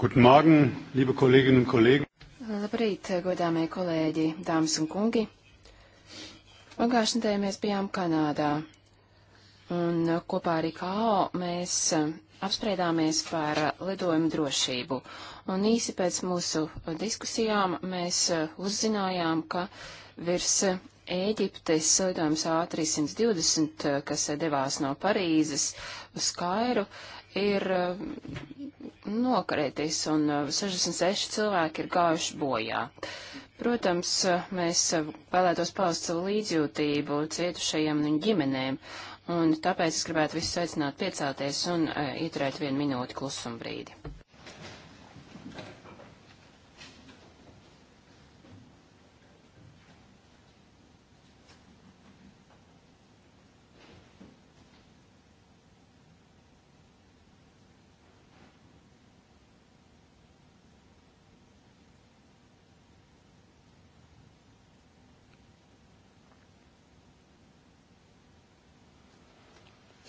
Guten Morgen, liebe Kolleginnen un kolēģi. Labrīt, godāmie kolēģi, dāmas un kungi. Pagājušajā nedēļā mēs bijām Kanādā, un kopā ar IKO mēs apspriedāmies par lidojumu drošību. Un īsi pēc mūsu diskusijām mēs uzzinājām, ka virs Ēģiptes lidojums A320, kas devās no Parīzes uz Kairu, uh, ir eh, nokarētis un 66 eh, cilvēki ir gājuši bojā. Protams, eh, mēs vēlētos paust savu līdzjūtību cietušajiem un ģimenēm, un tāpēc es gribētu visus aicināt piecelties un uh, ieturēt vienu minūti klusumbrīdi.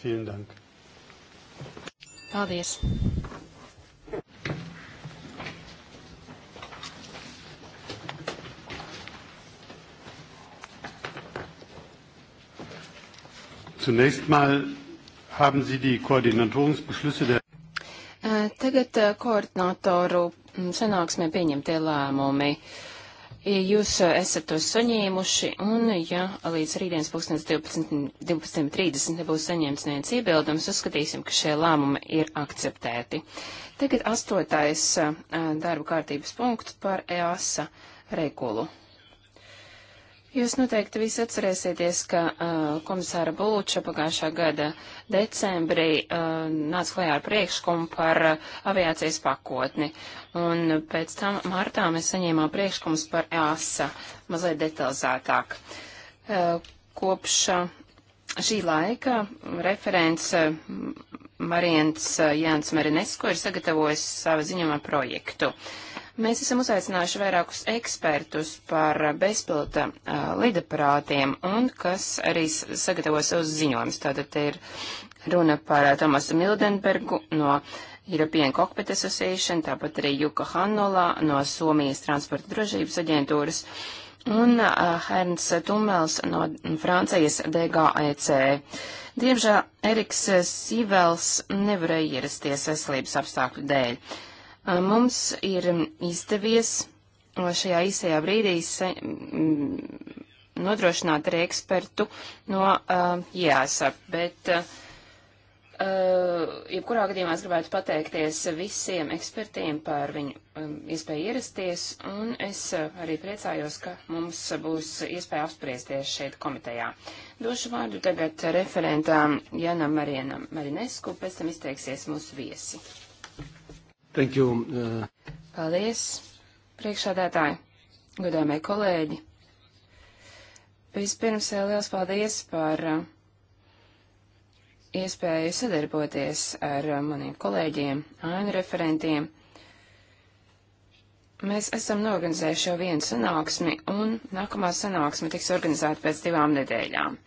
Vielen Dank. Paldies. Zunächst mal haben Sie die Koordinatorungsbeschlüsse der äh, Tagad äh, koordinatoru mm, sanāksmē pieņemtie lēmumi. Uh, Jūs eh, esat to saņēmuši, un ja līdz rītdienas pusdienas 12.30 12, nebūs saņemts neviens iebildums, uzskatīsim, ka šie lēmumi ir akceptēti. Tagad astotais eh, darba kārtības punkts par EASA regulu. Jūs noteikti visi atcerēsieties, ka uh, komisāra Bulča pagājušā gada decembrī uh, nāca klajā ar priekšlikumu par uh, aviācijas pakotni. Un pēc tam martā mēs saņēmām priekšlikumus par EASA mazliet detalizētāk. Uh, kopš uh, šī laika referents uh, Mariens uh, Jānis Marinesko ir sagatavojis savu ziņojumā projektu. Uh, Mēs esam uzaicinājuši vairākus ekspertus par bezpilota uh, lidaparātiem un kas arī sagatavo savus ziņojumus. Tātad te ir runa par uh, Tomasu Mildenbergu no European Cockpit Association, tāpat arī Juka Hannola no Somijas transporta drošības aģentūras un uh, Herns Tumels no Francijas DGAEC. Diemžēl Eriks Sīvels nevarēja ierasties veselības apstākļu dēļ. Mums ir izdevies šajā īsajā brīdī mm, nodrošināt arī ekspertu no uh, jāsa, bet uh, jebkurā gadījumā es gribētu pateikties visiem ekspertiem par viņu um, iespēju ierasties, un es uh, arī priecājos, ka mums būs iespēja apspriesties šeit komitejā. Došu vārdu tagad referentām Janam Marienam Marinesku, pēc tam izteiksies mūsu viesi. Thank you. Uh... Paldies, priekšādētāji, godāmie kolēģi. Vispirms eh, liels paldies par eh, iespēju sadarboties ar eh, maniem kolēģiem, ainu referentiem. Mēs esam norganizējuši jau vienu sanāksmi, un nākamā sanāksme tiks organizēta pēc divām nedēļām.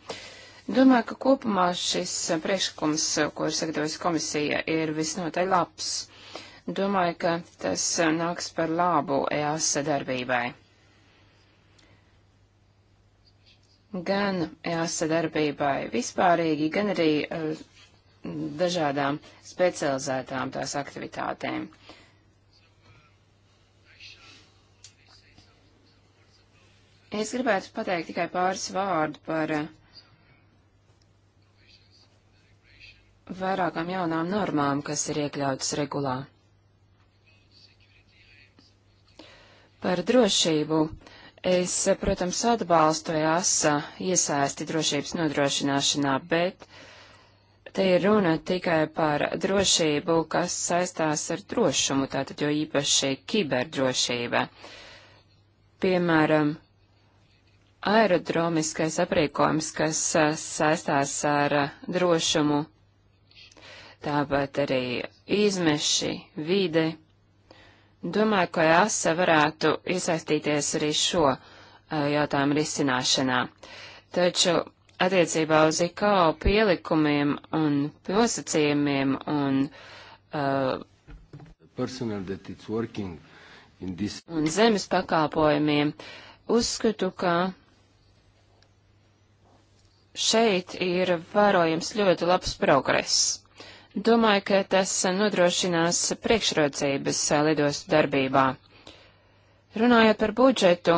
Domāju, ka kopumā šis priekšlikums, ko ir sagatavojusi komisija, ir visnotaļ labs. Domāju, ka tas eh, nāks par labu EAS sadarbībai. Gan EAS sadarbībai vispārīgi, gan arī uh, dažādām specializētām tās aktivitātēm. Es gribētu pateikt tikai pāris vārdu par eh, vairākām jaunām normām, kas ir iekļautas regulā. Par drošību. Es, protams, atbalstu EASA iesaisti drošības nodrošināšanā, bet te ir runa tikai par drošību, kas saistās ar drošumu, tātad jo īpaši kiberdrošība. Piemēram, aerodromiskais aprīkojums, kas saistās ar drošumu, tāpat arī izmeši, vide. Domāju, ka ASA varētu iesaistīties arī šo uh, jautājumu risināšanā. Taču attiecībā uz IKO pielikumiem un nosacījumiem un, uh, this... un zemes pakāpojumiem uzskatu, ka šeit ir vērojams ļoti labs progress. Domāju, ka tas nodrošinās priekšrocības lidostu darbībā. Runājot par budžetu,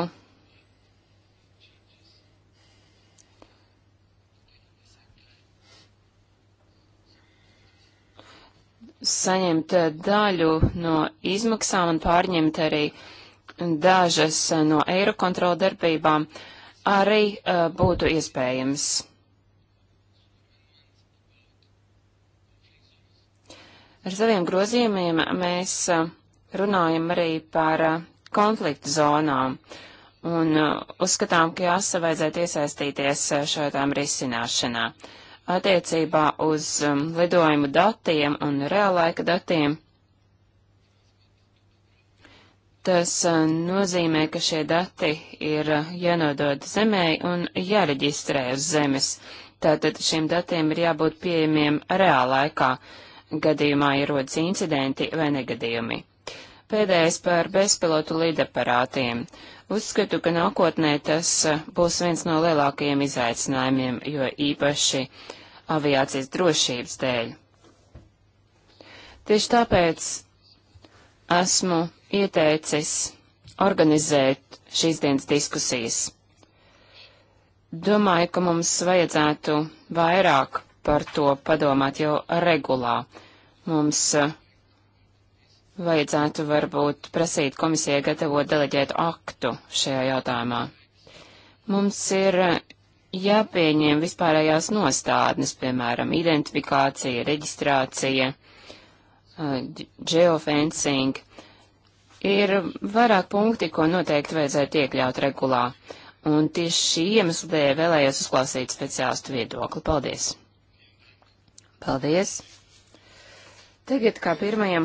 saņemt daļu no izmaksām un pārņemt arī dažas no eiro kontrola darbībām arī uh, būtu iespējams. Ar saviem grozījumiem mēs uh, runājam arī par uh, konfliktu zonām un uh, uzskatām, ka jāsa vajadzētu iesaistīties šādām risināšanā. Attiecībā uz um, lidojumu datiem un reālaika datiem Tas nozīmē, ka šie dati ir jānodod zemē un jāreģistrē uz zemes. Tātad šiem datiem ir jābūt pieejamiem reālaikā. laikā gadījumā ierodas incidenti vai negadījumi. Pēdējais par bezpilotu lidaparātiem. Uzskatu, ka nākotnē tas eh, būs viens no lielākajiem izaicinājumiem, jo īpaši aviācijas drošības dēļ. Tieši tāpēc esmu ieteicis organizēt šīs dienas diskusijas. Domāju, ka mums vajadzētu vairāk par to padomāt jau regulā, Mums eh, vajadzētu varbūt prasīt komisijai gatavot deleģētu aktu šajā jautājumā. Mums ir eh, jāpieņem vispārējās nostādnes, piemēram, identifikācija, reģistrācija, eh, geofencing. Ir vairāk punkti, ko noteikti vajadzētu iekļaut regulā, un tieši šī iemesla dēļ vēlējos uzklausīt speciālistu viedokli. Paldies! Paldies! Tagad kā pirmajam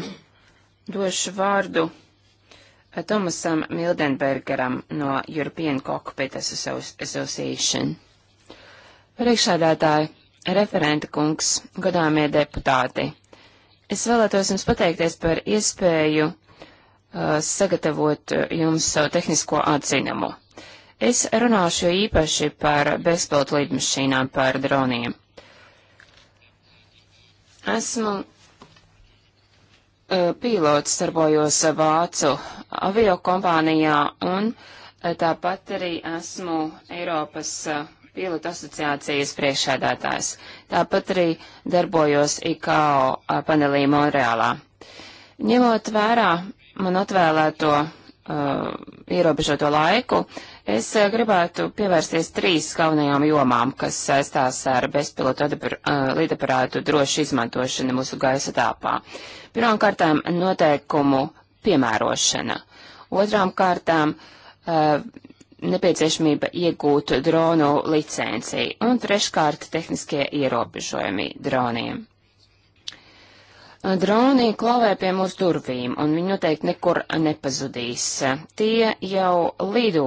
došu vārdu eh, Tomasam Mildenbergeram no European Cockpit Association. Priekšādātāji, referenta kungs, godāmie deputāti, es vēlētos jums pateikties par iespēju uh, sagatavot eh, jums savu tehnisko atzinumu. Es runāšu īpaši par bezpilotu lidmašīnām, par droniem. Esmu Uh, pilots darbojos Vācu aviokompānijā un uh, tāpat arī esmu Eiropas uh, pilotu asociācijas priekšādātājs. Tāpat arī darbojos IKO panelī Monreālā. Ņemot vērā man atvēlēto uh, ierobežoto laiku, es uh, gribētu pievērsties trīs galvenajām jomām, kas saistās ar bezpilotu uh, lidaparātu drošu izmantošanu mūsu gaisa tāpā. Uh, Pirmām kārtām noteikumu piemērošana. Otrām kārtām uh, nepieciešamība iegūt dronu licenciju. Un treškārt tehniskie ierobežojumi droniem. Droni klavē pie mūsu durvīm, un viņi noteikti nekur nepazudīs. Tie jau lido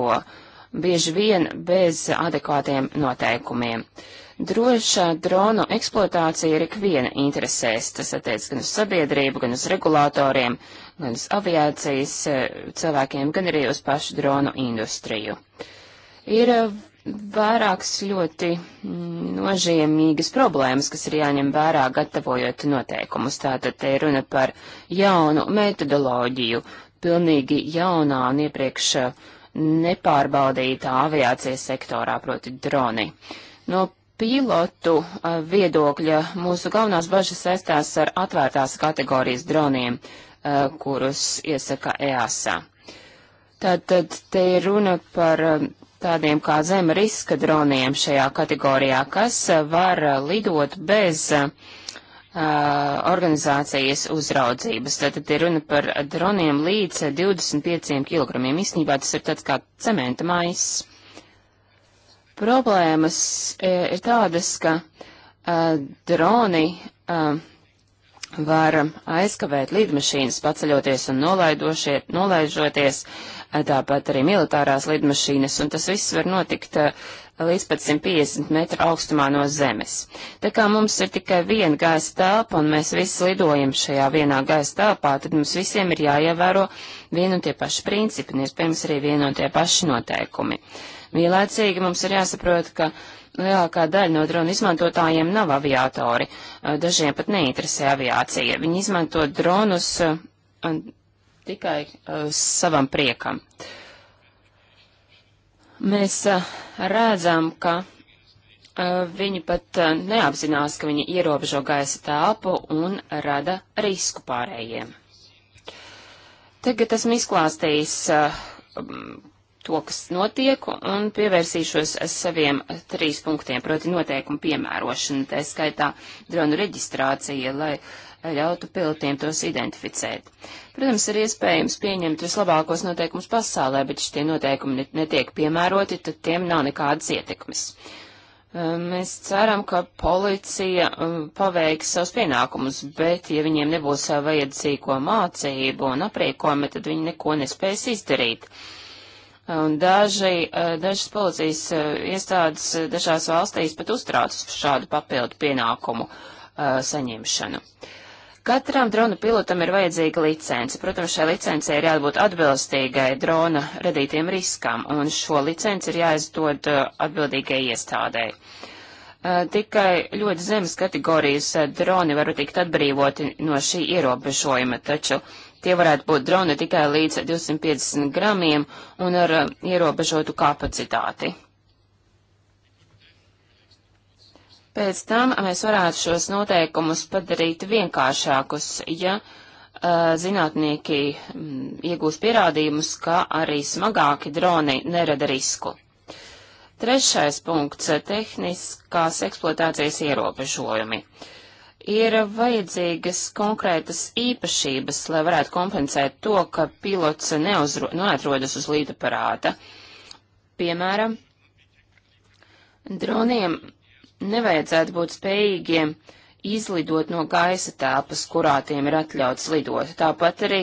bieži vien bez adekvātiem noteikumiem. Uh, Drošā dronu eksploatācija ir ikviena interesēs. Tas attiec gan uz sabiedrību, gan uz regulātoriem, gan uz aviācijas eh, cilvēkiem, gan arī uz pašu dronu industriju. Ir eh, vairākas ļoti mm, nožēmīgas problēmas, kas ir jāņem vērā gatavojot noteikumus. Tātad te runa par jaunu metodoloģiju, pilnīgi jaunā un iepriekš eh, nepārbaudītā aviācijas sektorā, proti droni. No pilotu uh, viedokļa mūsu galvenās bažas saistās ar atvērtās kategorijas droniem, uh, kurus iesaka EASA. Tātad te ir runa par um, tādiem kā zema riska droniem šajā kategorijā, kas uh, var lidot bez organizācijas uzraudzības. Tātad ir runa par droniem līdz 25 kg. Īsnībā tas ir tāds kā cementa maiss. Problēmas e, ir tādas, ka uh, droni uh, var aizkavēt lidmašīnas, paceļoties un nolaižoties, tāpat arī militārās lidmašīnas, un tas viss var notikt uh, līdz pat 150 metru augstumā no zemes. Tā kā mums ir tikai viena gaisa telpa un mēs visi lidojam šajā vienā gaisa telpā, tad mums visiem ir jāievēro vien un tie paši principi un, iespējams, arī vien un tie paši noteikumi. Uh, Vienlaicīgi mums ir jāsaprot, ka lielākā daļa no dronu izmantotājiem nav aviatori. Eh, dažiem pat neinteresē aviācija. Viņi izmanto dronus eh, tikai eh, savam priekam. Mēs redzam, ka viņi pat neapzinās, ka viņi ierobežo gaisa telpu un rada risku pārējiem. Tagad esmu izklāstījis, to, kas notiek, un pievērsīšos saviem trīs punktiem, proti noteikumu piemērošana, tā skaitā dronu reģistrācija, lai ļautu pilotiem tos identificēt. Protams, ir iespējams pieņemt vislabākos noteikumus pasaulē, bet ja tie noteikumi netiek piemēroti, tad tiem nav nekādas ietekmes. Um, mēs ceram, ka policija um, paveiks savus pienākumus, bet ja viņiem nebūs vajadzīgo mācību un aprīkojumu, tad viņi neko nespēs izdarīt. Uh, Un daži, eh, dažas policijas eh, iestādes eh, dažās valstīs pat uztraucas par šādu papildu pienākumu uh, saņemšanu. Katram drona pilotam ir vajadzīga licence. Protams, šai licencei ir jābūt atbilstīgai drona radītiem riskam, un šo licenci ir jāizdod atbildīgai iestādē. Uh, tikai ļoti zemes kategorijas droni var tikt atbrīvoti no šī ierobežojuma, taču Tie varētu būt droni tikai līdz 250 gramiem un ar uh, ierobežotu kapacitāti. Pēc tam mēs varētu šos noteikumus padarīt vienkāršākus, ja uh, zinātnieki m, mm, iegūs pierādījumus, ka arī smagāki droni nerada risku. Trešais punkts - tehniskās eksploatācijas ierobežojumi. Uh, ir vajadzīgas konkrētas īpašības, lai varētu kompensēt to, ka pilots neuzro, neatrodas uz līdaparāta. Piemēram, droniem nevajadzētu būt spējīgiem izlidot no gaisa telpas, kurā tiem ir atļauts lidot. Tāpat arī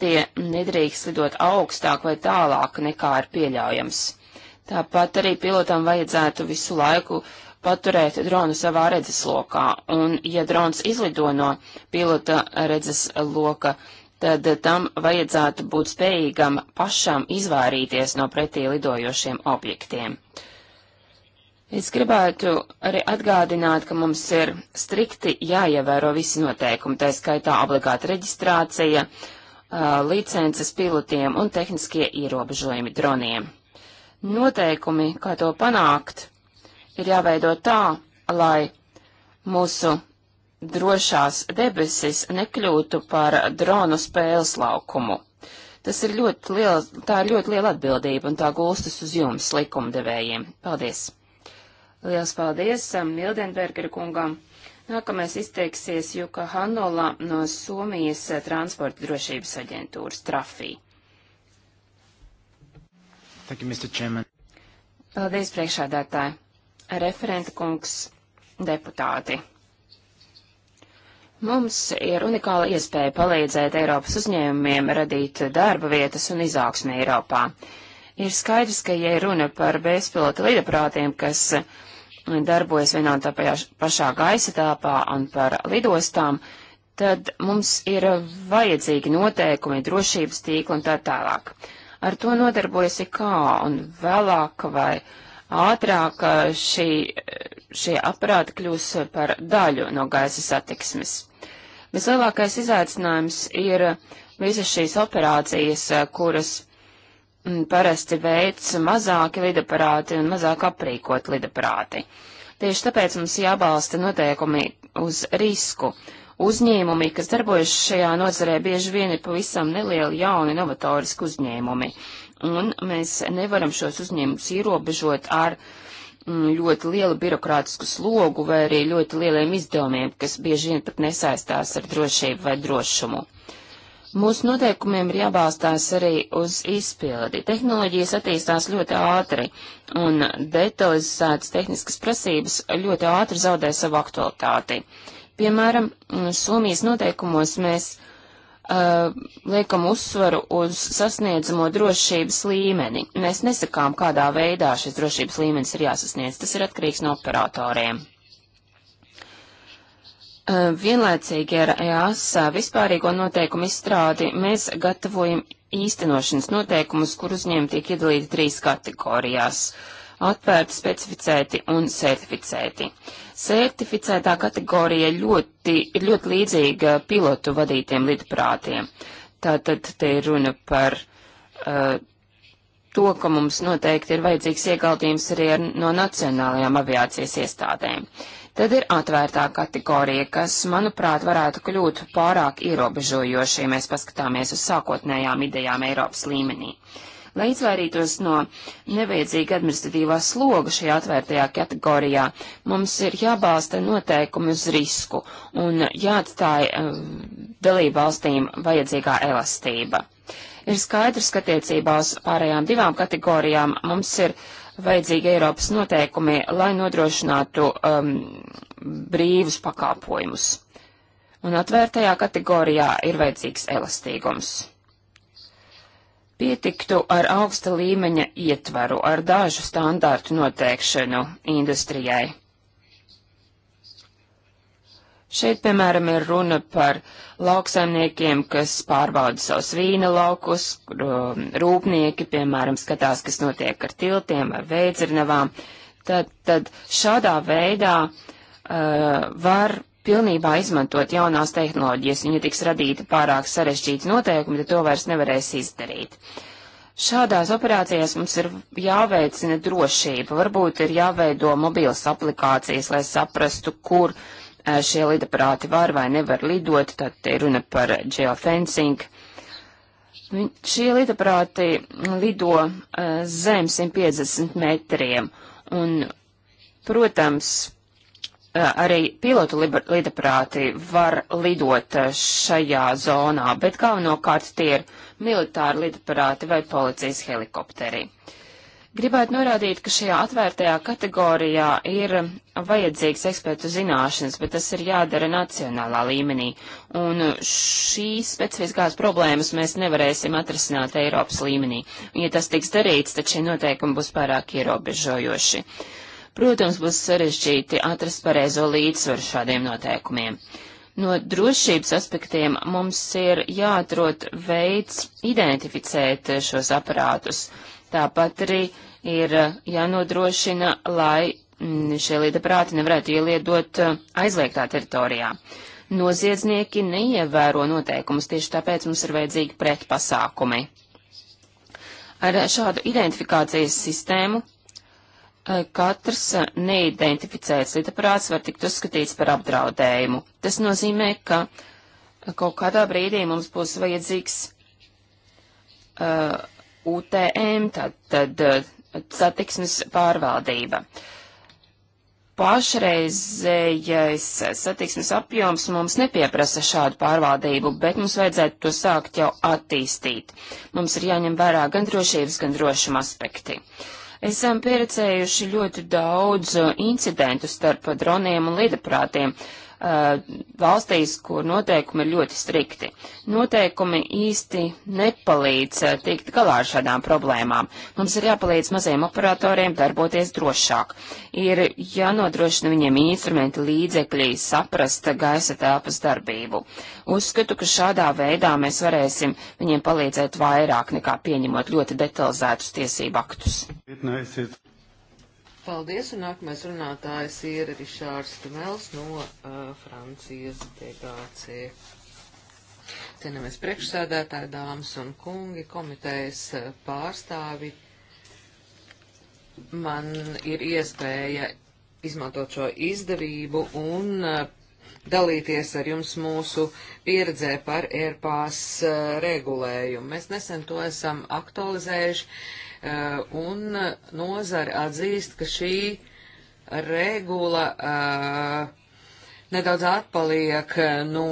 tie nedrīkst lidot augstāk vai tālāk nekā ir pieļaujams. Tāpat arī pilotam vajadzētu visu laiku uh, paturēt dronu savā redzeslokā, un ja drons izlido no pilota redzesloka, tad tam vajadzētu būt spējīgam pašam izvairīties no pretī lidojošiem objektiem. Es gribētu arī atgādināt, ka mums ir strikti jāievēro visi noteikumi, tā skaitā obligāta reģistrācija, licences pilotiem un tehniskie ierobežojumi droniem. Noteikumi, kā to panākt, ir jāveido tā, lai mūsu drošās debesis nekļūtu par dronu spēles laukumu. Tas ir ļoti liela, tā ir ļoti liela atbildība un tā gulstas uz jums, likumdevējiem. Paldies! Liels paldies um, Mildenberger kungam! Nākamais izteiksies Juka Hanola no Somijas uh, transporta drošības aģentūras Trafī. Thank you, Mr. Chairman. Paldies, priekšādātāji! referenta kungs, deputāti. Mums ir unikāla iespēja palīdzēt Eiropas uzņēmumiem radīt darba vietas un izaugsmē Eiropā. Ir skaidrs, ka, ja runa par bezpilota lidaprātiem, kas darbojas vienā un tā pašā gaisa tāpā un par lidostām, tad mums ir vajadzīgi noteikumi, drošības tīkli un tā tālāk. Ar to nodarbojas IKA un vēlāk vai uh, ātrāk šī, šie aparāti kļūs par daļu no gaisa satiksmes. Vislielākais izaicinājums ir visas šīs operācijas, kuras mm, parasti veids mazāki lidaparāti un mazāk aprīkot lidaparāti. Tieši tāpēc mums jābalsta noteikumi uz risku. Uzņēmumi, kas darbojas šajā nozarē, bieži vien ir pavisam nelieli jauni novatoriski uzņēmumi un mēs nevaram šos uzņēmumus ierobežot ar mm, ļoti lielu birokrātisku slogu vai arī ļoti lieliem izdevumiem, kas bieži vien pat nesaistās ar drošību vai drošumu. Mūsu noteikumiem ir jābalstās arī uz izpildi. Tehnoloģijas attīstās ļoti ātri, un detalizētas tehniskas prasības ļoti ātri zaudē savu aktualitāti. Piemēram, mm, Somijas noteikumos mēs uh, uh, liekam uzsvaru uz sasniedzamo drošības līmeni. Mēs nesakām, kādā veidā šis drošības līmenis ir jāsasniedz. Tas ir atkarīgs no operatoriem. Uh, vienlaicīgi ar EASA vispārīgo noteikumu izstrādi mēs gatavojam īstenošanas noteikumus, kur uzņēmumi tiek iedalīti trīs kategorijās. Uh, atvērti, specificēti un certificēti. Certificētā kategorija ļoti, ir ļoti līdzīga pilotu vadītiem lidprātiem. Tātad te ir runa par uh, to, ka mums noteikti ir vajadzīgs ieguldījums arī ar, no nacionālajām aviācijas iestādēm. Tad ir atvērtā kategorija, kas, manuprāt, varētu kļūt pārāk ierobežojoši, ja mēs paskatāmies uz sākotnējām idejām Eiropas līmenī. Uh, Lai izvairītos no nevajadzīga administratīvā sloga šajā atvērtajā kategorijā, mums ir jābalsta noteikumi uz risku un jāatstāj um, dalību valstīm vajadzīgā elastība. Ir skaidrs, ka attiecībā uz pārējām divām kategorijām mums ir vajadzīgi Eiropas noteikumi, lai nodrošinātu um, brīvus pakāpojumus. Un atvērtajā kategorijā ir vajadzīgs elastīgums. Pietiktu ar augsta līmeņa ietvaru, ar dažu standārtu noteikšanu industrijai. Šeit, piemēram, ir runa par lauksaimniekiem, kas pārbauda savus vīna laukus, rūpnieki, piemēram, skatās, kas notiek ar tiltiem vai veidzirnavām. Tad, tad šādā veidā uh, var pilnībā izmantot jaunās tehnoloģijas, un ja tiks radīti pārāk sarežģīti noteikumi, tad to vairs nevarēs izdarīt. Šādās operācijās mums ir jāveicina drošība, varbūt ir jāveido mobīlas aplikācijas, lai saprastu, kur eh, šie lidaprāti var vai nevar lidot, tad te runa par geofencing. Šie lidaprāti lido eh, zem 150 metriem, un, protams, Eh, arī pilotu lidaprāti var lidot eh, šajā zonā, bet galvenokārt tie ir militāri lidaprāti vai policijas helikopteri. Gribētu norādīt, ka šajā atvērtajā kategorijā ir vajadzīgs ekspertu zināšanas, bet tas ir jādara nacionālā līmenī, un šīs specifiskās problēmas mēs nevarēsim atrasināt Eiropas līmenī. Ja tas tiks darīts, tad šie noteikumi būs pārāk ierobežojoši. Uh, Protams, būs sarežģīti atrast pareizo līdzsvaru šādiem noteikumiem. No drošības aspektiem mums ir jāatrod veids identificēt šos aparātus. Tāpat arī ir jānodrošina, lai mm, šie lidaprāti nevarētu ieliedot eh, aizliegtā teritorijā. Noziedznieki neievēro noteikumus, tieši tāpēc mums ir vajadzīgi pretpasākumi. Ar šādu identifikācijas sistēmu Eh, katrs eh, neidentificēts lietaprāts var tikt uzskatīts par apdraudējumu. Tas nozīmē, ka eh, kaut kādā brīdī mums būs vajadzīgs uh, UTM, tad, tad satiksmes pārvaldība. Pašreizējais satiksmes apjoms mums nepieprasa šādu pārvaldību, bet mums vajadzētu to sākt jau attīstīt. Mums ir jāņem vērā gan drošības, gan drošuma aspekti. Uh, Esam pieredzējuši ļoti daudz uh, incidentu starp droniem un lidaprātiem. Uh, Uh, valstīs, kur noteikumi ir ļoti strikti. Noteikumi īsti nepalīdz uh, tikt galā ar šādām problēmām. Mums ir jāpalīdz mazajiem operatoriem darboties drošāk. Ir jānodrošina viņiem instrumenti līdzekļi saprast gaisa telpas darbību. Uzskatu, ka šādā veidā mēs varēsim viņiem palīdzēt vairāk nekā pieņemot ļoti detalizētus tiesību aktus. Vietnēsiet. Paldies, un nākamais runātājs ir Rišārs Tumels no uh, Francijas delegācija. Cenamies priekšsēdētāji, dāmas un kungi, komitejas uh, pārstāvi. Man ir iespēja izmantot šo izdevību un uh, dalīties ar jums mūsu pieredzē par ērpās uh, regulējumu. Mēs nesen to esam aktualizējuši Eh, un nozare atzīst, ka šī regula eh, nedaudz atpaliek eh, no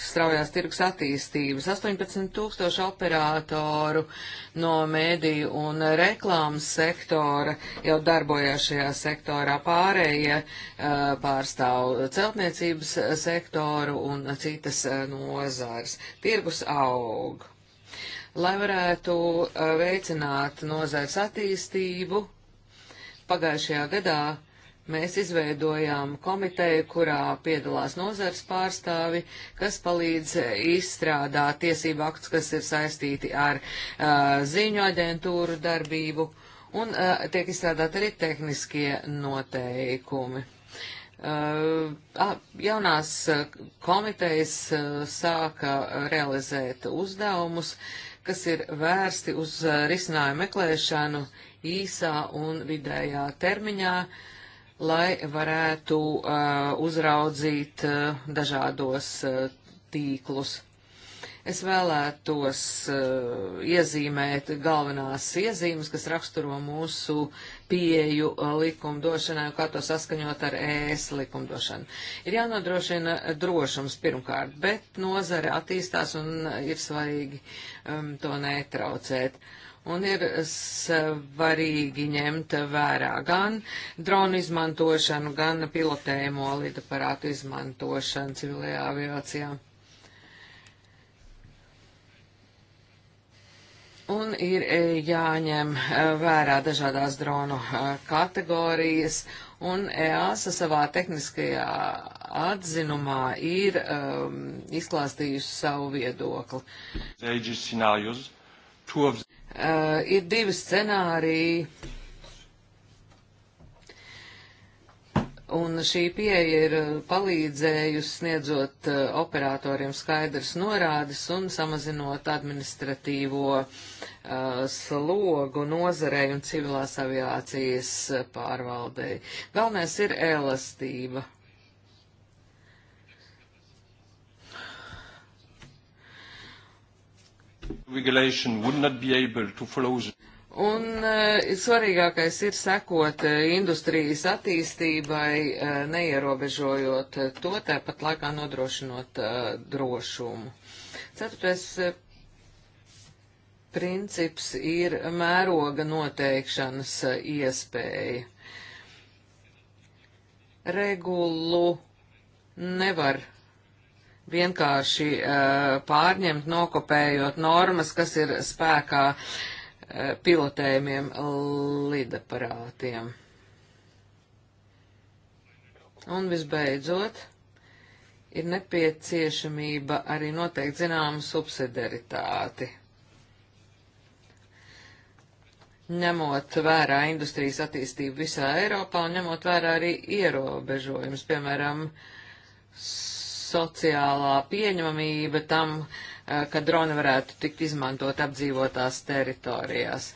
straujās tirgus attīstības. 18 tūkstoši operātoru no mediju un reklāmas sektora jau darbojās šajā sektorā. Pārējie pārstāv celtniecības sektoru un citas nozars. Tirgus aug. Lai varētu veicināt nozars attīstību, pagājušajā gadā mēs izveidojām komiteju, kurā piedalās nozars pārstāvi, kas palīdz izstrādāt tiesību aktus, kas ir saistīti ar uh, ziņu aģentūru darbību, un uh, tiek izstrādāt arī tehniskie noteikumi. Uh, jaunās komitejas uh, sāka realizēt uzdevumus, uh, kas ir vērsti uz eh, risinājumu meklēšanu īsā un vidējā termiņā, lai varētu uh, uzraudzīt uh, dažādos uh, tīklus. Es vēlētos uh, iezīmēt galvenās iezīmes, kas raksturo mūsu pieju eh, likumdošanai un kā to saskaņot ar ES likumdošanu. Ir jānodrošina drošums pirmkārt, bet nozare attīstās un ir svarīgi um, to netraucēt. Un ir svarīgi ņemt vērā gan dronu izmantošanu, gan pilotējumu lidaparātu izmantošanu civilajā aviācijā. Un ir e, jāņem e, vērā dažādās dronu e, kategorijas, un EASA savā tehniskajā atzinumā ir um, izklāstījusi savu viedokli. Uh, ir divi scenāriji Un šī pieeja ir uh, palīdzējusi sniedzot uh, operatoriem skaidrs norādes un samazinot administratīvo uh, slogu nozarei un civilās aviācijas uh, pārvaldei. Galvenais ir elastība. regulation would not be able to follow the Un e, svarīgākais ir sekot e, industrijas attīstībai, e, neierobežojot to, tāpat laikā nodrošinot drošumu. Ceturtais princips ir mēroga noteikšanas iespēja. Regulu nevar vienkārši pārņemt, nokopējot normas, kas ir spēkā uh, pilotējumiem lidaparātiem. Un visbeidzot, ir nepieciešamība arī noteikt zināmu subsidiaritāti. Ņemot vērā industrijas attīstību visā Eiropā un ņemot vērā arī ierobežojums, piemēram, sociālā pieņemamība tam, uh, Eh, ka droni varētu tikt izmantot apdzīvotās teritorijās.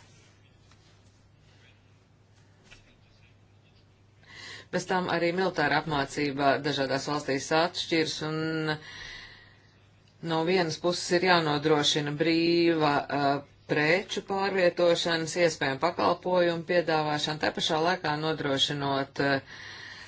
Pēc tam arī militāra apmācība dažādās valstīs atšķirs un no vienas puses ir jānodrošina brīva uh, preču pārvietošanas, iespējama pakalpojumu piedāvāšana, te pašā laikā nodrošinot uh,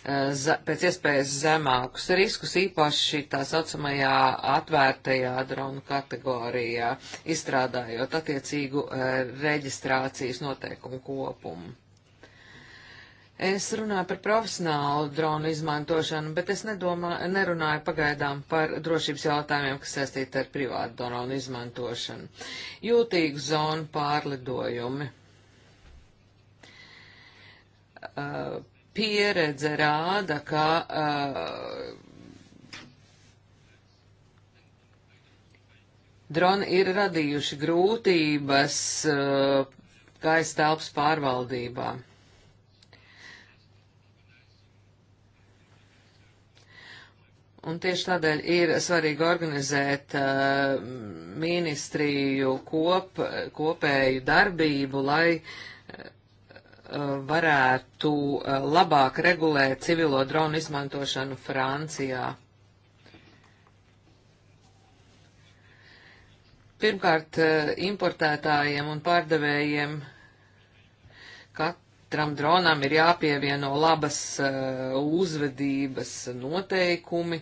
Eh, pēc iespējas zemākus riskus, īpaši tā saucamajā atvērtajā dronu kategorijā, izstrādājot attiecīgu eh, reģistrācijas noteikumu kopumu. Es runāju par profesionālu dronu izmantošanu, bet es nedomā, nerunāju pagaidām par drošības jautājumiem, kas saistīti ar privātu dronu izmantošanu. Jūtīgu zonu pārlidojumi. Uh, Pieredze rāda, ka uh, droni ir radījuši grūtības uh, gaisa telpas pārvaldībā. Un tieši tādēļ ir svarīgi organizēt uh, ministriju kop, kopēju darbību, lai uh, Uh, varētu uh, labāk regulēt civilo dronu izmantošanu Francijā. Pirmkārt, uh, importētājiem un pārdevējiem katram dronam ir jāpievieno labas uzvedības noteikumi.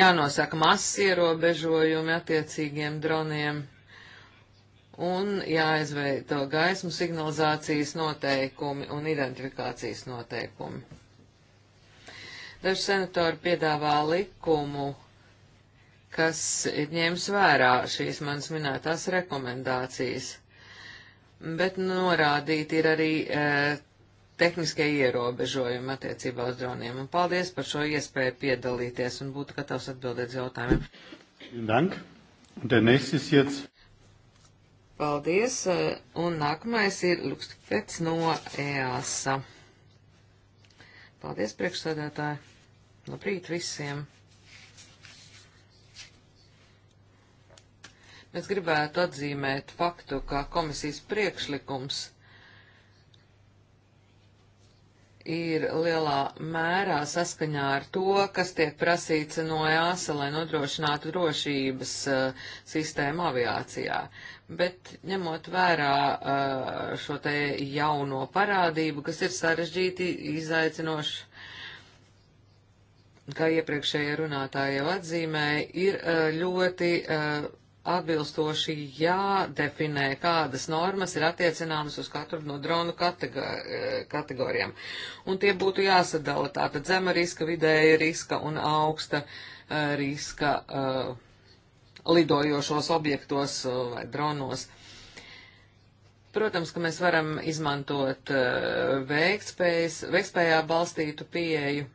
Jānosaka masas ierobežojumi attiecīgiem droniem un jāizveido gaismu signalizācijas noteikumi un identifikācijas noteikumi. Daži senatori piedāvā likumu, kas ņems vērā šīs manas minētās rekomendācijas, bet norādīti ir arī e, tehniskie ierobežojumi attiecībā uz droniem. Un paldies par šo iespēju piedalīties un būtu gatavs atbildēt uz jautājumiem. Dank. Der nächste ist jetzt Paldies, un nākamais ir Lukstipets no EASA. Paldies, priekšsēdētāji. Labrīt visiem. Mēs gribētu atzīmēt faktu, ka komisijas priekšlikums ir lielā mērā saskaņā ar to, kas tiek prasīts no EASA, lai nodrošinātu drošības uh, sistēmu aviācijā. Uh, bet ņemot vērā uh, šo te jauno parādību, kas ir sarežģīti izaicinoši, kā iepriekšējie runātāji jau atzīmēja, ir uh, ļoti uh, atbilstoši jādefinē, kādas normas ir attiecināmas uz katru no dronu kategorijām. Un tie būtu jāsadala tātad zema riska, vidēja riska un augsta riska uh, lidojošos objektos eh, vai dronos. Protams, ka mēs varam izmantot eh, veiktspējas, veiktspējā balstītu pieeju,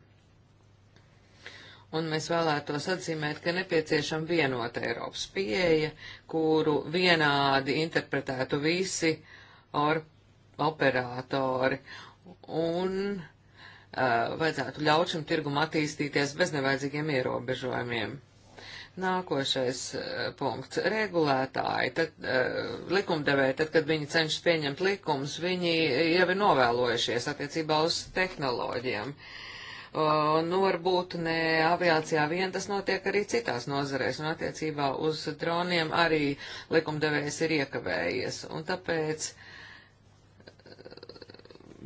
un mēs vēlētos atzīmēt, ka nepieciešama vienota Eiropas pieeja, kuru vienādi interpretētu visi or, operatori, un uh, vajadzētu ļaut šim tirgum attīstīties bez nevajadzīgiem ierobežojumiem. Nākošais eh, punkts - regulētāji. Tad, eh, likumdevēji, tad, kad viņi cenšas pieņemt likumus, viņi jau ir novēlojušies attiecībā uz tehnoloģiem. Nu, varbūt ne aviācijā vien tas notiek arī citās nozarēs, un attiecībā uz droniem arī likumdevējs ir iekavējies. Un tāpēc uh,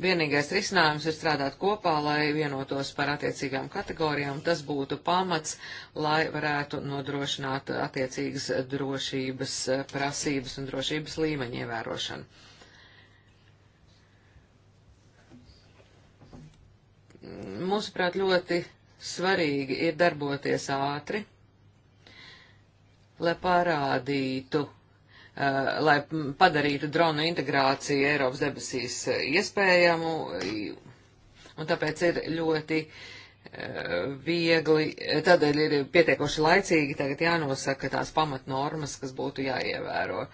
vienīgais risinājums ir strādāt kopā, lai vienotos par attiecīgām kategorijām. Tas būtu pamats, lai varētu nodrošināt attiecīgas drošības prasības un drošības līmeņa ievērošanu. Mūsuprāt, ļoti svarīgi ir darboties ātri, lai parādītu Eh, lai padarītu dronu integrāciju Eiropas debesīs eh, iespējamu, un tāpēc ir ļoti eh, viegli, tādēļ ir pietiekoši laicīgi tagad jānosaka tās pamatnormas, kas būtu jāievēro.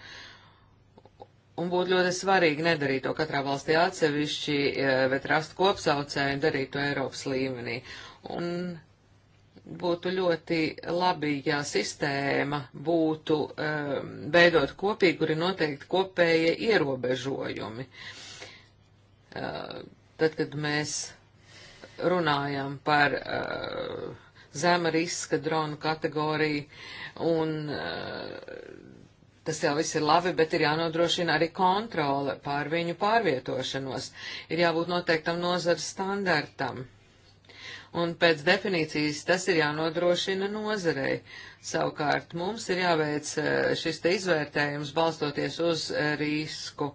Un būtu ļoti svarīgi nedarīt to katrā valstī atsevišķi, bet rast kopsaucēju un darīt to Eiropas līmenī. Un būtu ļoti labi, ja sistēma būtu um, veidot kopīgi, kur ir noteikti kopējie ierobežojumi. Uh, tad, kad mēs runājam par uh, zema riska dronu kategoriju, un uh, tas jau viss ir labi, bet ir jānodrošina arī kontrole pār viņu pārvietošanos. Ir jābūt noteiktam nozara standartam. Uh, un pēc definīcijas tas ir jānodrošina nozarei. Savukārt mums ir jāveic eh, šis te izvērtējums balstoties uz eh, risku,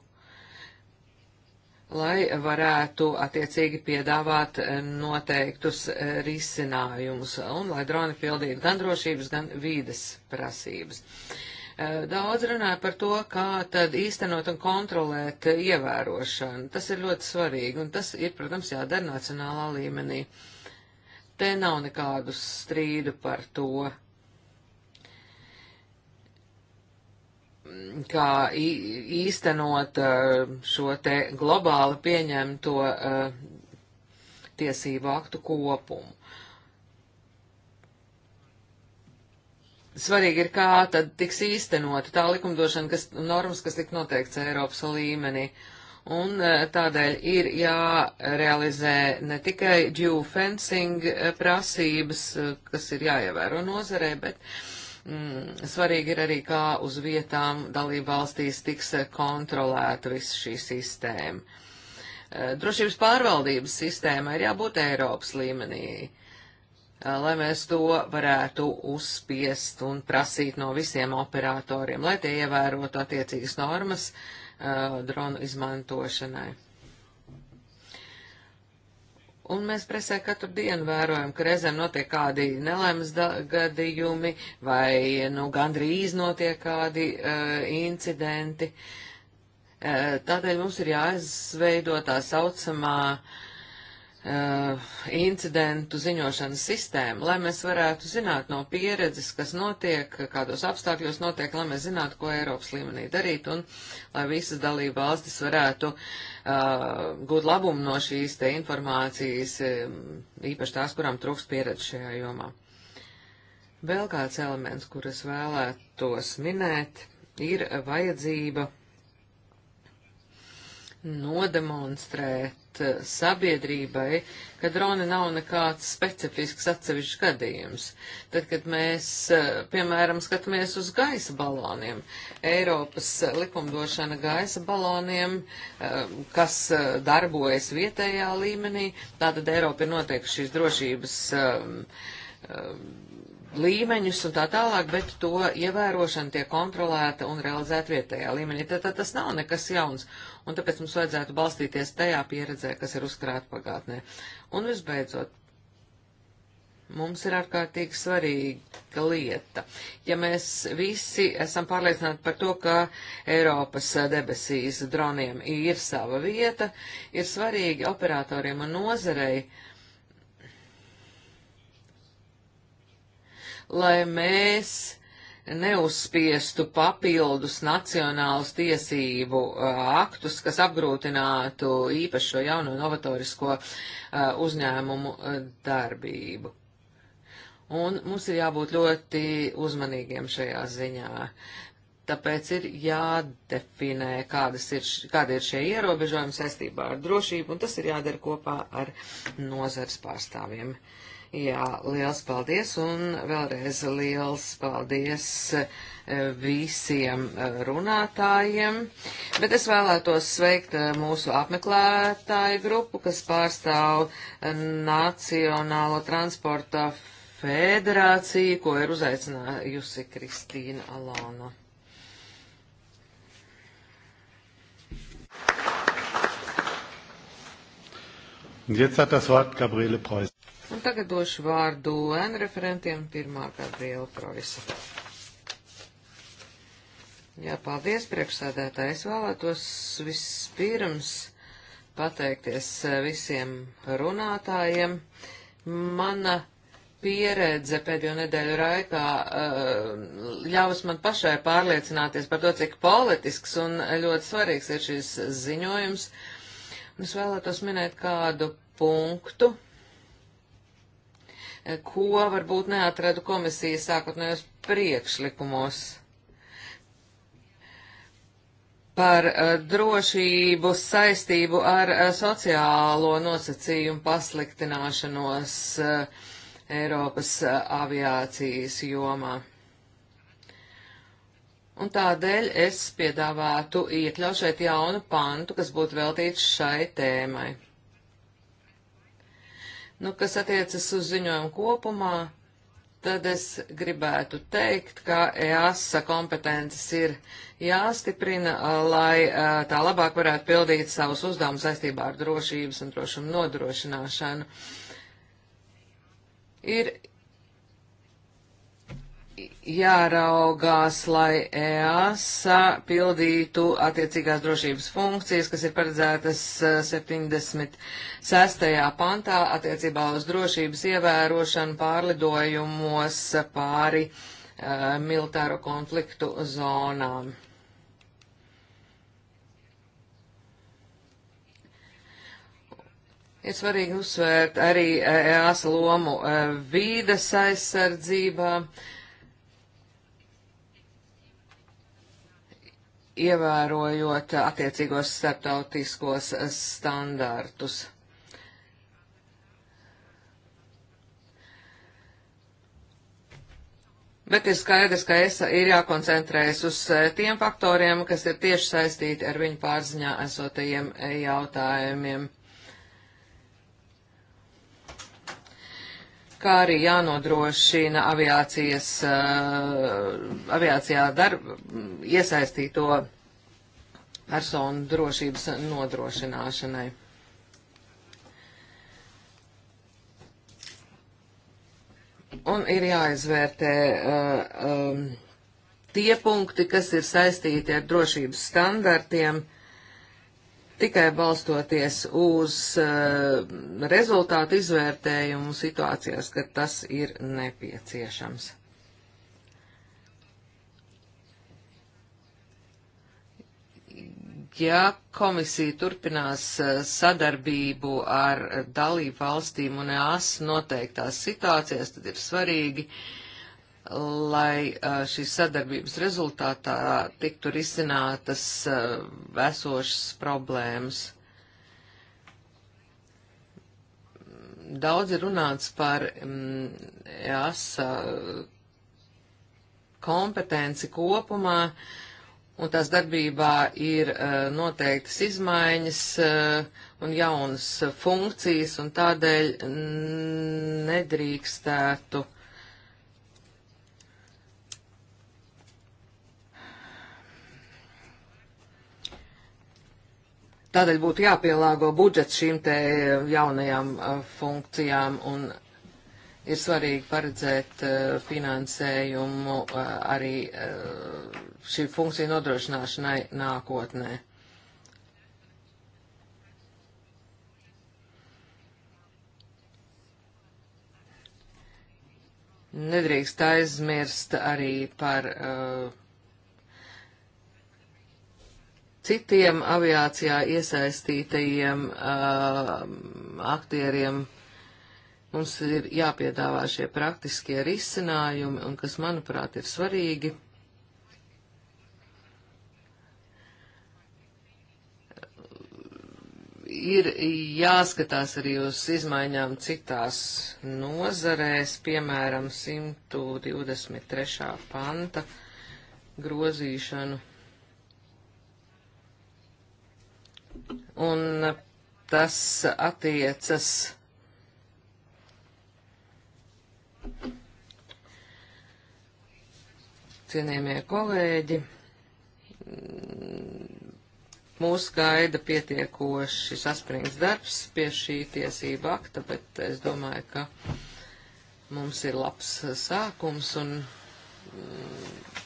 lai varētu attiecīgi piedāvāt eh, noteiktus risinājumus un lai droni pildītu gan drošības, gan vīdes prasības. Daudz runāja par to, kā tad īstenot un kontrolēt ievērošanu. Tas ir ļoti svarīgi, un tas ir, protams, jādara nacionālā līmenī. Uh, Te nav nekādu strīdu par to, kā īstenot šo te globāli pieņemto tiesību aktu kopumu. Svarīgi ir, kā tad tiks īstenota tā likumdošana, kas normas, kas tik noteikts Eiropas līmenī. Uh, Un e, tādēļ ir jārealizē ne tikai due fencing e, prasības, e, kas ir jāievēro nozarē, bet mm, svarīgi ir arī, kā uz vietām dalību valstīs tiks kontrolēta viss šī sistēma. Drošības pārvaldības sistēma ir jābūt Eiropas līmenī, lai mēs to varētu uzspiest un prasīt no visiem operatoriem, lai tie ievērotu attiecīgas normas, uh, uh, dronu izmantošanai. Un mēs presē katru dienu vērojam, ka reizēm notiek kādi nelēmas gadījumi vai, nu, gandrīz notiek kādi uh, incidenti. Uh, tādēļ mums ir jāizveido tā saucamā uh, uh, incidentu ziņošanas sistēmu, lai mēs varētu zināt no pieredzes, kas notiek, kādos apstākļos notiek, lai mēs zinātu, ko Eiropas līmenī darīt un lai visas dalība valstis varētu uh, gūt labumu no šīs te informācijas, um, īpaši tās, kurām trūks pieredze šajā jomā. Vēl kāds elements, kurus vēlētos minēt, ir vajadzība nodemonstrēt atklāt eh, sabiedrībai, ka droni nav nekāds specifisks atsevišķs gadījums. Tad, kad mēs, eh, piemēram, skatāmies uz gaisa baloniem, Eiropas eh, likumdošana gaisa baloniem, kas darbojas vietējā līmenī, tātad Eiropa ir noteikti šīs drošības um, um, līmeņus un tā tālāk, bet to ievērošana tiek kontrolēta un realizēta vietējā līmenī. Tad, tad tas nav nekas jauns, un tāpēc mums vajadzētu balstīties tajā pieredzē, kas ir uzkrāta pagātnē. Un visbeidzot, mums ir ārkārtīgi svarīga lieta. Ja mēs visi esam pārliecināti par to, ka Eiropas debesīs droniem ir sava vieta, ir svarīgi operatoriem un nozarei, uh, lai mēs neuzspiestu papildus nacionālus tiesību uh, aktus, kas apgrūtinātu īpašo jauno novatorisko uh, uzņēmumu uh, darbību. Un mums ir jābūt ļoti uzmanīgiem šajā ziņā. Tāpēc ir jādefinē, ir, kāda ir šie ierobežojumi saistībā ar drošību, un tas ir jādara kopā ar nozars pārstāvjiem. Uh, Jā, liels paldies un vēlreiz liels paldies eh, visiem eh, runātājiem. Bet es vēlētos sveikt eh, mūsu apmeklētāju grupu, kas pārstāv Nacionālo transporta federāciju, ko ir uzaicinājusi Kristīna Alāna. Jetzt hat das Wort Gabriele Preuß. Un tagad došu vārdu N referentiem pirmā Gabriela Kroisa. Jā, paldies, priekšsādētāji. Es vēlētos vispirms pateikties eh, visiem runātājiem. Mana pieredze pēdējo nedēļu raitā eh, ļaus man pašai pārliecināties par to, cik politisks un ļoti svarīgs ir šis ziņojums. Un es vēlētos minēt kādu punktu, ko varbūt neatradu komisijas sākotnējos priekšlikumos par eh, drošību saistību ar eh, sociālo nosacījumu pasliktināšanos eh, Eiropas aviācijas jomā. Un tādēļ es piedāvātu iekļaut šeit jaunu pantu, kas būtu veltīts šai tēmai. Nu, kas attiecas uz ziņojumu kopumā, tad es gribētu teikt, ka EASA kompetences ir jāstiprina, lai tā labāk varētu pildīt savus uzdevumus saistībā ar drošības un drošumu nodrošināšanu. Ir jāraugās, lai EASA pildītu attiecīgās drošības funkcijas, kas ir paredzētas 76. Eh, pantā attiecībā uz drošības ievērošanu pārlidojumos pāri uh, militāro konfliktu zonām. Ir svarīgi uzsvērt arī EASA eh, e lomu uh, vīdas aizsardzībā. Uh, ievērojot attiecīgos starptautiskos standartus. Bet ir skaidrs, ka es ir jākoncentrējas uz eh, tiem faktoriem, kas ir tieši saistīti ar viņu pārziņā esotajiem eh, jautājumiem. kā arī jānodrošina aviācijas, uh, aviācijā darb, iesaistīto personu drošības nodrošināšanai. Un ir jāizvērtē uh, um, tie punkti, kas ir saistīti ar drošības standartiem, uh, Tikai balstoties uz uh, rezultātu izvērtējumu situācijās, kad tas ir nepieciešams. Ja komisija turpinās eh, sadarbību ar dalību valstīm un EAS noteiktās situācijās, tad ir svarīgi uh, lai šīs sadarbības rezultātā tiktu risinātas esošas problēmas. Daudz ir runāts par jāsa mm, kompetenci kopumā, un tās darbībā ir noteiktas izmaiņas un jaunas funkcijas, un tādēļ nedrīkstētu Tādēļ būtu jāpielāgo budžets šīm te eh, jaunajām eh, funkcijām un ir svarīgi paredzēt eh, finansējumu arī šī funkcija nodrošināšanai nākotnē. Nedrīkst aizmirst arī par uh, citiem aviācijā iesaistītajiem uh, aktieriem mums ir jāpiedāvā šie praktiskie risinājumi, un kas, manuprāt, ir svarīgi. Ir jāskatās arī uz izmaiņām citās nozarēs, piemēram, 123. panta grozīšanu. un tas attiecas cienījamie kolēģi, mūs gaida pietiekoši saspringts darbs pie šī tiesība akta, bet es domāju, ka mums ir labs sākums un mm,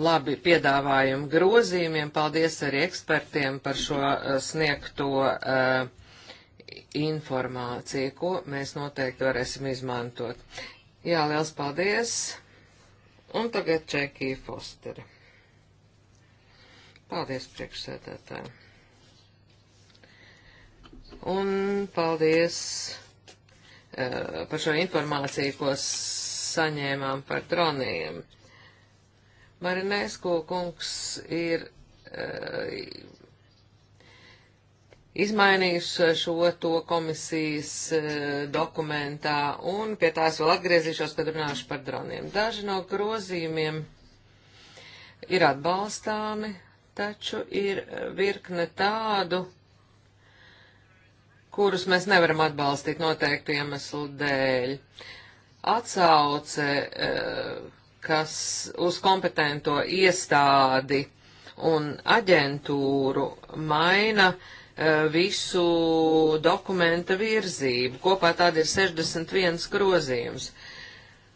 labi piedāvājumu grozījumiem. Paldies arī ekspertiem par šo eh, sniegto uh, informāciju, ko mēs noteikti varēsim izmantot. Jā, liels paldies! Un tagad Čekija Fosteri. Paldies priekšsēdētājiem! Un paldies uh, par šo informāciju, ko saņēmām par droniem. Uh, Marinesko kungs ir eh, izmainījuši šo to komisijas eh, dokumentā, un pie tās vēl atgriezīšos, kad runāšu par droniem. Daži no grozījumiem ir atbalstāmi, taču ir virkne tādu, kurus mēs nevaram atbalstīt noteiktu iemeslu dēļ. Atsauce uh, kas uz kompetento iestādi un aģentūru maina uh, visu dokumenta virzību. Kopā tāda ir 61 grozījums.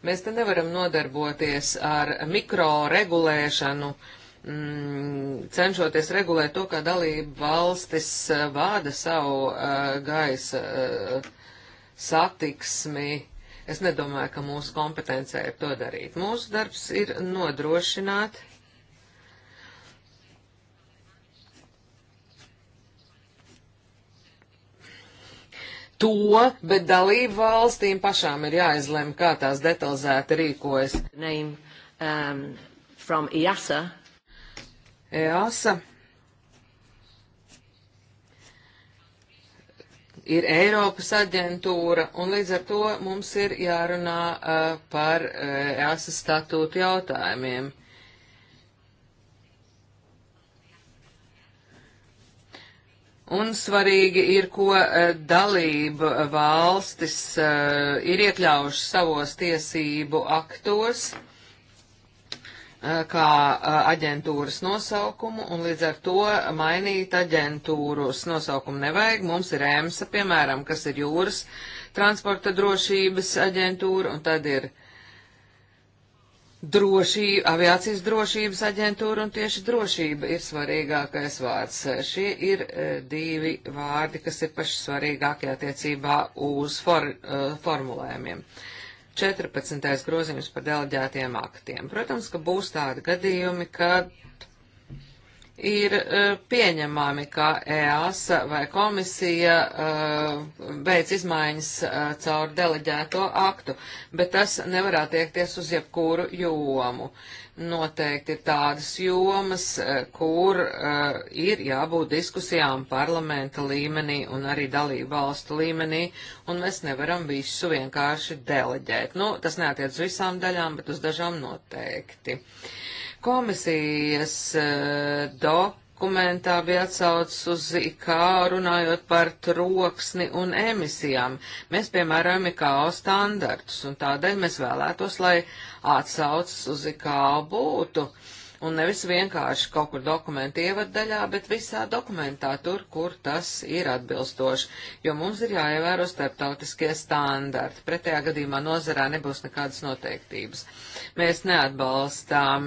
Mēs te nevaram nodarboties ar mikroregulēšanu, mm, cenšoties regulēt to, kā dalība valstis eh, vāda savu uh, gaisa uh, satiksmi Es nedomāju, ka mūsu kompetencē ir to darīt. Mūsu darbs ir nodrošināt to, bet dalību valstīm pašām ir jāizlem, kā tās detalizēti rīkojas. Name, um, EASA. EASA ir Eiropas aģentūra, un līdz ar to mums ir jārunā uh, par uh, EASA statūtu jautājumiem. Un svarīgi ir, ko uh, dalība valstis uh, ir iekļaujuši savos tiesību aktos. Uh, Eh, kā eh, aģentūras nosaukumu, un līdz ar to mainīt aģentūras nosaukumu nevajag. Mums ir EMSA, piemēram, kas ir jūras transporta drošības aģentūra, un tad ir drošība, aviācijas drošības aģentūra, un tieši drošība ir svarīgākais vārds. Šie ir eh, divi vārdi, kas ir paši svarīgākie attiecībā uz for, formulējumiem. Uh, 14. grozījums par deleģētiem aktiem. Protams, ka būs tādi gadījumi, kad ir e, pieņemami, ka EASA vai komisija e, veic uh, izmaiņas uh, caur deleģēto aktu, bet tas nevar attiekties uz jebkuru jomu. Noteikti ir tādas jomas, uh, kur ir jābūt diskusijām parlamenta līmenī un arī dalību valstu līmenī, un mēs nevaram visu vienkārši deleģēt. Nu, tas neatiec uz visām daļām, bet uz dažām noteikti. Uh, Komisijas eh, dokumentā bija atsaucis uz IKA runājot par troksni un emisijām. Mēs piemērojam IKO standartus, un tādēļ mēs vēlētos, lai atsaucis uz IKO būtu. Uh, un nevis vienkārši kaut kur dokumentu ievaddaļā, bet visā dokumentā, tur, kur tas ir atbilstoši, jo mums ir jāievēro starptautiskie standarti. Pretējā gadījumā nozarā nebūs nekādas noteiktības. Mēs neatbalstām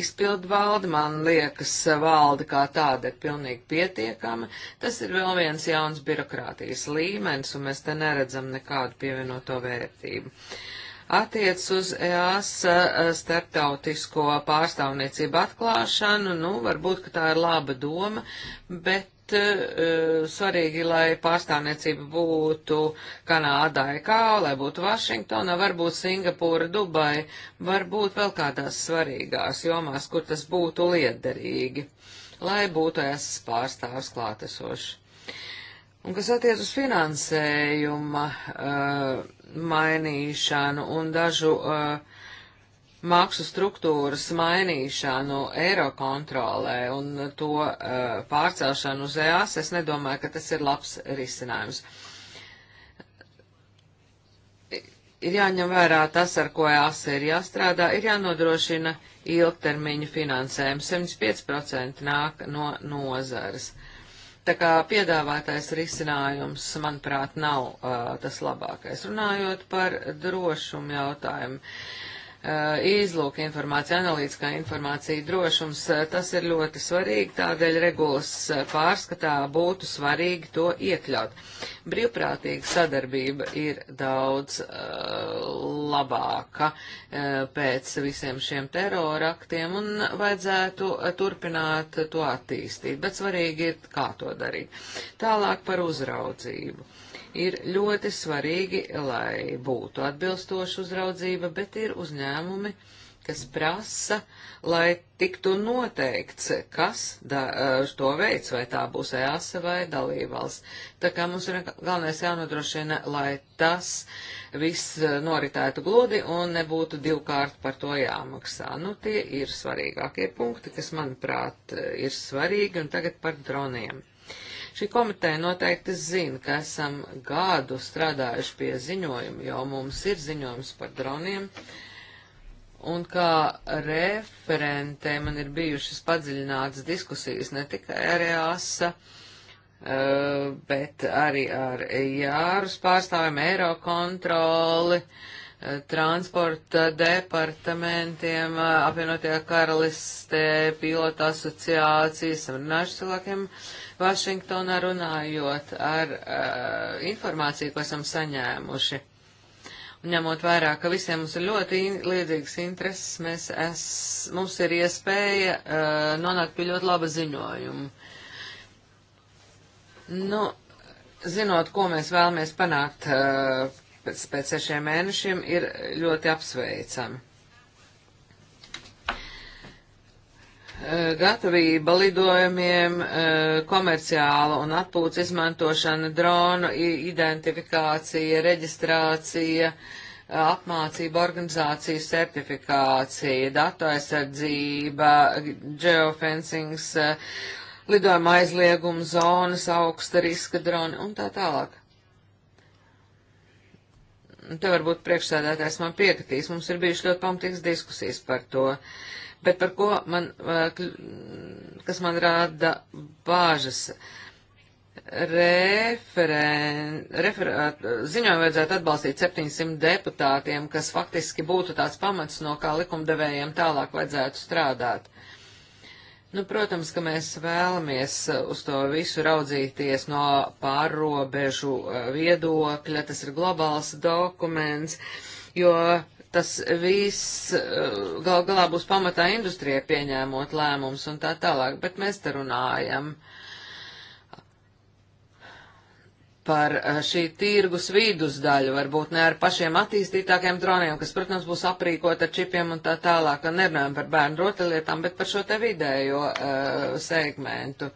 izpildu valdi, man liekas, valdi kā tāda ir pilnīgi pietiekama. Tas ir vēl viens jauns birokrātijas līmenis, un mēs te neredzam nekādu pievienoto vērtību. Uh, attiec uz EASA starptautisko pārstāvniecību atklāšanu. Nu, varbūt, ka tā ir laba doma, bet uh, svarīgi, lai pārstāvniecība būtu Kanādā, kā, lai būtu Vašingtona, varbūt Singapūra, Dubai, varbūt vēl kādās svarīgās jomās, kur tas būtu liederīgi, lai būtu EASA pārstāvs klātesošs. Un kas attiec uz finansējuma uh, mainīšanu un dažu uh, maksu struktūras mainīšanu Eirokontrolē un to uh, pārcelšanu uz EAS, es nedomāju, ka tas ir labs risinājums. Ir jāņem vērā tas, ar ko EAS ir jāstrādā, ir jānodrošina ilgtermiņa finansējumu. 75% nāk no nozares. Uh, Tā kā piedāvātais risinājums, manuprāt, nav uh, tas labākais. Runājot par drošumu jautājumu, Eh, izlūka informācija, analītiskā informācija, drošums, eh, tas ir ļoti svarīgi, tādēļ regulas eh, pārskatā būtu svarīgi to iekļaut. Brīvprātīga sadarbība ir daudz uh, labāka uh, pēc visiem šiem teroraktiem un vajadzētu turpināt to attīstīt, bet svarīgi ir, kā to darīt. Tālāk par uzraudzību. Uh, ir ļoti svarīgi, lai būtu atbilstoša uzraudzība, bet ir uzņēmumi, kas prasa, lai tiktu noteikts, kas da, eh, to veids, vai tā būs EASA vai dalībvalsts. Tā kā mums ir galvenais jānodrošina, lai tas viss eh, noritētu gludi un nebūtu divkārt par to jāmaksā. Nu, tie ir svarīgākie punkti, kas, manuprāt, eh, ir svarīgi, un tagad par droniem. Šī komiteja noteikti zina, ka esam gadu strādājuši pie ziņojuma, jo mums ir ziņojums par droniem, un kā referentē man ir bijušas padziļinātas diskusijas ne tikai ar EASA, eh, bet arī ar jārus pārstāvjiem, eiro kontroli, eh, transporta departamentiem, eh, apvienotie karalistē, pilota asociācijas, samrināšu cilvēkiem. Uh, Vašingtonā runājot ar uh, informāciju, ko esam saņēmuši. Un ņemot vērā, ka visiem mums ir ļoti in līdzīgas intereses, mēs es, mums ir iespēja uh, nonākt pie ļoti laba ziņojuma. Nu, zinot, ko mēs vēlamies panākt uh, pēc, pēc sešiem mēnešiem, ir ļoti apsveicami. Eh, gatavība lidojumiem, eh, komerciāla un atpūtas izmantošana, dronu identifikācija, reģistrācija, eh, apmācība, organizācijas certifikācija, datu aizsardzība, geofencings, lidojuma aizlieguma zonas, augsta riska droni un tā tālāk. Te varbūt priekšsēdētājs man piekritīs, mums ir bijušas ļoti pamatīgas diskusijas par to. Uh, bet par ko man, kas man rāda bāžas. Referen, referēt, ziņojumu vajadzētu atbalstīt 700 deputātiem, kas faktiski būtu tāds pamats, no kā likumdevējiem tālāk vajadzētu strādāt. Nu, protams, ka mēs vēlamies uz to visu raudzīties no pārrobežu viedokļa, tas ir globāls dokuments, jo uh, tas viss eh, gal galā būs pamatā industrijai pieņēmot lēmums un tā tālāk, bet mēs te runājam par eh, šī tirgus vidusdaļu, varbūt ne ar pašiem attīstītākiem droniem, kas, protams, būs aprīkot ar čipiem un tā tālāk, un nerunājam par bērnu rotaļlietām, bet par šo te vidējo uh, segmentu.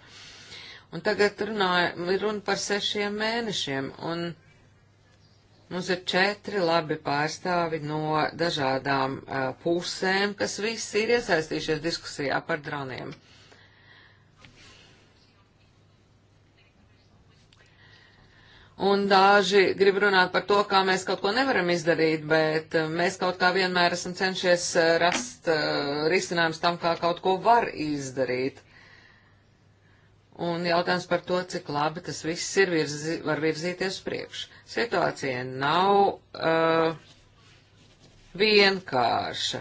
Un tagad runāja, runa par sešiem mēnešiem, un Mums ir četri labi pārstāvi no dažādām uh, pusēm, kas visi ir iesaistījušies diskusijā par droniem. Un daži grib runāt par to, kā mēs kaut ko nevaram izdarīt, bet mēs kaut kā vienmēr esam cenšies rast uh, risinājums tam, kā kaut ko var izdarīt. Un jautājums par to, cik labi tas viss ir virzi, var virzīties priekšu. Situācija nav uh, vienkārša.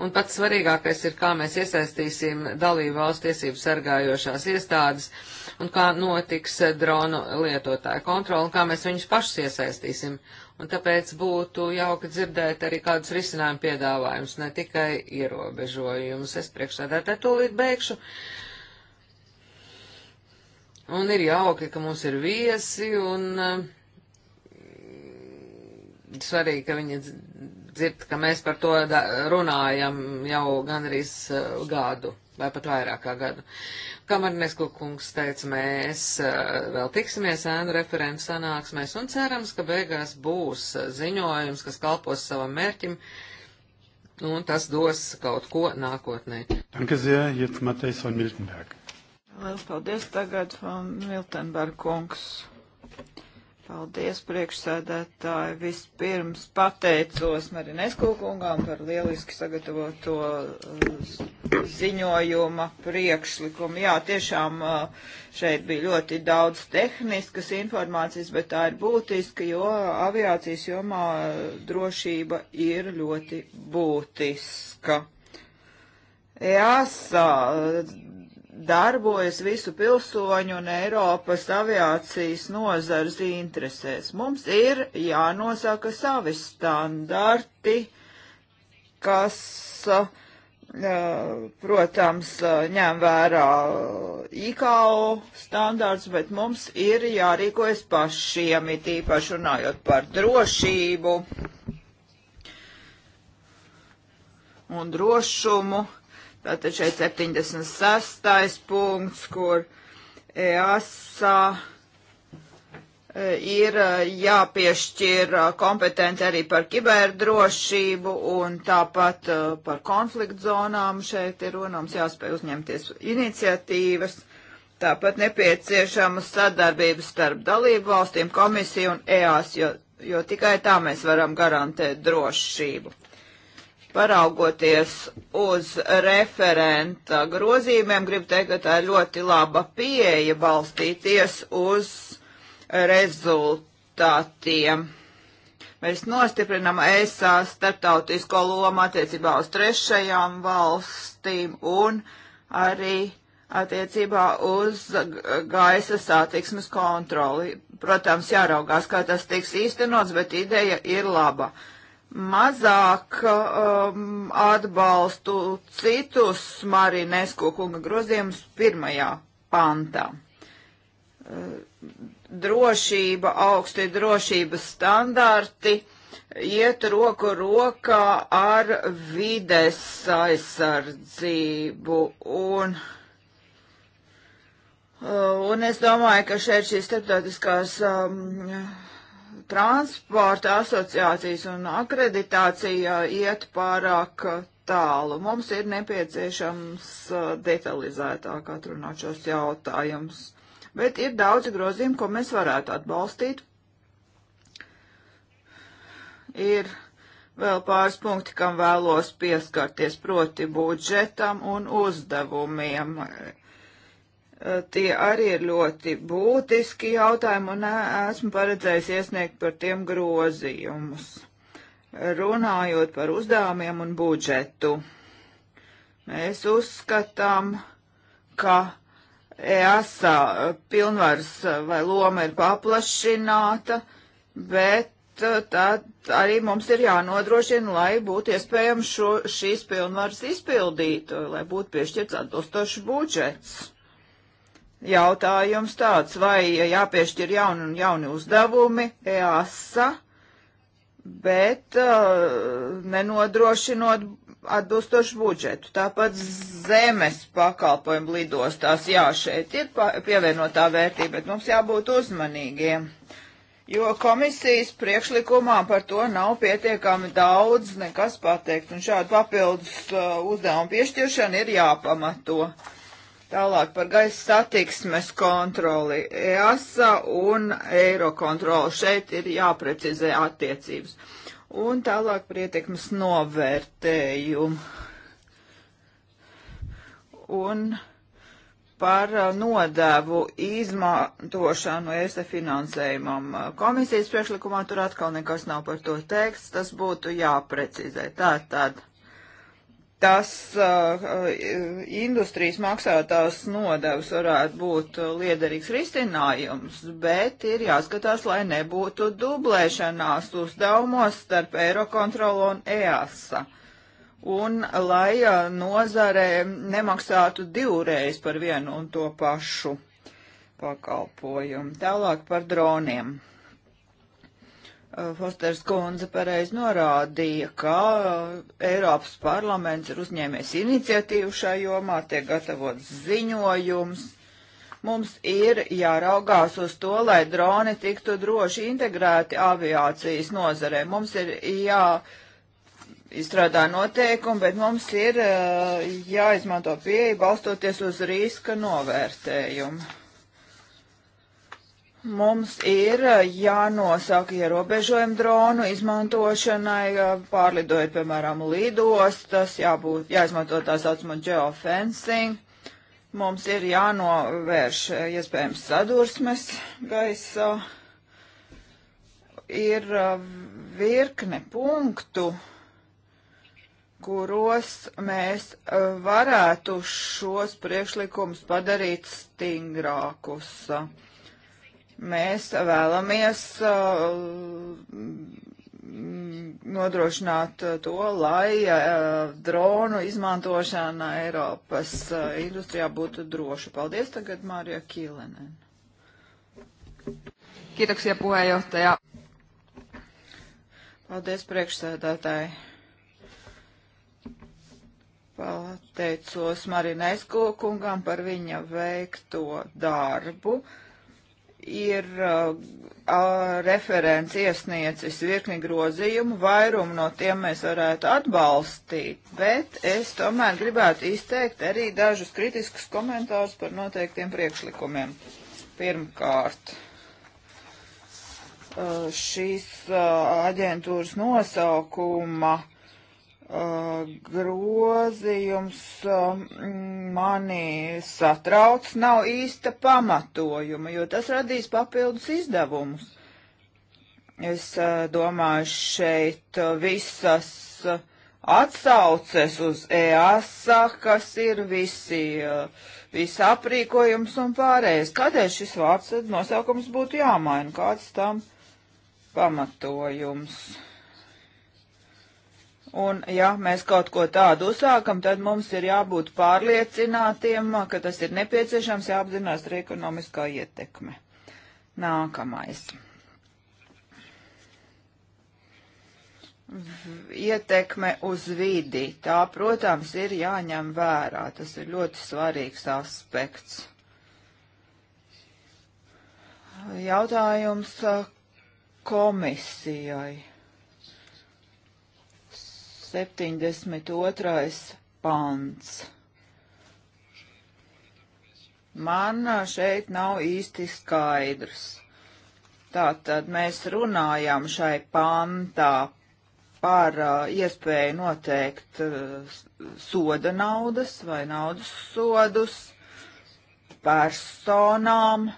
Un pats svarīgākais ir, kā mēs iesaistīsim dalību valsts tiesību sargājošās iestādes un kā notiks dronu lietotāju kontroli un kā mēs viņus pašus iesaistīsim. Un tāpēc būtu jauki dzirdēt arī kādus risinājumu piedāvājumus, ne tikai ierobežojumus. Es priekšsēdētāju tūlīt beigšu. Un ir jauki, ka mums ir viesi un. Uh, svarīgi, ka viņi dzird, ka mēs par to runājam jau gandrīz eh, gadu vai pat vairāk kā gadu. Kamarnesko kungs teica, mēs eh, vēl tiksimies ēnu referentu sanāksmēs un cerams, ka beigās būs eh, ziņojums, kas kalpos savam mērķim, un tas dos kaut ko nākotnē. Danke sehr, jetzt Matejs von Miltenberg. Liels paldies tagad, von Miltenberg kungs. Paldies, priekšsēdētāji. Vispirms pateicos Marinesku kungām par lieliski sagatavoto uh, ziņojuma priekšlikumu. Jā, tiešām uh, šeit bija ļoti daudz tehniskas informācijas, bet tā ir būtiska, jo aviācijas jomā drošība ir ļoti būtiska. Jāsā e darbojas visu pilsoņu un Eiropas aviācijas nozars interesēs. Mums ir jānosaka savi standarti, kas, protams, ņem vērā IKO standārts, bet mums ir jārīkojas pašiem, it īpaši runājot par drošību un drošumu Tātad šeit 76. punkts, kur EASA e, ir e, jāpiešķir e, kompetenci arī par kiberdrošību un tāpat par konflikt zonām. Šeit ir runāms jāspēj uzņemties iniciatīvas. Tāpat nepieciešama sadarbība starp dalību valstīm, komisiju un EAS, jo, jo tikai tā mēs varam garantēt drošību. Paraugoties uz referenta grozījumiem, gribu teikt, ka tā ir ļoti laba pieeja balstīties uz rezultātiem. Mēs nostiprinam ESA starptautisko lomu attiecībā uz trešajām valstīm un arī attiecībā uz gaisa satiksmes kontroli. Protams, jāraugās, kā tas tiks īstenots, bet ideja ir laba. Uh, mazāk um, atbalstu citus Marinesko kunga grozījumus pirmajā pantā. Uh, drošība, augsti drošības standarti iet roku rokā ar vides aizsardzību un uh, Un es domāju, ka šeit šīs starptautiskās um, transporta asociācijas un akreditācija iet pārāk tālu. Mums ir nepieciešams uh, detalizētāk atrunāt šos jautājumus. Bet ir daudz grozījumu, ko mēs varētu atbalstīt. Ir vēl pāris punkti, kam vēlos pieskarties, proti budžetam un uzdevumiem. Tie arī ir ļoti būtiski jautājumi, un esmu paredzējis iesniegt par tiem grozījumus. Runājot par uzdevumiem un budžetu, mēs uzskatām, ka EASA pilnvars vai loma ir paplašināta, bet uh, tad arī mums ir jānodrošina, lai būtu iespējams šo, šīs pilnvaras izpildīt, uh, lai būtu piešķirts atbilstošs budžets jautājums tāds, vai jāpiešķir jauni un jauni uzdevumi EASA, bet uh, nenodrošinot atbilstošu budžetu. Tāpat zemes pakalpojumu lidostās, jā, šeit ir pievienotā vērtība, bet mums jābūt uzmanīgiem, jo komisijas priekšlikumā par to nav pietiekami daudz nekas pateikt, un šādu papildus uh, uzdevumu piešķiršana ir jāpamato. Uh, Tālāk par gaisa satiksmes kontroli EASA un Eirokontrolu. Šeit ir jāprecizē attiecības. Un tālāk par ietekmes novērtējumu. Un par uh, nodevu izmantošanu ESA finansējumam. Komisijas priekšlikumā tur atkal nekas nav par to teiks, tas būtu jāprecizē. Tātad tas uh, uh, industrijas maksātās nodevs varētu būt uh, liederīgs risinājums, bet ir jāskatās, lai nebūtu dublēšanās uzdevumos starp Eirokontrolu un EASA. Un lai uh, nozare nemaksātu divreiz par vienu un to pašu pakalpojumu. Tālāk par droniem. Eh, Fosters kundze pareiz norādīja, ka eh, Eiropas parlaments ir uzņēmies iniciatīvu šajā jomā, tiek gatavots ziņojums. Mums ir jāraugās uz to, lai droni tiktu droši integrēti aviācijas nozarē. Mums ir jā izstrādā noteikumi, bet mums ir eh, jāizmanto pieeja balstoties uz riska novērtējumu. Mums ir eh, jānosaka ierobežojumi dronu izmantošanai, eh, pārlidojot, piemēram, lidostas, jābūt, jāizmanto tā saucamo geofencing. Mums ir jānovērš eh, iespējams sadursmes gaisā. Ir virkne punktu, kuros mēs varētu šos priekšlikumus padarīt stingrākus. Uh, mēs vēlamies uh, nodrošināt uh, to, lai uh, dronu izmantošana Eiropas industrijā būtu droša. Paldies tagad Mārija Kīlenen. Kiitoksia puheenjohtaja. Paldies priekšsēdētāji. Pateicos Marinesku kungam par viņa veikto darbu. Uh, ir uh, referents iesniecis virkni grozījumu, vairumu no tiem mēs varētu atbalstīt, bet es tomēr gribētu izteikt arī dažus kritiskus komentārus par noteiktiem priekšlikumiem. Pirmkārt, uh, šīs uh, aģentūras nosaukuma uh, Eh, grozījums eh, mani satrauc, nav īsta pamatojuma, jo tas radīs papildus izdevumus. Es eh, domāju, šeit visas atsauces uz EASA, kas ir visi, visi aprīkojums un pārējais. Kādēļ šis vārds nosaukums būtu jāmaina? Kāds tam pamatojums? Un, ja mēs kaut ko tādu uzsākam, tad mums ir jābūt pārliecinātiem, ka tas ir nepieciešams, jāapzinās arī ekonomiskā ietekme. Nākamais. Ietekme uz vidi. Tā, protams, ir jāņem vērā. Tas ir ļoti svarīgs aspekts. Jautājums uh, komisijai 72. pants. Man šeit nav īsti skaidrs. Tātad mēs runājam šai pantā par uh, iespēju noteikt uh, soda naudas vai naudas sodus personām,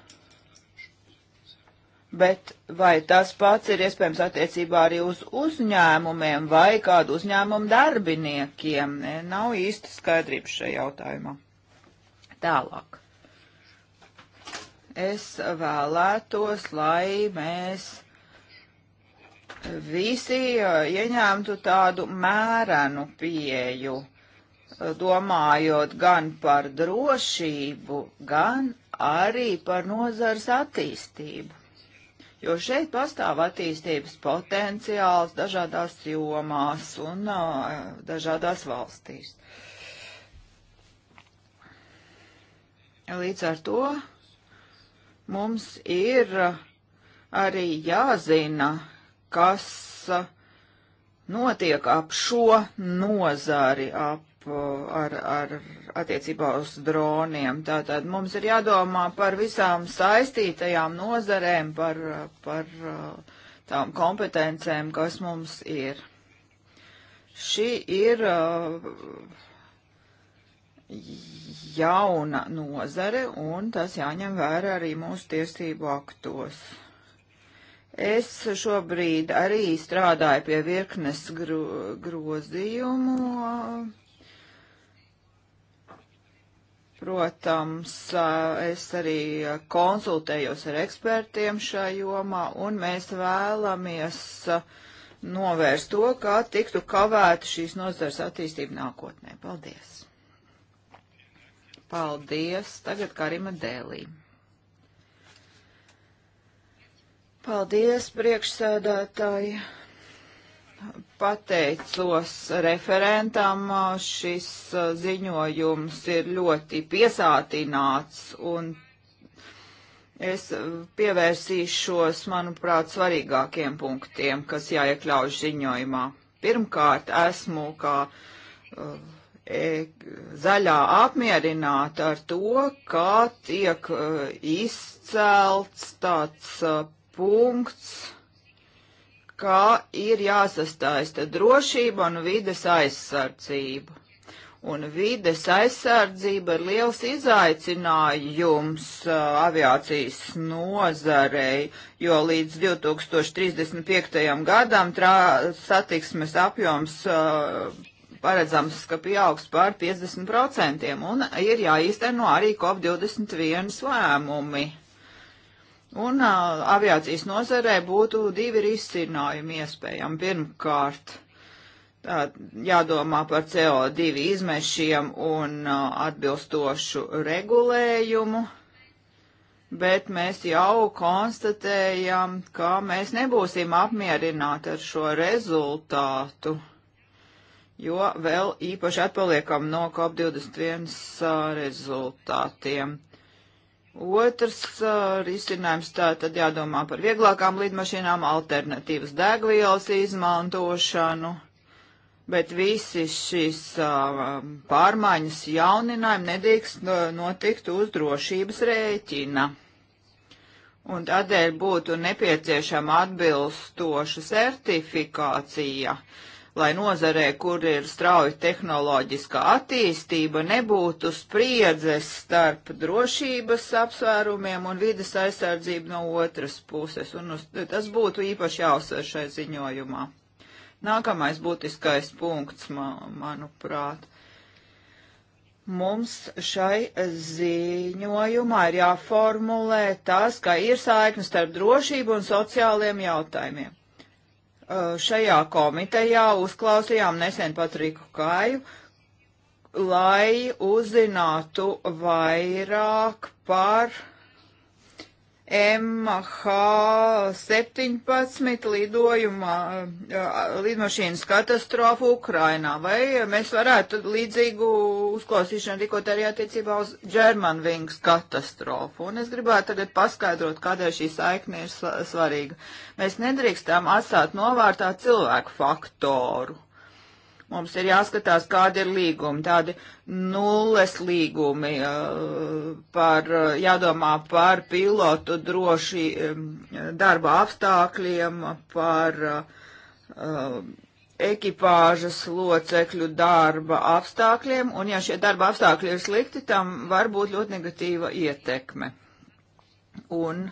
Bet vai tas pats ir iespējams attiecībā arī uz uzņēmumiem vai kādu uzņēmumu darbiniekiem? Nav īsti skaidrības šajā jautājumā. Tālāk. Es vēlētos, lai mēs visi uh, ieņemtu tādu mērenu pieju, uh, domājot gan par drošību, gan arī par nozars attīstību jo šeit pastāv attīstības potenciāls dažādās jomās un uh, dažādās valstīs. Līdz ar to mums ir arī jāzina, kas notiek ap šo nozari, ap ar, ar attiecībā uz droniem. Tātad mums ir jādomā par visām saistītajām nozarēm, par, par uh, tām kompetencēm, kas mums ir. Šī ir uh, jauna nozare, un tas jāņem vērā arī mūsu tiesību aktos. Es šobrīd arī strādāju pie virknes gro grozījumu Protams, es arī konsultējos ar ekspertiem šajā jomā, un mēs vēlamies novērst to, kā tiktu kavēta šīs nozars attīstība nākotnē. Paldies! Paldies! Tagad Karima Dēlī. Paldies, priekšsēdētāji! pateicos referentam. Šis uh, ziņojums ir ļoti piesātināts un es pievērsīšos, manuprāt, svarīgākiem punktiem, kas jāiekļauj ziņojumā. Pirmkārt, esmu kā uh, e, zaļā apmierināta ar to, kā tiek uh, izcelts tāds uh, punkts, kā ir jāsastāsta drošība un vides aizsardzība. Un vides aizsardzība ir liels izaicinājums uh, aviācijas nozarei, jo līdz 2035. gadam trā, satiksmes apjoms uh, paredzams, ka pieaugs par 50% un ir jāīsteno arī COP21 lēmumi. Un uh, aviācijas nozarē būtu divi risinājumi iespējami. Pirmkārt, tā, jādomā par CO2 izmešiem un uh, atbilstošu regulējumu, bet mēs jau konstatējam, ka mēs nebūsim apmierināti ar šo rezultātu, jo vēl īpaši atpaliekam no COP21 uh, rezultātiem. Otrs uh, risinājums tā tad jādomā par vieglākām lidmašīnām, alternatīvas degvielas izmantošanu, bet visi šīs uh, pārmaiņas jauninājumi nedrīkst notikt uz drošības rēķina. Un tādēļ būtu nepieciešama atbilstoša sertifikācija. Uh, lai nozarē, kur ir strauja tehnoloģiskā attīstība, nebūtu spriedzes starp drošības apsvērumiem un vidas aizsardzību no otras puses, un uz, tas būtu īpaši jāuzsver šai ziņojumā. Nākamais būtiskais punkts, man, manuprāt. Mums šai ziņojumā ir jāformulē tas, ka ir saiknes starp drošību un sociāliem jautājumiem Eh, šajā komitejā uzklausījām nesen Patriku Kāju, lai uzzinātu vairāk par MH17 lidojuma eh, lidmašīnas katastrofu Ukrainā. Vai mēs varētu līdzīgu uzklausīšanu rīkot arī attiecībā uz Germanwings katastrofu? Un es gribētu tagad paskaidrot, kādēļ šī saikne ir svarīga. Mēs nedrīkstam atstāt novārtā cilvēku faktoru Mums ir jāskatās, kādi ir līgumi, tādi nulles līgumi, eh, par, eh, jādomā par pilotu droši darba apstākļiem, par eh, ekipāžas locekļu darba apstākļiem, un ja šie darba apstākļi ir slikti, tam var būt ļoti negatīva ietekme. Un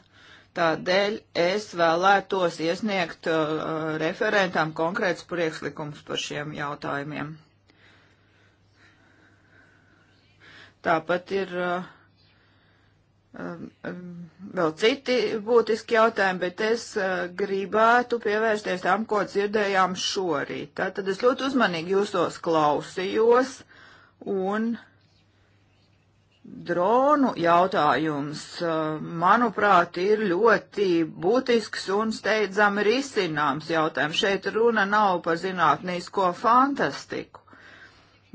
Tādēļ es vēlētos iesniegt uh, referentam konkrēts priekšlikums par šiem jautājumiem. Tāpat ir uh, um, um, vēl citi būtiski jautājumi, bet es uh, gribētu pievērsties tam, ko dzirdējām šorīt. Tātad es ļoti uzmanīgi jūsos klausījos un dronu jautājums, eh, manuprāt, ir ļoti būtisks un steidzami risināms jautājums. Šeit runa nav par zinātnīsko fantastiku,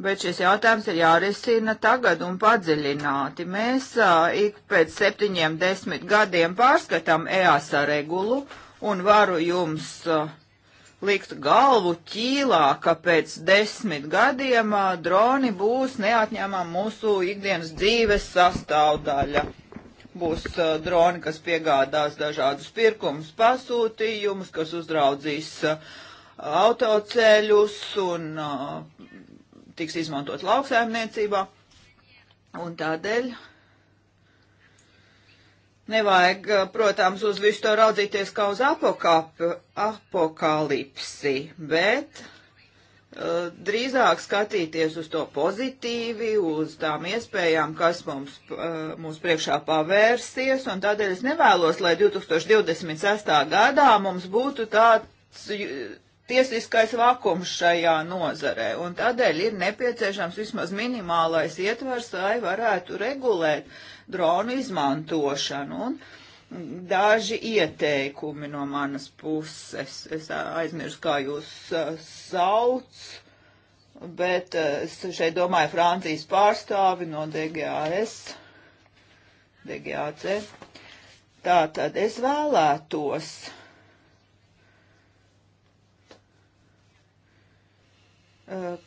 bet šis jautājums ir jārisina tagad un padziļināti. Mēs eh, ik pēc septiņiem desmit gadiem pārskatām EASA regulu un varu jums uh, likt galvu ķīlā, ka pēc desmit gadiem droni būs neatņemama mūsu ikdienas dzīves sastāvdaļa. Būs uh, droni, kas piegādās dažādus pirkumus, pasūtījumus, kas uzraudzīs uh, autoceļus un uh, tiks izmantot lauksaimniecībā. Un tādēļ Nevajag, eh, protams, uz visu to raudzīties kā uz apokap, apokalipsi, bet uh, drīzāk skatīties uz to pozitīvi, uz tām iespējām, kas mums, uh, eh, mums priekšā pavērsies, un tādēļ es nevēlos, lai 2026. gadā mums būtu tāds tiesiskais vakums šajā nozarē, un tādēļ ir nepieciešams vismaz minimālais ietvers, lai varētu regulēt uh, dronu izmantošanu. Un, Daži ieteikumi no manas puses. Es aizmirsu, kā jūs uh, sauc, bet uh, es šeit domāju Francijas pārstāvi no DGAS, DGAC. Tātad es vēlētos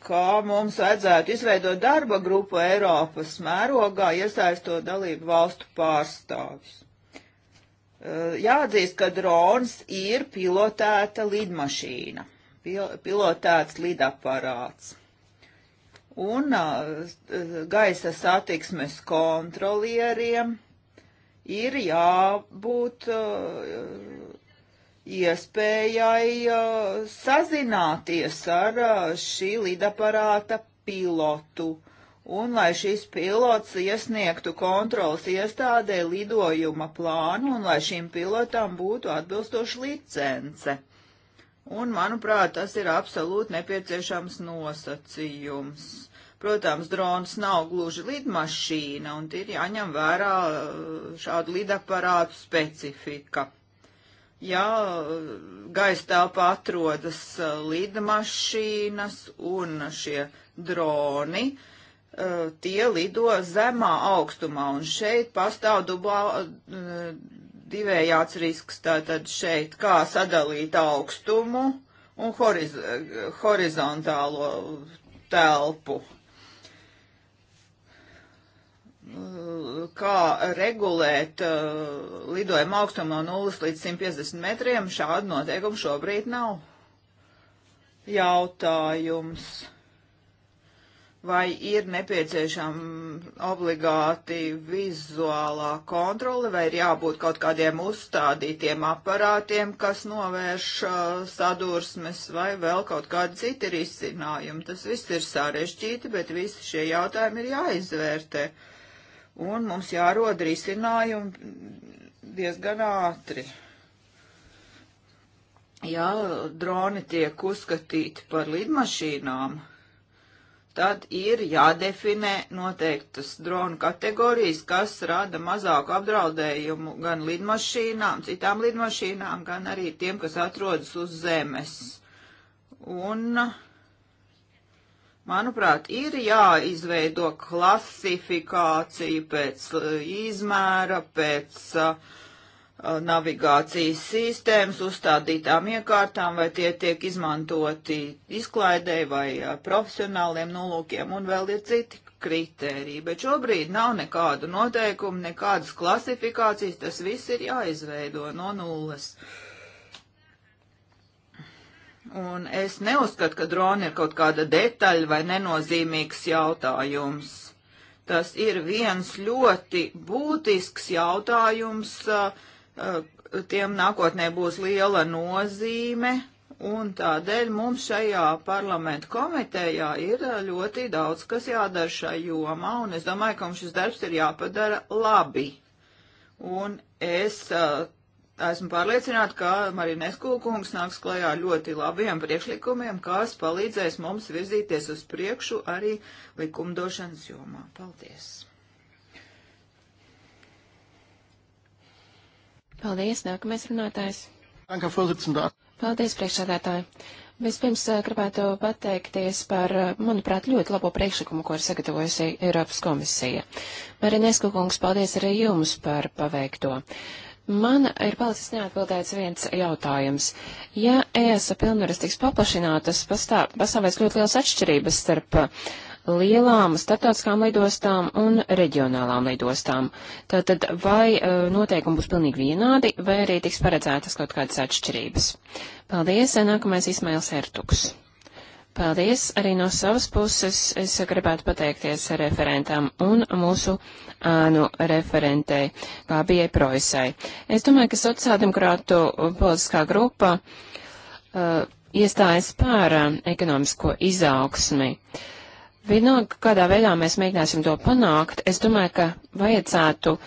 ka mums vajadzētu izveidot darba grupu Eiropas mērogā, iesaistot dalību valstu pārstāvis. E, jāatzīst, ka drons ir pilotēta lidmašīna, pil pilotēts lidaparāts. Un gaisa satiksmes kontrolieriem ir jābūt uh, iespējai uh, sazināties ar uh, šī lidaparāta pilotu. Un lai šis pilots iesniegtu kontrolas iestādē lidojuma plānu un lai šim pilotam būtu atbilstoša licence. Un, manuprāt, tas ir absolūti nepieciešams nosacījums. Protams, drons nav gluži lidmašīna un ir jāņem vērā uh, šādu lidaparātu specifika ja gaisa telpā atrodas lidmašīnas un šie droni, tie lido zemā augstumā, un šeit pastāv dubā, divējāds risks, tātad šeit kā sadalīt augstumu un horiz horizontālo telpu kā regulēt uh, lidojumu augstumu no 0 līdz 150 metriem, šādu noteikumu šobrīd nav. Jautājums. Vai ir nepieciešama obligāti vizuālā kontrole, vai ir jābūt kaut kādiem uzstādītiem aparātiem, kas novērš uh, sadursmes, vai vēl kaut kādi citi risinājumi? Tas viss ir sarežģīti, bet visi šie jautājumi ir jāizvērtē. Uh, un mums jārod risinājumi diezgan ātri. Ja droni tiek uzskatīti par lidmašīnām, tad ir jādefinē noteiktas dronu kategorijas, kas rada mazāku apdraudējumu gan lidmašīnām, citām lidmašīnām, gan arī tiem, kas atrodas uz zemes. Un uh, Manuprāt, ir jāizveido klasifikācija pēc eh, izmēra, pēc uh, navigācijas sistēmas, uzstādītām iekārtām, vai tie tiek izmantoti izklaidē vai uh, profesionāliem nolūkiem, un vēl ir citi kritēriji. Bet šobrīd nav nekādu noteikumu, nekādas klasifikācijas, tas viss ir jāizveido no nulles. Uh, Un es neuzskatu, ka droni ir kaut kāda detaļa vai nenozīmīgs jautājums. Tas ir viens ļoti būtisks jautājums, tiem nākotnē būs liela nozīme, un tādēļ mums šajā parlamentu komitejā ir ļoti daudz, kas jādara šai jomā, un es domāju, ka mums šis darbs ir jāpadara labi. Un es uh, esmu pārliecināta, ka Marines Kulkungs nāks klajā ļoti labiem priekšlikumiem, kas palīdzēs mums virzīties uz priekšu arī likumdošanas jomā. Paldies! Paldies, nākamais runātājs. Paldies, priekšsādātāji. Vispirms eh, gribētu pateikties par, eh, manuprāt, ļoti labo priekšlikumu, ko ir sagatavojusi Eiropas komisija. Marinesku kungs, paldies arī jums par paveikto. Uh, Man ir palicis neatbildēts viens jautājums. Ja ESA pilnvaras tiks paplašinātas, pastāvēs ļoti liels atšķirības starp lielām starptautiskām lidostām un reģionālām lidostām. Tātad vai e, noteikumi būs pilnīgi vienādi, vai arī tiks paredzētas kaut kādas atšķirības? Paldies, e, nākamais Ismails Ertuks. Paldies! Arī no savas puses es gribētu pateikties referentam un mūsu ānu referentei Gabijai Proisai. Es domāju, ka sociāldemokrātu politiskā grupa uh, iestājas pār uh, um, ekonomisko izaugsmi. Vienalga, kādā veidā mēs mēģināsim to panākt, es domāju, ka vajadzētu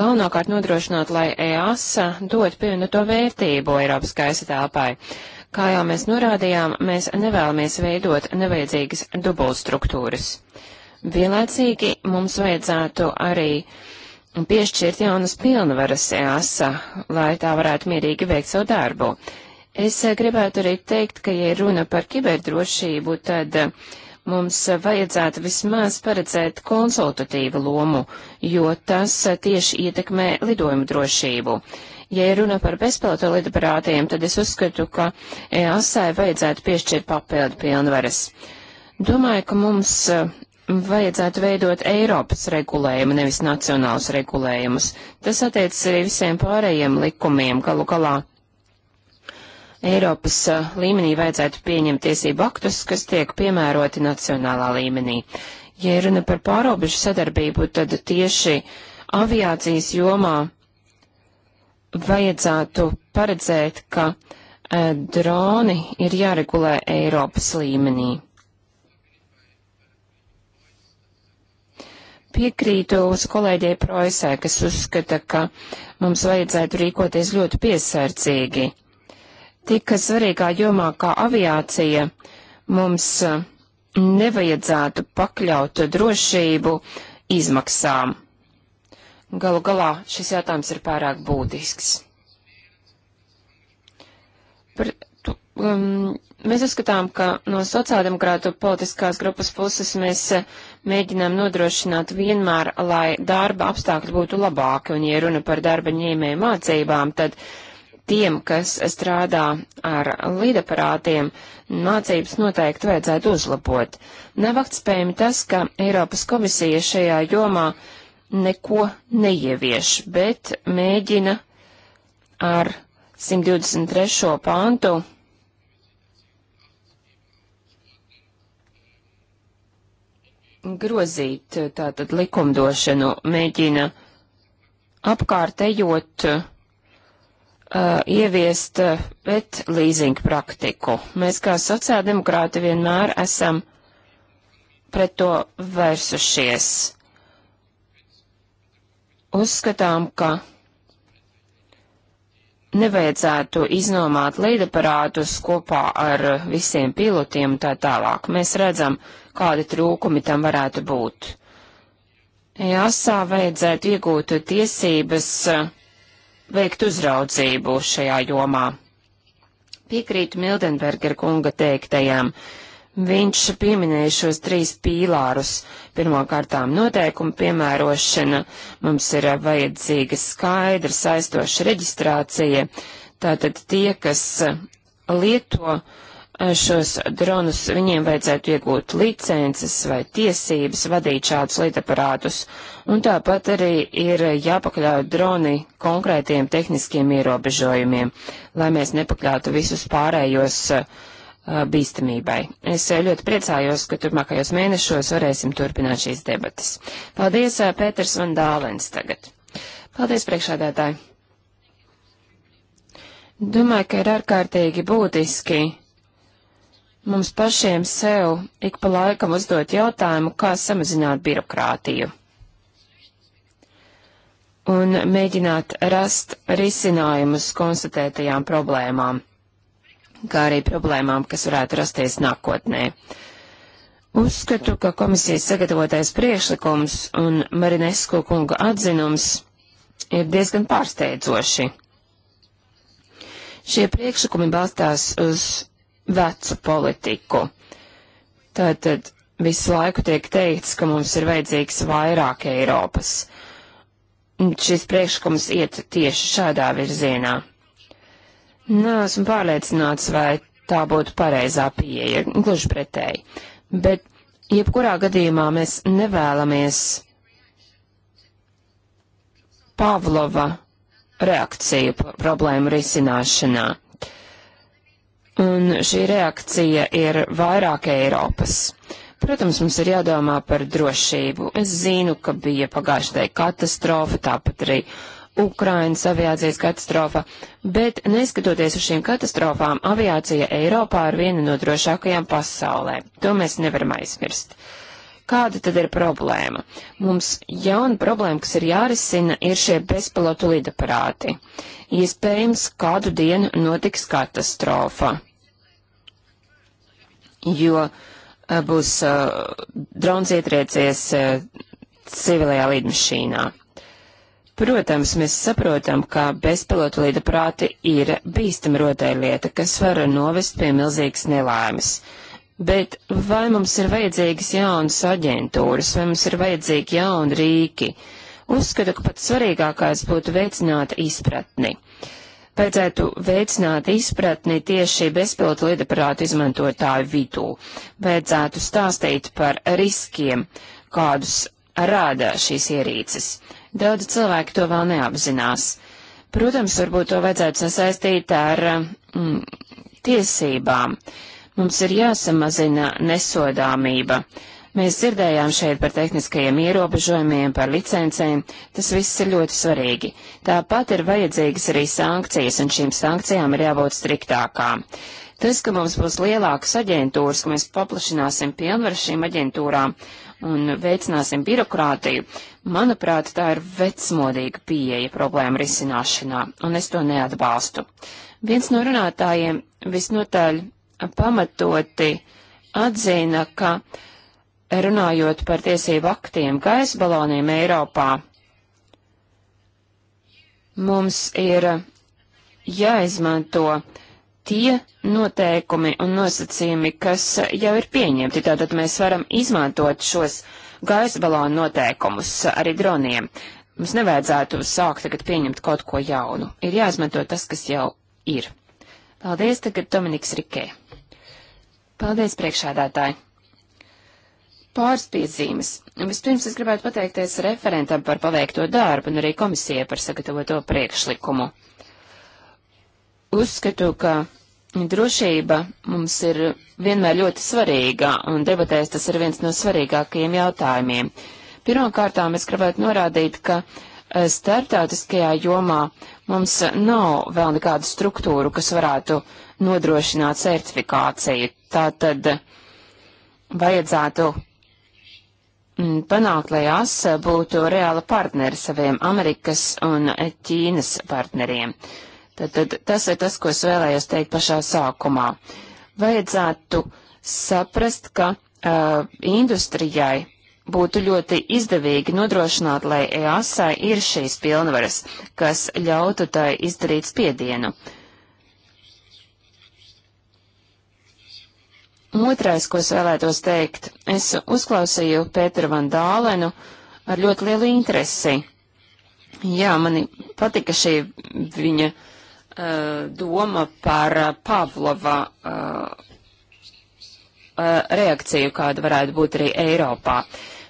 galvenokārt nodrošināt, lai EASA dod pievienoto vērtību Eiropas gaisa telpai. Uh, Kā jau mēs norādījām, mēs nevēlamies veidot nevajadzīgas dubultstruktūras. Vienlaicīgi mums vajadzētu arī piešķirt jaunas pilnvaras EASA, lai tā varētu mierīgi veikt savu darbu. Es gribētu arī teikt, ka, ja runa par kiberdrošību, tad mums vajadzētu vismaz paredzēt konsultatīvu lomu, jo tas tieši ietekmē lidojumu drošību. Uh, Ja ir runa par bezpilota lidaparātiem, tad es uzskatu, ka e, ASAI vajadzētu piešķirt papildu pilnvaras. Domāju, ka mums e, vajadzētu veidot Eiropas regulējumu, nevis nacionālus regulējumus. Tas attiecas arī visiem pārējiem likumiem. Galu galā Eiropas e, līmenī vajadzētu pieņemt tiesību aktus, kas tiek piemēroti nacionālā līmenī. Ja runa par pārobežu sadarbību, tad tieši aviācijas jomā vajadzētu paredzēt, ka e, droni ir jāregulē Eiropas līmenī. Piekrītu uz kolēģei Proisē, kas uzskata, ka mums vajadzētu rīkoties ļoti piesardzīgi. Tik svarīgā jomā kā aviācija mums e, nevajadzētu pakļaut drošību izmaksām. Galu galā šis jautājums ir pārāk būtisks. Par, tu, um, mēs uzskatām, ka no sociāldemokrātu politiskās grupas puses mēs eh, mēģinām nodrošināt vienmēr, lai darba apstākļi būtu labāki, un ja runa par darba ņēmēju mācībām, tad tiem, kas strādā ar līdaparātiem, mācības noteikti vajadzētu uzlabot. Nav aktspējami tas, ka Eiropas komisija šajā jomā neko neievieš, bet mēģina ar 123. pāntu grozīt tātad likumdošanu, mēģina apkārtējot uh, ieviest pret uh, līzinga praktiku. Mēs kā sociāldemokrāti vienmēr esam pret to vērsušies uzskatām, ka nevajadzētu iznomāt lidaparātus kopā ar visiem pilotiem un tā tālāk. Mēs redzam, kādi trūkumi tam varētu būt. EASA vajadzētu iegūt tiesības eh, veikt uzraudzību šajā jomā. Piekrītu Mildenberger kunga teiktajām. Uh, Viņš pieminēja šos trīs pīlārus. Pirmkārtām noteikuma piemērošana, mums ir vajadzīga skaidra saistoša reģistrācija. Tātad tie, kas lieto eh, šos dronus, viņiem vajadzētu iegūt licences vai tiesības vadīt šādus lidaparātus. Un tāpat arī ir jāpakļauj droni konkrētiem tehniskiem ierobežojumiem, lai mēs nepakļautu visus pārējos uh, Uh, bīstamībai. Es uh, ļoti priecājos, ka turpmākajos mēnešos varēsim turpināt šīs debatas. Paldies, uh, Pēters Van Dālens tagad. Paldies, priekšādātāji. Domāju, ka ir ārkārtīgi būtiski mums pašiem sev ik pa laikam uzdot jautājumu, kā samazināt birokrātiju. Un mēģināt rast risinājumus konstatētajām problēmām kā arī problēmām, kas varētu rasties nākotnē. Uzskatu, ka komisijas sagatavotais priekšlikums un Marinesku kunga atzinums ir diezgan pārsteidzoši. Šie priekšlikumi balstās uz vecu politiku. Tātad visu laiku tiek teikts, ka mums ir vajadzīgs vairāk Eiropas. Šis priekšlikums iet tieši šādā virzienā. Nē, esmu pārliecināts, vai tā būtu pareizā pieeja, gluži pretēji. Bet jebkurā gadījumā mēs nevēlamies Pavlova reakciju problēmu risināšanā. Un šī reakcija ir vairāk Eiropas. Protams, mums ir jādomā par drošību. Es zinu, ka bija pagājušajā katastrofa, tāpat arī uh, Ukrainas aviācijas katastrofa, bet neskatoties uz šīm katastrofām, aviācija Eiropā ir viena no drošākajām pasaulē. To mēs nevaram aizmirst. Kāda tad ir problēma? Mums jauna problēma, kas ir jārisina, ir šie bezpilotu lidaparāti. Iespējams, kādu dienu notiks katastrofa, jo eh, būs uh, drons ietriecies uh, civilajā lidmašīnā. Protams, mēs saprotam, ka bezpilota lidaprāti ir bīstama rotaļlieta, kas var novest pie milzīgas nelaimes. Bet vai mums ir vajadzīgas jaunas aģentūras, vai mums ir vajadzīgi jauni rīki? Uzskatu, ka pats svarīgākais būtu veicināt izpratni. Vajadzētu veicināt izpratni tieši bezpilota lidaprātu izmantotāju vidū. Vajadzētu stāstīt par riskiem, kādus rāda šīs ierīces Daudz cilvēku to vēl neapzinās. Protams, varbūt to vajadzētu sasaistīt ar mm, tiesībām. Mums ir jāsamazina nesodāmība. Mēs dzirdējām šeit par tehniskajiem ierobežojumiem, par licencēm, tas viss ir ļoti svarīgi. Tāpat ir vajadzīgas arī sankcijas, un šīm sankcijām ir jābūt striktākām. Tas, ka mums būs lielākas aģentūras, ka mēs paplašināsim pilnvaru šīm aģentūrām, uh, un veicināsim birokrātiju, manuprāt, tā ir vecmodīga pieeja problēma risināšanā, un es to neatbalstu. Viens no runātājiem visnotaļ pamatoti atzina, ka runājot par tiesību aktiem gaisa baloniem Eiropā, mums ir jāizmanto ja tie noteikumi un nosacījumi, kas jau ir pieņemti. Tātad mēs varam izmantot šos gaisa balonu noteikumus arī droniem. Mums nevajadzētu sākt tagad pieņemt kaut ko jaunu. Ir jāizmanto tas, kas jau ir. Paldies tagad Dominiks Rikē. Paldies priekšādātāji. Pāris piezīmes. Vispirms es gribētu pateikties referentam par paveikto darbu un arī komisijai par sagatavoto priekšlikumu. Uzskatu, ka drošība mums ir vienmēr ļoti svarīga, un debatēs tas ir viens no svarīgākajiem jautājumiem. Pirmkārtām es gribētu norādīt, ka e, starptautiskajā jomā mums nav vēl nekādu struktūru, kas varētu nodrošināt certifikāciju. Tātad vajadzētu mm, panākt, lai AS būtu reāla partneri saviem Amerikas un Ķīnas partneriem. Uh, Tātad tas ir tas, ko es vēlējos teikt pašā sākumā. Vajadzētu saprast, ka uh, industrijai būtu ļoti izdevīgi nodrošināt, lai EASA ir šīs pilnvaras, kas ļautu tai izdarīt spiedienu. Otrais, ko es vēlētos teikt, es uzklausīju Pēteru Van Dālenu ar ļoti lielu interesi. Jā, mani patika šī viņa uh, Eh, doma par eh, Pavlova eh, reakciju, kāda varētu būt arī Eiropā.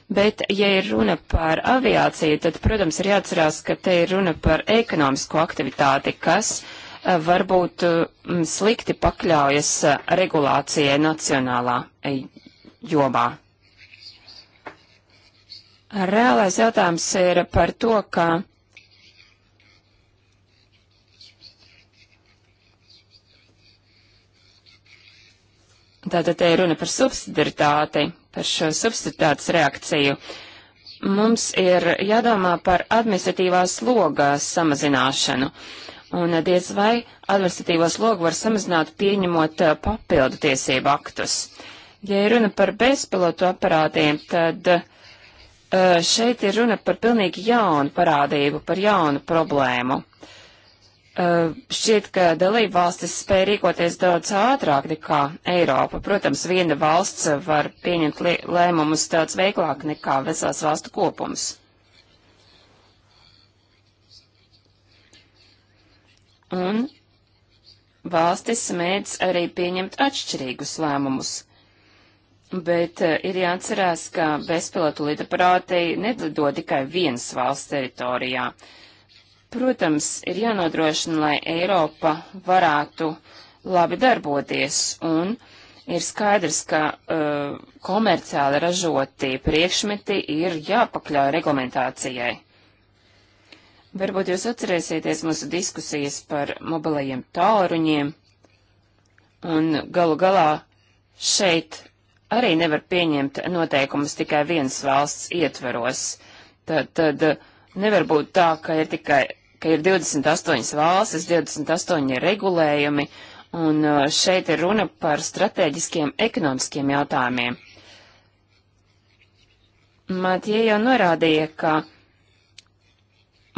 Bet, ja ir runa par aviāciju, tad, protams, ir jāatcerās, ka te ir runa par ekonomisko aktivitāti, kas varbūt mm, slikti pakļaujas regulācijai nacionālā jomā. Reālais jautājums ir par to, ka Tātad te ir runa par subsidaritāti, par šo subsidaritātes reakciju. Mums ir jādomā par administratīvās slogas samazināšanu. Un diez vai administratīvās slogu var samazināt pieņemot eh, papildu tiesību aktus. Ja ir runa par bezpilotu aparātiem, tad eh, šeit ir runa par pilnīgi jaunu parādību, par jaunu problēmu. Uh, Eh, šķiet, ka dalība valstis spēja rīkoties daudz ātrāk nekā Eiropa. Protams, viena valsts var pieņemt lēmumus daudz veiklāk nekā vesels valstu kopums. Un valstis mēdz arī pieņemt atšķirīgus lēmumus. Bet eh, ir jāatcerās, ka bezpilotu lidaparāti nelido tikai vienas valsts teritorijā. Uh, Protams, ir jānodrošina, lai Eiropa varētu labi darboties, un ir skaidrs, ka uh, komerciāli ražoti priekšmeti ir jāpakļauj reglamentācijai. Varbūt jūs atcerēsieties mūsu diskusijas par mobilajiem tālruņiem, un galu galā šeit arī nevar pieņemt noteikumus tikai vienas valsts ietveros. Tad, tad nevar būt tā, ka ir tikai ka ir 28 valstis, 28 regulējumi, un uh, šeit ir runa par strateģiskiem ekonomiskiem jautājumiem. Matie jau norādīja, ka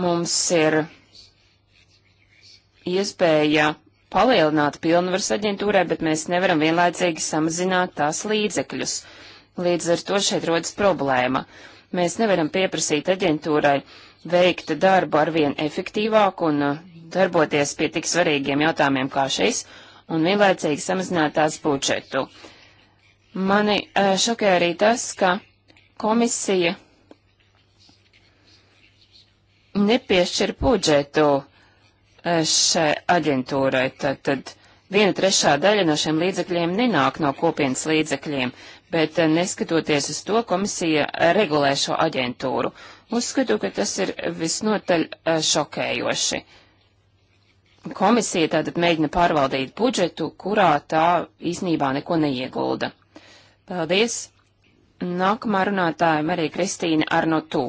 mums ir iespēja palielināt pilnvaras aģentūrai, bet mēs nevaram vienlaicīgi samazināt tās līdzekļus. Līdz ar to šeit rodas problēma. Mēs nevaram pieprasīt aģentūrai uh, veikt darbu ar vien efektīvāk un uh, darboties pie tik svarīgiem jautājumiem kā šis, un vienlaicīgi samazināt tās budžetu. Mani uh, šokē arī tas, ka komisija nepiešķir budžetu uh, šai aģentūrai, tad, tad viena trešā daļa no šiem līdzekļiem nenāk no kopienas līdzekļiem, bet neskatoties uz to, komisija regulē šo aģentūru. Uzskatu, ka tas ir visnotaļ e, šokējoši. Komisija tātad mēģina pārvaldīt budžetu, kurā tā īsnībā neko neiegulda. Paldies! Nākamā runātāja Marija Kristīna Arnotū.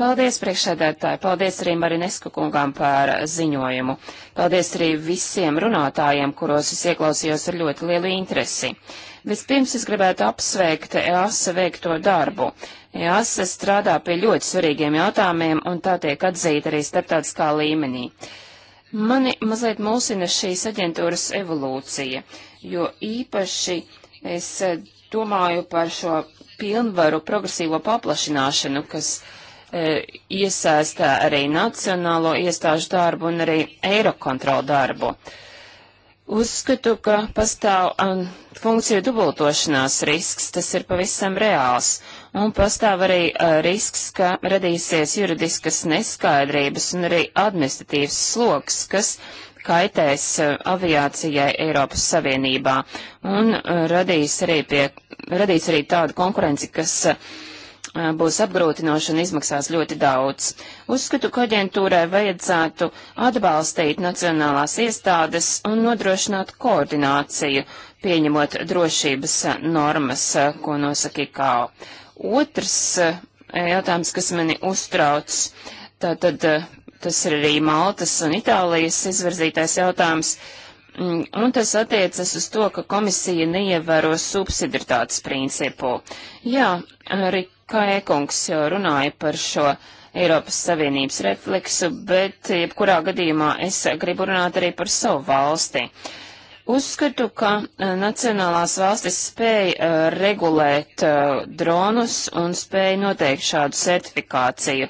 Paldies priekšsēdētāji, paldies arī Marinesku kungām par ziņojumu. Paldies arī visiem runātājiem, kuros es ieklausījos ar ļoti lielu interesi. Vispirms es gribētu apsveikt EASA veikto darbu. EASA strādā pie ļoti svarīgiem jautājumiem, un tā tiek atzīta arī starptautiskā līmenī. Mani mazliet mulsina šīs aģentūras evolūcija, jo īpaši es e, domāju par šo pilnvaru progresīvo paplašināšanu, kas e, iesaistā arī nacionālo iestāžu darbu un arī eirokontrolu darbu. Uzskatu, ka pastāv um, funkciju dubultošanās risks, tas ir pavisam reāls, un pastāv arī uh, risks, ka radīsies juridiskas neskaidrības un arī administratīvs sloks, kas kaitēs uh, aviācijai Eiropas Savienībā un uh, radīs, arī pie, radīs arī tādu konkurenci, kas būs apgrūtinoši un izmaksās ļoti daudz. Uzskatu, ka aģentūrai vajadzētu atbalstīt nacionālās iestādes un nodrošināt koordināciju, pieņemot drošības normas, ko nosaka IKO. Otrs eh, jautājums, kas mani uztrauc, tātad eh, tas ir arī Maltas un Itālijas izvirzītais jautājums, mm, un tas attiecas uz to, ka komisija neievēro subsidiritātes principu. Jā, arī Kaikungs jau runāja par šo Eiropas Savienības refleksu, bet jebkurā gadījumā es gribu runāt arī par savu valsti. Uh, Uzskatu, ka eh, nacionālās valstis spēja eh, regulēt eh, dronus un spēja noteikt šādu certifikāciju.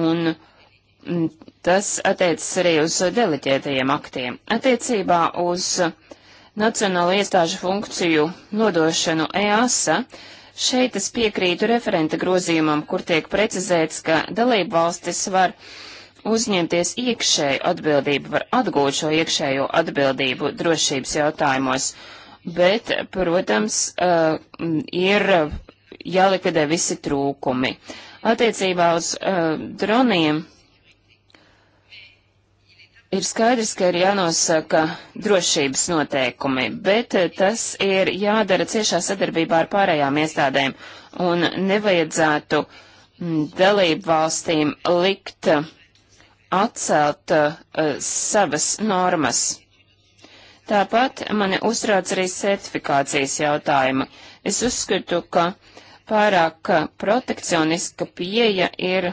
Un mm, tas attiecas arī uz deleģētajiem aktiem. Attiecībā uz Nacionālo iestāžu funkciju nodošanu EASA. Šeit es piekrītu referenta grozījumam, kur tiek precizēts, ka dalību valstis var uh, uzņemties iekšēju atbildību, var atgūt šo iekšējo atbildību drošības jautājumos, bet, protams, uh, ir jālikvidē visi trūkumi. Attiecībā uz uh, droniem ir skaidrs, ka ir jānosaka drošības noteikumi, bet uh, tas ir jādara ciešā sadarbībā ar pārējām iestādēm un nevajadzētu dalību valstīm likt uh, atcelt uh, savas normas. Tāpat mani uztrauc arī certifikācijas jautājumi. Es uzskatu, ka pārāk protekcioniska pieeja ir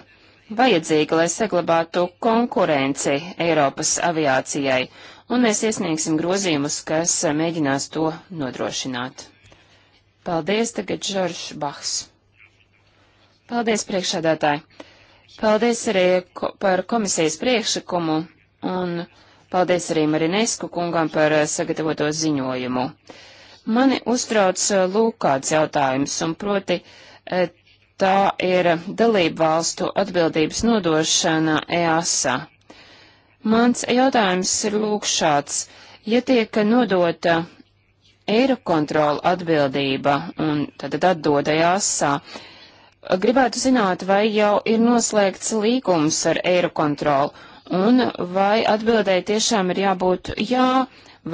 vajadzīga, lai saglabātu konkurenci Eiropas aviācijai, un mēs iesniegsim grozījumus, kas mēģinās to nodrošināt. Paldies, tagad Žoržs Bahs. Paldies, priekšādātāji. Paldies arī ko par komisijas priekšlikumu un paldies arī Marinesku kungam par eh, sagatavoto ziņojumu. Mani uztrauc eh, lūkāds jautājums, un proti eh, tā ir dalību valstu atbildības nodošana EASA. Mans jautājums ir lūkšāds. Ja tiek nodota Eirokontrola atbildība un tad atdodajāsā, e Gribētu zināt, vai jau ir noslēgts līgums ar Eirokontrolu, un vai atbildēji tiešām ir jābūt jā,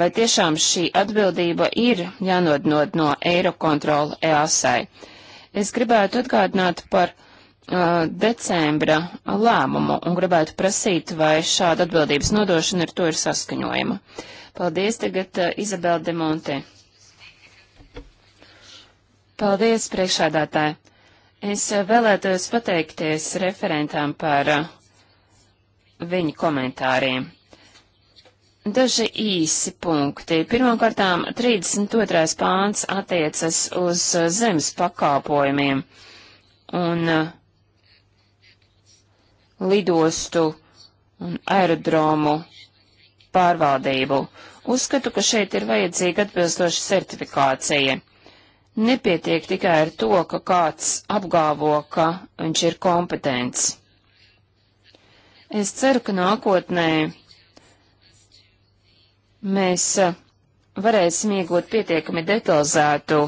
vai tiešām šī atbildība ir jānodnod no Eirokontrola EASai. Es gribētu atgādināt par uh, decembra lēmumu un gribētu prasīt, vai šāda atbildības nodošana ar to ir saskaņojama. Paldies tagad uh, Izabela Demonte. Paldies, priekšādātāji. Es eh, vēlētos pateikties referentām par eh, viņu komentāriem. Daži īsi punkti. Pirmkārtām, 32. pāns attiecas uz eh, zemes pakāpojumiem un lidostu un aerodromu pārvaldību. Uzskatu, ka šeit ir vajadzīga atbilstoša certifikācija. Nepietiek tikai ar to, ka kāds apgalvo, ka viņš ir kompetents. Es ceru, ka nākotnē mēs eh, varēsim iegūt pietiekami detalizētu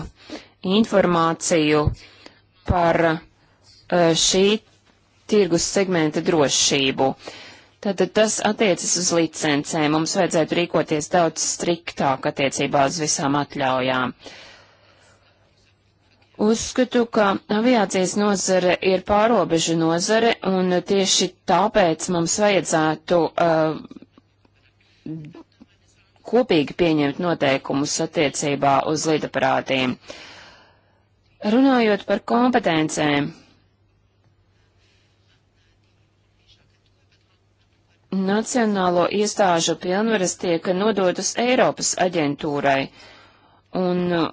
informāciju par eh, šī tirgus segmenta drošību. Tātad tas attiecas uz licencēm. Mums vajadzētu rīkoties daudz striktāk attiecībā uz visām atļaujām. Uh, Uzskatu, ka aviācijas nozare ir pārobežu nozare, un tieši tāpēc mums vajadzētu uh, kopīgi pieņemt noteikumus attiecībā uz lidaparātiem. Runājot par kompetencēm, nacionālo iestāžu pilnvaras tiek nodotas Eiropas aģentūrai, un uh,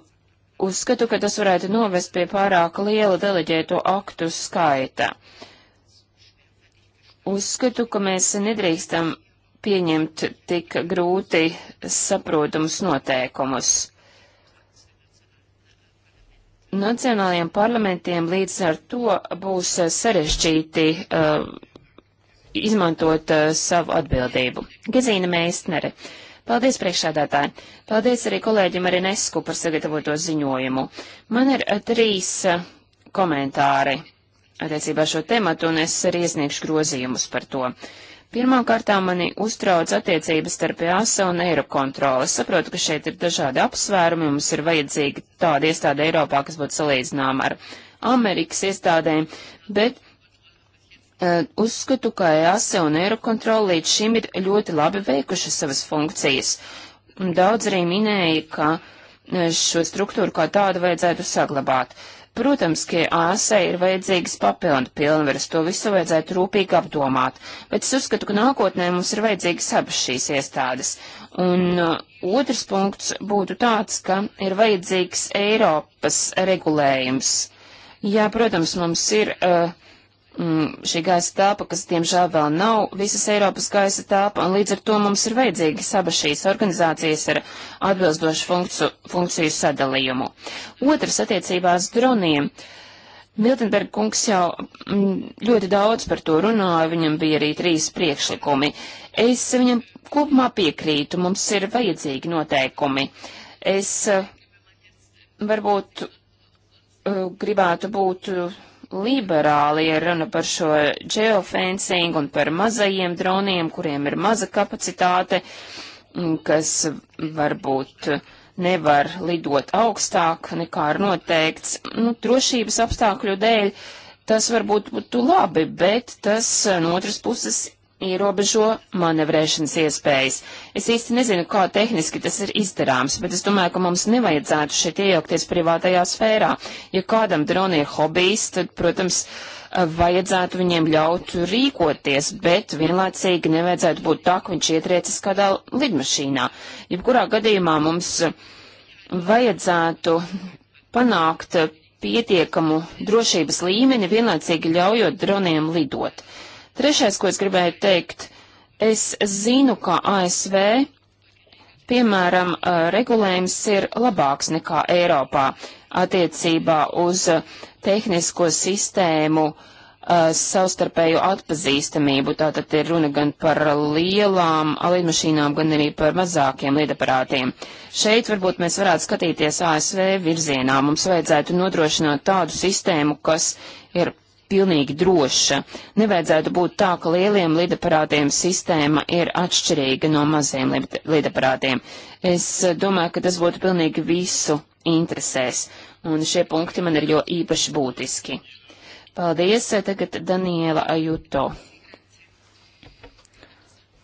uzskatu, ka tas varētu novest pie pārāk liela deleģēto aktu skaita. Uzskatu, ka mēs nedrīkstam pieņemt tik grūti saprotamus noteikumus. Nacionālajiem parlamentiem līdz ar to būs sarežģīti uh, izmantot uh, savu atbildību. Gezīna Meistnere. Uh, Paldies, priekšsēdētāji! Paldies arī kolēģim Arinesku par sagatavoto ziņojumu. Man ir eh, trīs eh, komentāri attiecībā šo tematu, un es arī iesniegšu grozījumus par to. Pirmkārt, mani uztrauc attiecības starp ASA e un Eirokontroli. Es saprotu, ka šeit ir dažādi apsvērumi, mums ir vajadzīga tāda iestāde Eiropā, kas būtu salīdzināma ar Amerikas iestādēm, bet Eh, uzskatu, ka EASA un Eirokontrola līdz šim ir ļoti labi veikuši savas funkcijas. Daudz arī minēja, ka eh, šo struktūru kā tādu vajadzētu saglabāt. Protams, ka ASE ir vajadzīgas papildu pilnvaras, to visu vajadzētu rūpīgi apdomāt, bet es uzskatu, ka nākotnē mums ir vajadzīgas abas šīs iestādes. Un uh, otrs punkts būtu tāds, ka ir vajadzīgs Eiropas regulējums. Jā, protams, mums ir uh, mm, šī gaisa telpa, kas diemžēl vēl nav visas Eiropas gaisa telpa, un līdz ar to mums ir vajadzīgas abas šīs organizācijas ar atbilstošu funkciju, funkciju sadalījumu. Otrs attiecībās droniem. Miltenberg kungs jau mm, ļoti daudz par to runāja, viņam bija arī trīs priekšlikumi. Es viņam kopumā piekrītu, mums ir vajadzīgi noteikumi. Es eh, varbūt eh, gribētu būt eh, liberāli, ja runa par šo geofencing un par mazajiem droniem, kuriem ir maza kapacitāte, mm, kas varbūt nevar lidot augstāk nekā ir noteikts. Nu, drošības apstākļu dēļ tas varbūt būtu labi, bet tas no otras puses ierobežo manevrēšanas iespējas. Es īsti nezinu, kā tehniski tas ir izdarāms, bet es domāju, ka mums nevajadzētu šeit iejaukties privātajā sfērā. Ja kādam droni ir hobijs, tad, protams, vajadzētu viņiem ļaut rīkoties, bet vienlaicīgi nevajadzētu būt tā, ka viņš ietriecis kādā lidmašīnā. Jebkurā gadījumā mums vajadzētu panākt pietiekamu drošības līmeni, vienlaicīgi ļaujot droniem lidot. Uh, Trešais, ko es gribēju teikt, es zinu, ka ASV, piemēram, regulējums ir labāks nekā Eiropā attiecībā uz tehnisko sistēmu savstarpēju atpazīstamību. Tātad ir runa gan par lielām lidmašīnām, gan arī par mazākiem lidaparātiem. Šeit varbūt mēs varētu skatīties ASV virzienā. Mums vajadzētu nodrošināt tādu sistēmu, kas ir pilnīgi droša. Nevajadzētu būt tā, ka lieliem lidaparātiem sistēma ir atšķirīga no maziem lidaparātiem. Es eh, domāju, ka tas būtu pilnīgi visu interesēs, un šie punkti man ir jo īpaši būtiski. Paldies, eh, tagad Daniela Ajuto.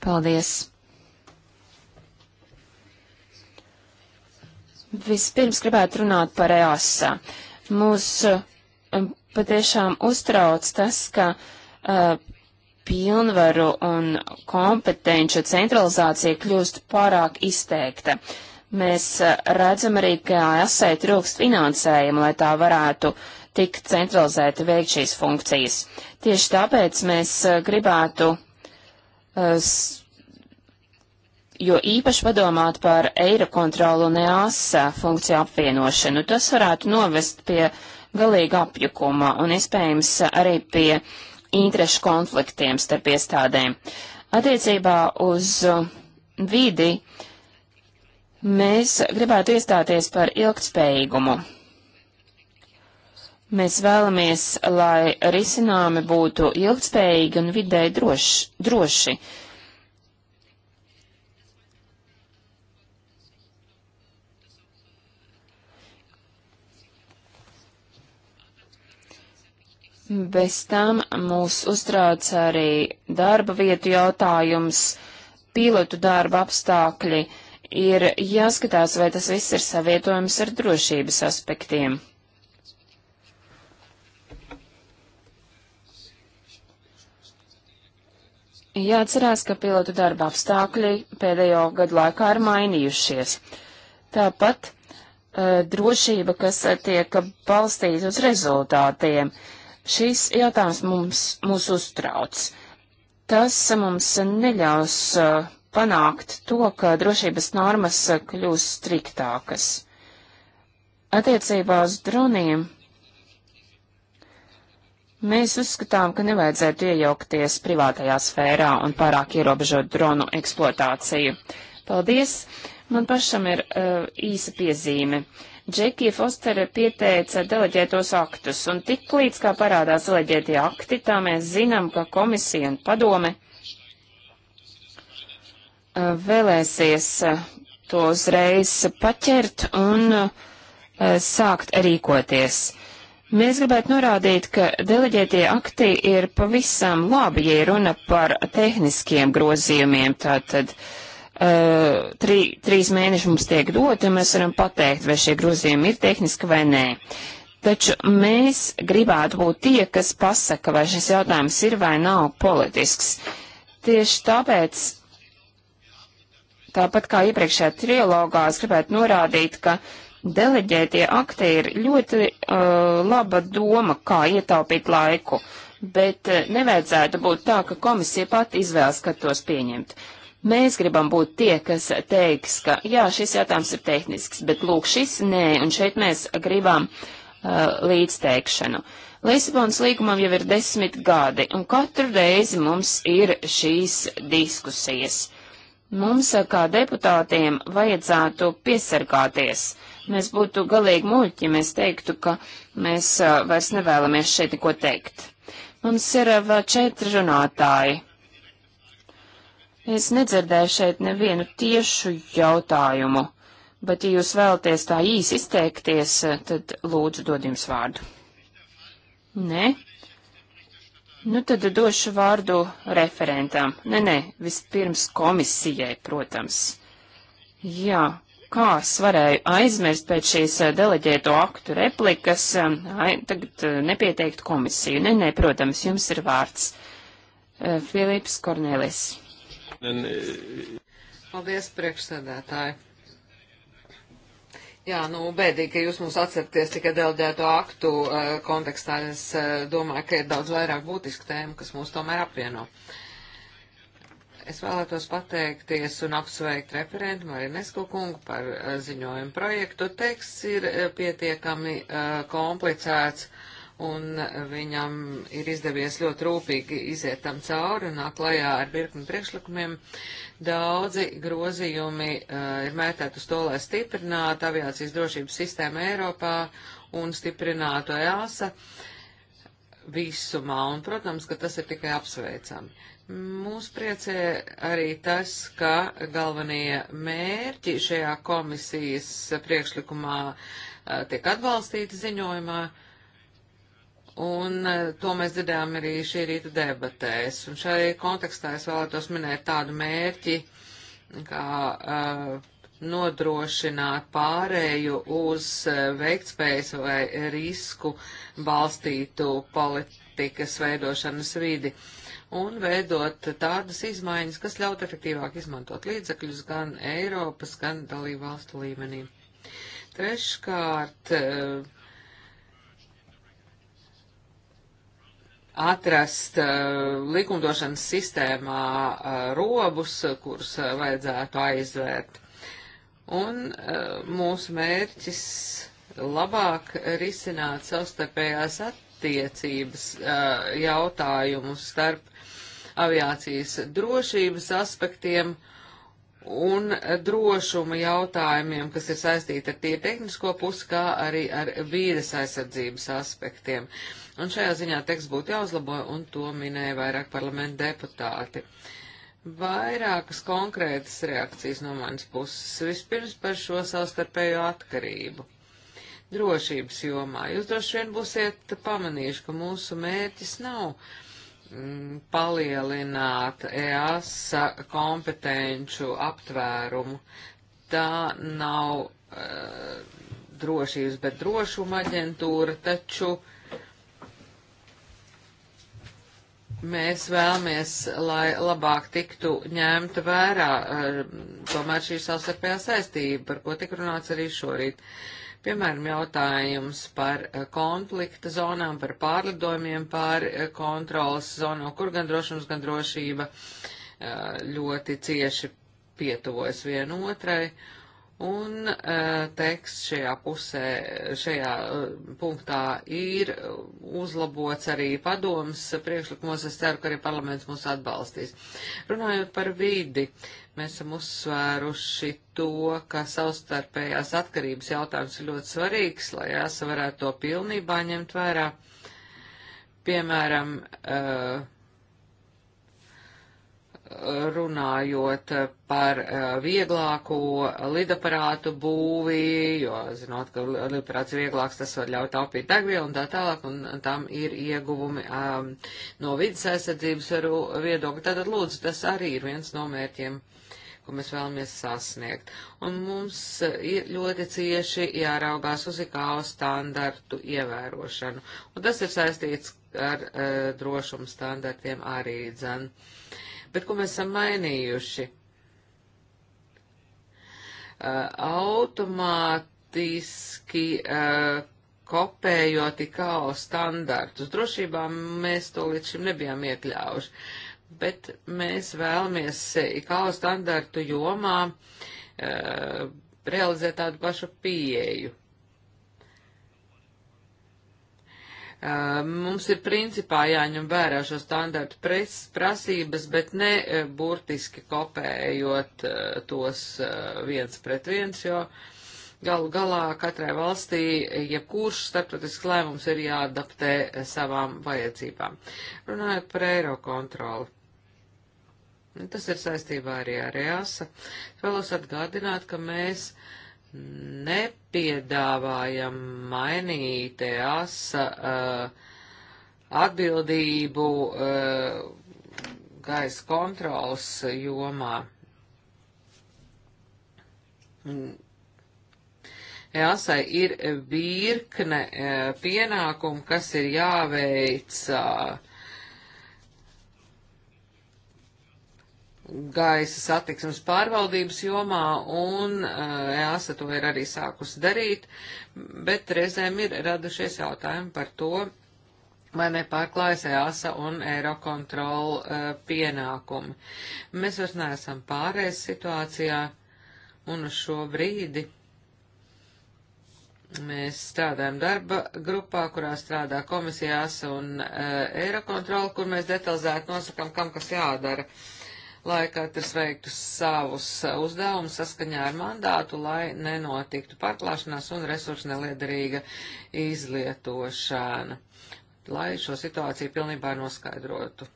Paldies. Vispirms gribētu runāt par EASA. Mūsu eh, patiešām uztrauc tas, ka uh, pilnvaru un kompetenču centralizācija kļūst pārāk izteikta. Mēs uh, redzam arī, ka ASE trūkst finansējumu, lai tā varētu tik centralizēti veikt šīs funkcijas. Tieši tāpēc mēs uh, gribētu uh, jo īpaši padomāt par eiro kontrolu un EASA e funkciju apvienošanu. Tas varētu novest pie galīga apjukuma un iespējams arī pie interešu konfliktiem starp iestādēm. Attiecībā uz uh, vidi mēs gribētu iestāties par ilgtspējīgumu. Mēs vēlamies, lai risinājumi būtu ilgtspējīgi un vidēji droši, droši Bez tam mūs uztrauc arī darba vietu jautājums, pilotu darba apstākļi. Ir jāskatās, vai tas viss ir savietojams ar drošības aspektiem. Jāatcerās, ka pilotu darba apstākļi pēdējo gadu laikā ir mainījušies. Tāpat eh, drošība, kas tiek balstīta uz rezultātiem. Uh, Šis jautājums mums, mūs uztrauc. Tas mums neļaus uh, panākt to, ka drošības normas uh, kļūs striktākas. Attiecībā uz droniem Mēs uzskatām, ka nevajadzētu iejaukties privātajā sfērā un pārāk ierobežot dronu eksploatāciju. Paldies! Man pašam ir uh, īsa piezīme. Džekija Fostere pieteica deleģētos aktus, un tik līdz kā parādās deleģētie akti, tā mēs zinām, ka komisija un padome uh, vēlēsies uh, to uzreiz paķert un uh, sākt rīkoties. Mēs gribētu norādīt, ka deleģētie akti ir pavisam labi, ja runa par tehniskiem grozījumiem, tātad uh, Uh, tri, trīs mēneši mums tiek doti, un mēs varam pateikt, vai šie grozījumi ir tehniski vai nē. Taču mēs gribētu būt tie, kas pasaka, vai šis jautājums ir vai nav politisks. Tieši tāpēc, tāpat kā iepriekšējā trilogā, es gribētu norādīt, ka deleģētie akti ir ļoti uh, laba doma, kā ietaupīt laiku, bet uh, nevajadzētu būt tā, ka komisija pati izvēlas, kad tos pieņemt. Uh, Mēs gribam būt tie, kas teiks, ka jā, šis jautājums ir tehnisks, bet lūk, šis nē, un šeit mēs gribam uh, līdzteikšanu. Lisabonas līgumam jau ir desmit gadi, un katru reizi mums ir šīs diskusijas. Mums, uh, kā deputātiem, vajadzētu piesargāties. Mēs būtu galīgi muļķi, ja mēs teiktu, ka mēs uh, vairs nevēlamies šeit neko teikt. Mums ir uh, vēl uh, četri runātāji. Es nedzirdēju šeit nevienu tiešu jautājumu, bet ja jūs vēlaties tā īsi izteikties, tad lūdzu dod jums vārdu. Nē? Nu tad došu vārdu referentam. Nē, nē, vispirms komisijai, protams. Jā, kā es varēju aizmirst pēc šīs eh, deleģēto aktu replikas, um, ai, tagad eh, nepieteikt komisiju. Nē, nē, protams, jums ir vārds. Eh, Filips Kornelis. Uh, Paldies, priekšsēdētāji. Jā, nu, bēdīgi, ka jūs mūs atceraties tikai delģēto aktu uh, kontekstā. Es uh, domāju, ka ir daudz vairāk būtisku tēmu, kas mūs tomēr apvieno. Es vēlētos pateikties un apsveikt referentu Marinesku kungu par uh, ziņojumu projektu. Teksts ir uh, pietiekami uh, komplicēts un viņam ir izdevies ļoti rūpīgi iziet tam cauri un nāk klajā ar virkni priekšlikumiem. Daudzi grozījumi uh, ir mētēti uz to, lai stiprinātu aviācijas drošības sistēmu Eiropā un stiprinātu EASA visumā, un, protams, ka tas ir tikai apsveicami. Mūs priecē arī tas, ka galvenie mērķi šajā komisijas priekšlikumā uh, tiek atbalstīti ziņojumā, uh, Un e, to mēs dzirdējām arī šī rīta debatēs. Un šai kontekstā es vēlētos minēt tādu mērķi, kā uh, nodrošināt pārēju uz e, veiktspējas vai risku balstītu politikas veidošanas vidi un veidot tādas izmaiņas, kas ļaut efektīvāk izmantot līdzekļus gan Eiropas, gan dalību valstu līmenī. Treškārt, uh, atrast uh, likumdošanas sistēmā uh, robus, kurus uh, vajadzētu aizvērt. Un mūsu mērķis labāk risināt savstarpējās attiecības jautājumus starp aviācijas drošības aspektiem un drošuma jautājumiem, kas ir saistīti ar tie tehnisko pusi, kā arī ar vīdes aizsardzības aspektiem. Un šajā ziņā teksts būtu jāuzlabo, un to minēja vairāk parlamenta deputāti. Vairākas konkrētas reakcijas no manas puses. Vispirms par šo savstarpējo atkarību. Drošības jomā. Jūs droši vien būsiet pamanījuši, ka mūsu mērķis nav Mm, palielināt EASA kompetenču aptvērumu. Tā nav uh, drošības, bet drošuma aģentūra, taču mēs vēlamies, lai labāk tiktu ņemta vērā uh, tomēr šī savstarpējā saistība, par ko tik runāts arī šorīt. Uh, Piemēram, jautājums par eh, konflikta zonām, par pārlidojumiem, par eh, kontrolas zonām, kur gan drošums, gan drošība eh, ļoti cieši pietuvojas vienotrai. otrai Un uh, teksts šajā pusē, šajā uh, punktā ir uzlabots arī padomas priekšlikumos. Es ceru, ka arī parlaments mūs atbalstīs. Runājot par vidi, mēs esam uzsvēruši to, ka savstarpējās atkarības jautājums ir ļoti svarīgs, lai jāsavarētu to pilnībā ņemt vērā. Piemēram, uh, runājot par eh, vieglāku lidaparātu būvi, jo zinot, ka lidaparāts ir vieglāks, tas var ļaut taupīt degvielu un tā tālāk, un tam ir ieguvumi um, no vidas aizsardzības viedokļa. Tātad, lūdzu, tas arī ir viens no mērķiem, ko mēs vēlamies sasniegt. Un mums ir ļoti cieši jāraugās uz ikāvu standartu ievērošanu, un tas ir saistīts ar uh, eh, drošumu standartiem arī, dzen. Uh, bet ko mēs esam mainījuši? Uh, automātiski uh, kopējot IKO standartus. Drošībā mēs to līdz šim nebijām iekļāvuši, bet mēs vēlamies IKO standartu jomā uh, realizēt tādu pašu pieeju. Mums ir principā jāņem vērā šo standartu preses prasības, bet ne burtiski kopējot tos viens pret viens, jo galu galā katrai valstī jebkurš starptautisks lēmums ir jāadaptē savām vajadzībām. Runājot par eiro kontroli. Nu, tas ir saistībā arī ar EASA. Vēlos atgādināt, ka mēs uh, nepiedāvājam mainīt EASA uh, atbildību uh, gaisa kontrols jomā. EASA ir virkne uh, pienākumu, kas ir jāveic uh, gaisa satiksmes pārvaldības jomā, un eh, EASA to ir arī sākusi darīt, bet reizēm ir radušies jautājumi par to, vai nepārklājas EASA un Eirokontrol uh, pienākumi. Mēs vairs neesam pārējais situācijā, un uz šo brīdi mēs strādājam darba grupā, kurā strādā komisijās un uh, Eirokontrol, kur mēs detalizēti nosakam, kam kas jādara. Uh, lai katrs veiktu savus eh, uzdevumus saskaņā ar mandātu, lai nenotiktu pārklāšanās un resursu neliederīga izlietošana, lai šo situāciju pilnībā noskaidrotu.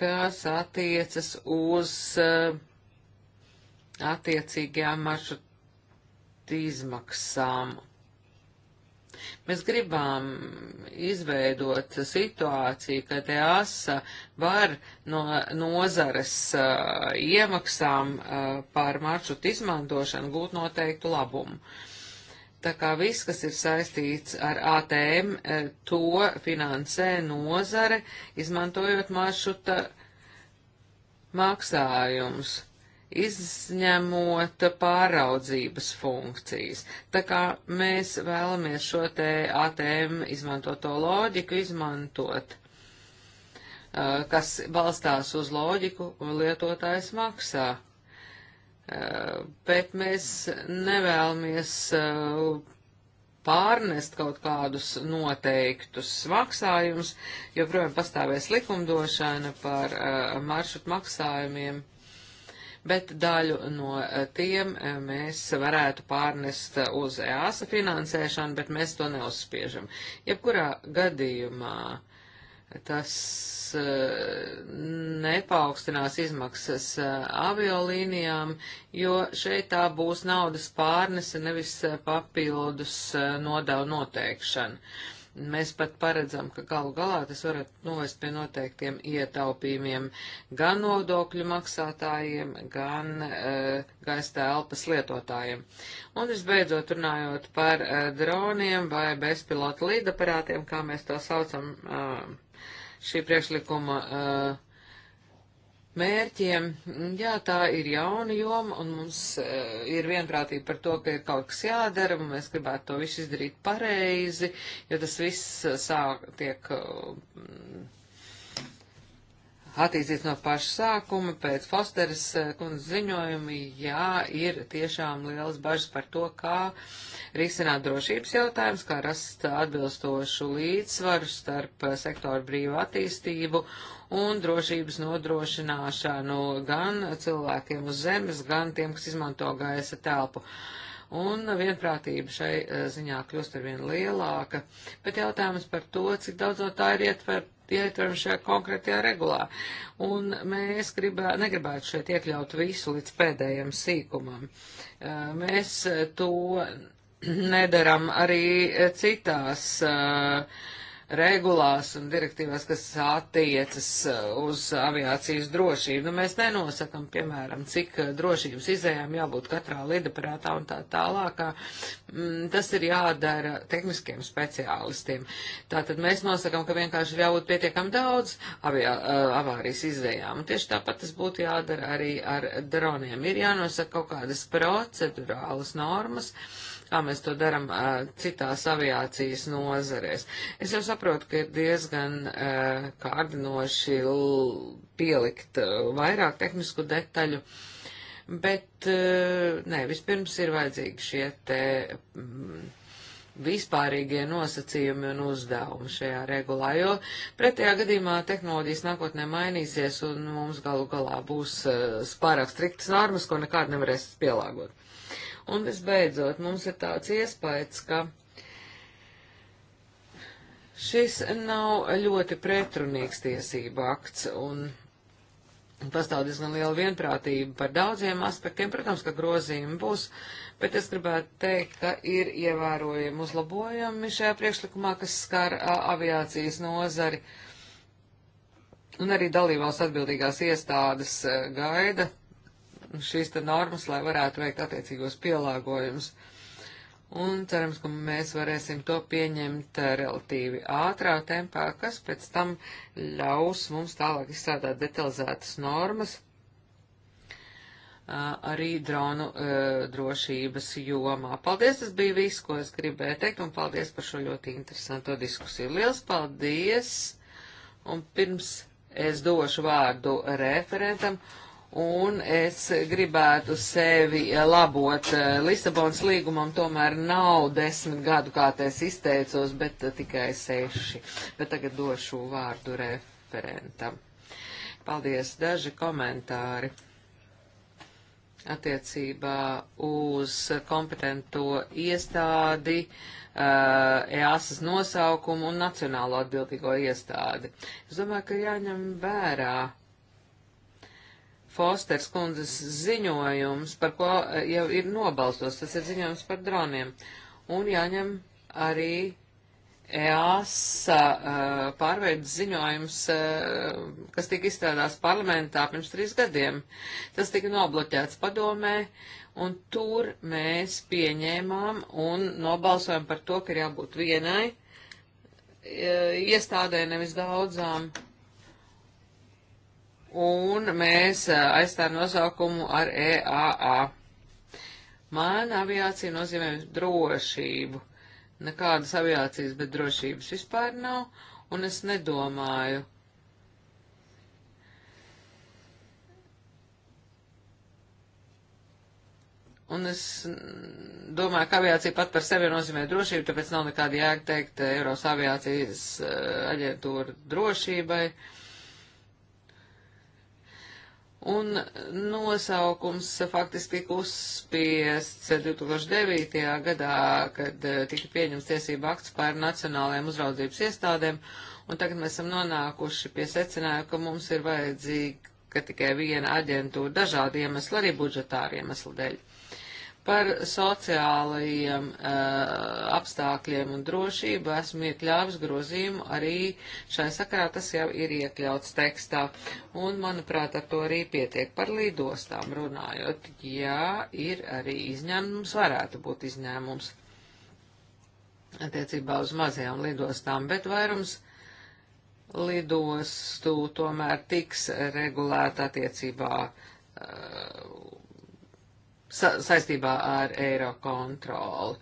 Kas attiecas uz eh, attiecīgajām maršrutu izmaksām Mēs gribam izveidot situāciju, kad EASA var no nozares uh, iemaksām uh, par maršrutu izmantošanu gūt noteiktu labumu. Tā kā viss, kas ir saistīts ar ATM, to finansē nozare, izmantojot maršruta maksājumus izņemot pāraudzības funkcijas. Tā kā mēs vēlamies šo te ATM izmantoto loģiku izmantot, eh, kas balstās uz loģiku un lietotājs maksā. Eh, bet mēs nevēlamies eh, pārnest kaut kādus noteiktus maksājumus, jo, protams, pastāvēs likumdošana par maršrutu maksājumiem bet daļu no eh, tiem eh, mēs varētu pārnest eh, uz EASA finansēšanu, bet mēs to neuzspiežam. Jebkurā gadījumā tas nepaukstinās izmaksas aviolīnijām, jo šeit tā būs naudas pārnese, nevis papildus nodevu noteikšana. Mēs pat paredzam, ka galu galā tas varētu novest pie noteiktiem ietaupījumiem gan nodokļu maksātājiem, gan uh, gaisa telpas lietotājiem. Un visbeidzot, runājot par uh, droniem vai bezpilotu līdaparātiem, kā mēs to saucam, uh, šī priekšlikuma. Uh, mērķiem. Mm, jā, tā ir jauna joma, un mums uh, ir vienprātība par to, ka ir kaut kas jādara, un mēs gribētu to visu izdarīt pareizi, jo tas viss eh, sāk tiek uh, attīstīts no paša sākuma, pēc Fosteras eh, kundzes ziņojumi, jā, ir tiešām liels bažas par to, kā risināt drošības jautājumus, kā rast atbilstošu līdzsvaru starp eh, sektoru brīvu attīstību un drošības nodrošināšanu gan cilvēkiem uz zemes, gan tiem, kas izmanto gaisa telpu. Un vienprātība šai eh, ziņā kļūst ar vien lielāka, bet jautājums par to, cik daudz no tā ir ietvert ietveram šajā konkrētajā regulā. Un mēs gribā, negribētu šeit iekļaut visu līdz pēdējiem sīkumam. Mēs to nedaram arī citās uh, regulās un direktīvās, kas attiecas uh, uz aviācijas drošību. Nu, mēs nenosakam, piemēram, cik uh, drošības izējām jābūt katrā lidaprātā un tā tālākā. Mm, tas ir jādara tehniskiem speciālistiem. Tātad mēs nosakam, ka vienkārši ir jābūt pietiekam daudz avijā, uh, avārijas izējām. Un tieši tāpat tas būtu jādara arī ar droniem. Ir jānosaka kaut kādas procedurālas normas. Uh, kā mēs to daram uh, citās aviācijas nozarēs. Es jau saprotu, ka ir diezgan uh, kārdinoši pielikt uh, vairāk tehnisku detaļu, bet uh, nē, vispirms ir vajadzīgi šie te. Mm, vispārīgie nosacījumi un uzdevumi šajā regulā, jo pretējā gadījumā tehnoloģijas nākotnē mainīsies un mums galu galā būs uh, pārāk striktas normas, ko nekād nevarēs pielāgot. Un visbeidzot, mums ir tāds iespējas, ka šis nav ļoti pretrunīgs tiesība akts un pastāv diezgan liela vienprātība par daudziem aspektiem. Protams, ka grozījumi būs, bet es gribētu teikt, ka ir ievērojami uzlabojumi šajā priekšlikumā, kas skar a, aviācijas nozari. Un arī dalībvalsts atbildīgās iestādes gaida šīs te normas, lai varētu veikt attiecīgos pielāgojumus. Un cerams, ka mēs varēsim to pieņemt relatīvi ātrā tempā, kas pēc tam ļaus mums tālāk izstrādāt detalizētas normas arī dronu drošības jomā. Paldies, tas bija viss, ko es gribēju teikt, un paldies par šo ļoti interesanto diskusiju. Liels paldies! Un pirms es došu vārdu referentam un es gribētu sevi labot. Lisabons līgumam tomēr nav desmit gadu, kā es izteicos, bet tikai seši. Bet tagad došu vārdu referentam. Paldies, daži komentāri attiecībā uz kompetento iestādi, EASAS eh, e nosaukumu un nacionālo atbildīgo iestādi. Es domāju, ka jāņem vērā Fosters kundzes ziņojums, par ko eh, jau ir nobalstos, tas ir ziņojums par droniem. Un jāņem arī EASA eh, pārveids ziņojums, eh, kas tika izstrādāts parlamentā pirms trīs gadiem. Tas tika nobloķēts padomē, un tur mēs pieņēmām un nobalsojam par to, ka ir jābūt vienai iestādē, nevis daudzām. Um, un mēs aizstāvam nosaukumu ar EAA. Mana aviācija nozīmē drošību. Nekādas aviācijas bez drošības vispār nav, un es nedomāju. Un es domāju, ka aviācija pat par sevi nozīmē drošību, tāpēc nav nekāda jēga teikt Eiros aviācijas aģentūra drošībai. Uh, un nosaukums faktiski tika uzspiests 2009. gadā, kad eh, tika pieņems tiesība akts par nacionālajiem uzraudzības iestādēm, un tagad mēs esam nonākuši pie secinājuma, ka mums ir vajadzīga tikai viena aģentūra dažādu iemeslu, arī budžetāru iemeslu dēļ. Par sociālajiem uh, apstākļiem un drošību esmu iekļāvis grozījumu arī šai sakarā tas jau ir iekļauts tekstā. Un, manuprāt, ar to arī pietiek par lidostām runājot. Jā, ir arī izņēmums, varētu būt izņēmums attiecībā uz mazajām lidostām, bet vairums lidostu tomēr tiks regulēta attiecībā uh, sa saistībā ar eiro kontroli.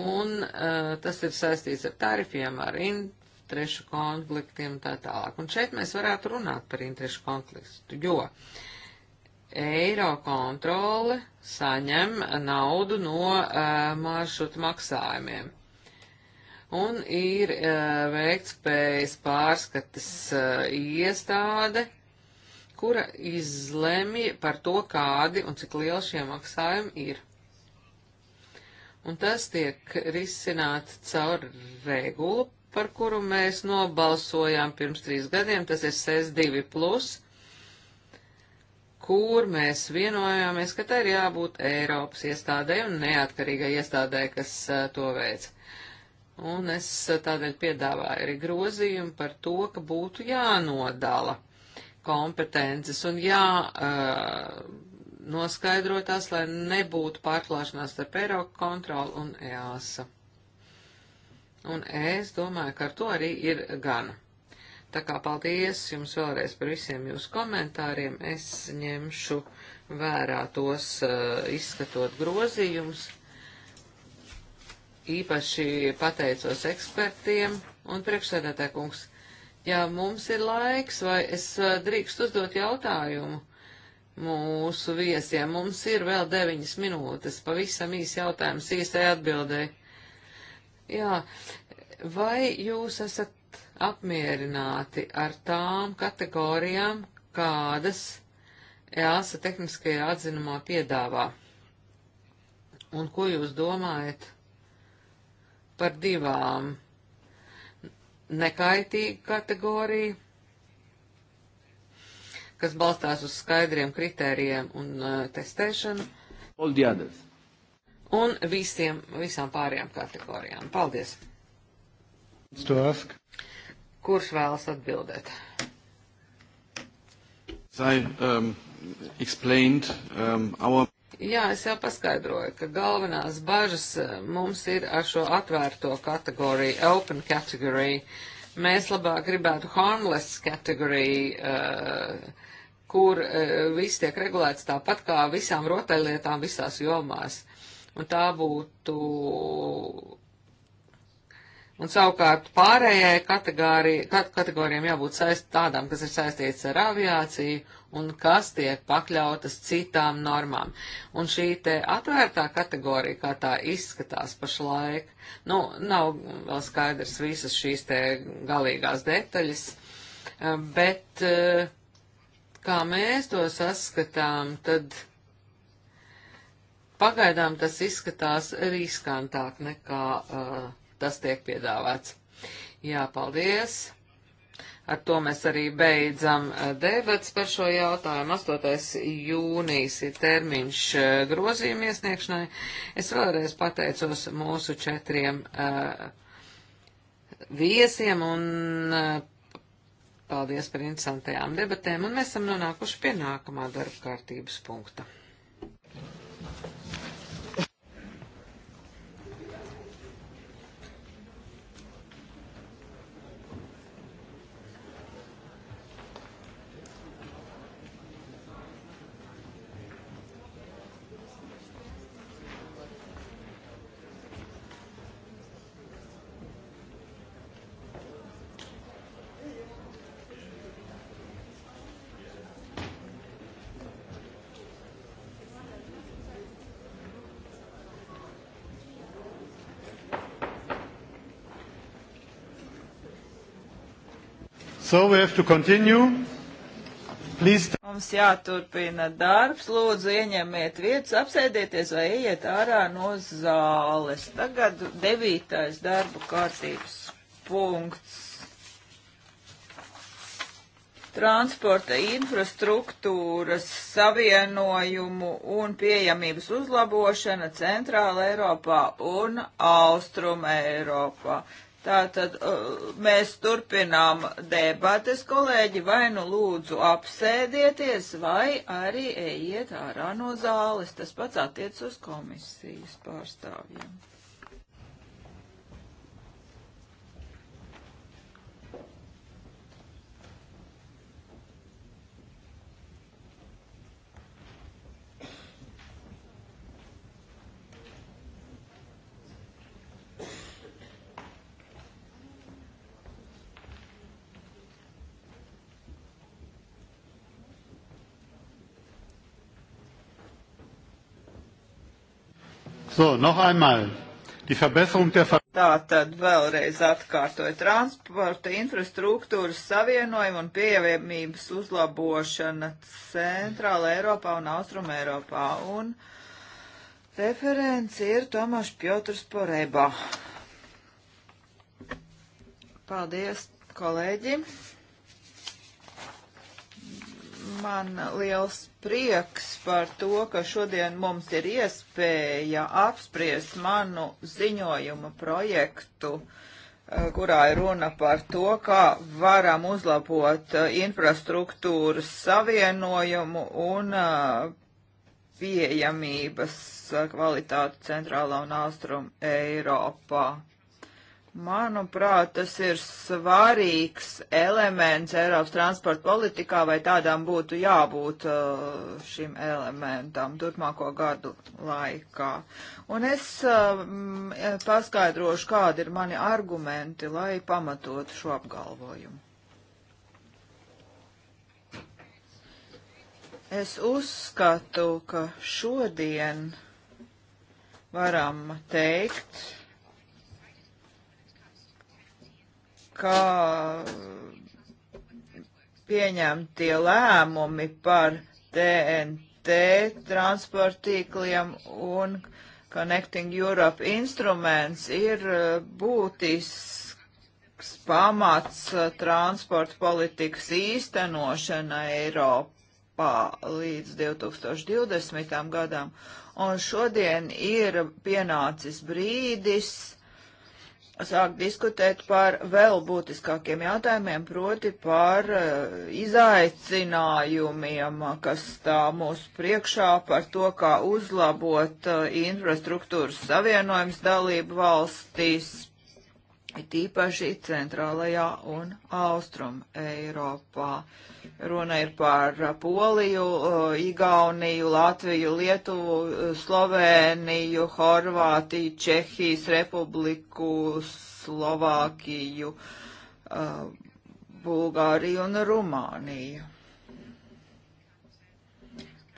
Un uh, tas ir saistīts ar tarifiem, ar interešu konfliktiem tā tālāk. Un šeit mēs varētu runāt par interešu konfliktu, jo eiro kontrole saņem naudu no uh, maršrutu maksājumiem un ir uh, eh, veiktspējas pārskatas uh, iestāde, kura izlēmja par to, kādi un cik lieli šie maksājumi ir. Un tas tiek risināts caur regulu, par kuru mēs nobalsojām pirms trīs gadiem, tas ir SES2+, kur mēs vienojāmies, ka tā ir jābūt Eiropas iestādē un neatkarīgai iestādē, kas uh, to veic. Un es tādēļ piedāvāju arī grozījumu par to, ka būtu jānodala kompetences un jā, eh, noskaidro tās, lai nebūtu pārklāšanās starp Eiropa kontroli un EASA. Un es domāju, ka ar to arī ir gana. Tā kā paldies jums vēlreiz par visiem jūsu komentāriem. Es ņemšu vērā tos uh, izskatot grozījumus. Īpaši pateicos ekspertiem un priekšsēdētāj kungs. Ja mums ir laiks, vai es eh, drīkst uzdot jautājumu mūsu viesiem, mums ir vēl deviņas minūtes, pavisam īsi jautājums īstai atbildē. Jā, vai jūs esat apmierināti ar tām kategorijām, kādas EASA tehniskajā atzinumā piedāvā. Un ko jūs domājat par divām nekaitīga kategorija, kas balstās uz skaidriem kritērijiem un uh, testēšanu. Un visiem, visām pārējām kategorijām. Paldies! Kurš vēlas atbildēt? I um, explained um, our Jā, es jau paskaidroju, ka galvenās bažas eh, mums ir ar šo atvērto kategoriju, open category. Mēs labāk gribētu harmless category, uh, kur uh, viss tiek regulēts tāpat kā visām rotaļlietām visās jomās. Un tā būtu. Un savukārt pārējai kategorijai, kategorijām jābūt saist, tādām, kas ir saistīts ar aviāciju un kas tiek pakļautas citām normām. Un šī te atvērtā kategorija, kā tā izskatās pašlaik, nu, nav vēl skaidrs visas šīs te galīgās detaļas, eh, bet eh, kā mēs to saskatām, tad pagaidām tas izskatās riskantāk nekā uh, tas tiek piedāvāts. Jā, paldies! Ar to mēs arī beidzam eh, debats par šo jautājumu. 8. jūnijas ir termiņš eh, grozījuma iesniegšanai. Es vēlreiz pateicos mūsu četriem uh, viesiem un uh, paldies par interesantajām debatēm. Un mēs esam nonākuši pie nākamā darba kārtības punkta. So we have to continue. Please. Mums jāturpina darbs. Lūdzu, ieņemiet vietas, apsēdieties vai ejiet ārā no zāles. Tagad devītais darbu kārtības punkts. Transporta infrastruktūras savienojumu un pieejamības uzlabošana Centrāla Eiropā un Austruma Eiropā. Tātad uh, mēs turpinām debates, kolēģi, vai nu lūdzu apsēdieties, vai arī ejiet ārā no zāles. Tas pats attiec uz komisijas pārstāvjiem. So, noch einmal. Die Verbesserung der Ver Tā tad vēlreiz atkārtoja transporta infrastruktūras savienojumu un pieejamības uzlabošana Centrāla Eiropā un Austrum Eiropā. Un referents ir Tomašs Piotrs Poreba. Paldies, kolēģi! Man liels prieks par to, ka šodien mums ir iespēja apspriest manu ziņojumu projektu, eh, kurā ir runa par to, kā varam uzlabot eh, infrastruktūras savienojumu un eh, pieejamības kvalitāti centrālā un austrum Eiropā. Manuprāt, tas ir svarīgs elements Eiropas transporta politikā, vai tādām būtu jābūt uh, šim elementam turpmāko gadu laikā. Un es um, paskaidrošu, kādi ir mani argumenti, lai pamatotu šo apgalvojumu. Es uzskatu, ka šodien varam teikt, ka pieņemtie lēmumi par TNT transporttīkliem un Connecting Europe instruments ir e, būtisks pamats e, transporta politikas īstenošana Eiropā līdz 2020. gadam. Un šodien ir pienācis brīdis, sāk diskutēt par vēl būtiskākiem jautājumiem, proti par uh, izaicinājumiem, kas stāv mūsu priekšā par to, kā uzlabot uh, infrastruktūras savienojums dalību valstīs, it īpaši centrālajā un austrum Eiropā. Runa ir par Poliju, Igauniju, Latviju, Lietuvu, Sloveniju, Horvātiju, Čehijas republiku, Slovākiju, Bulgāriju un Rumāniju.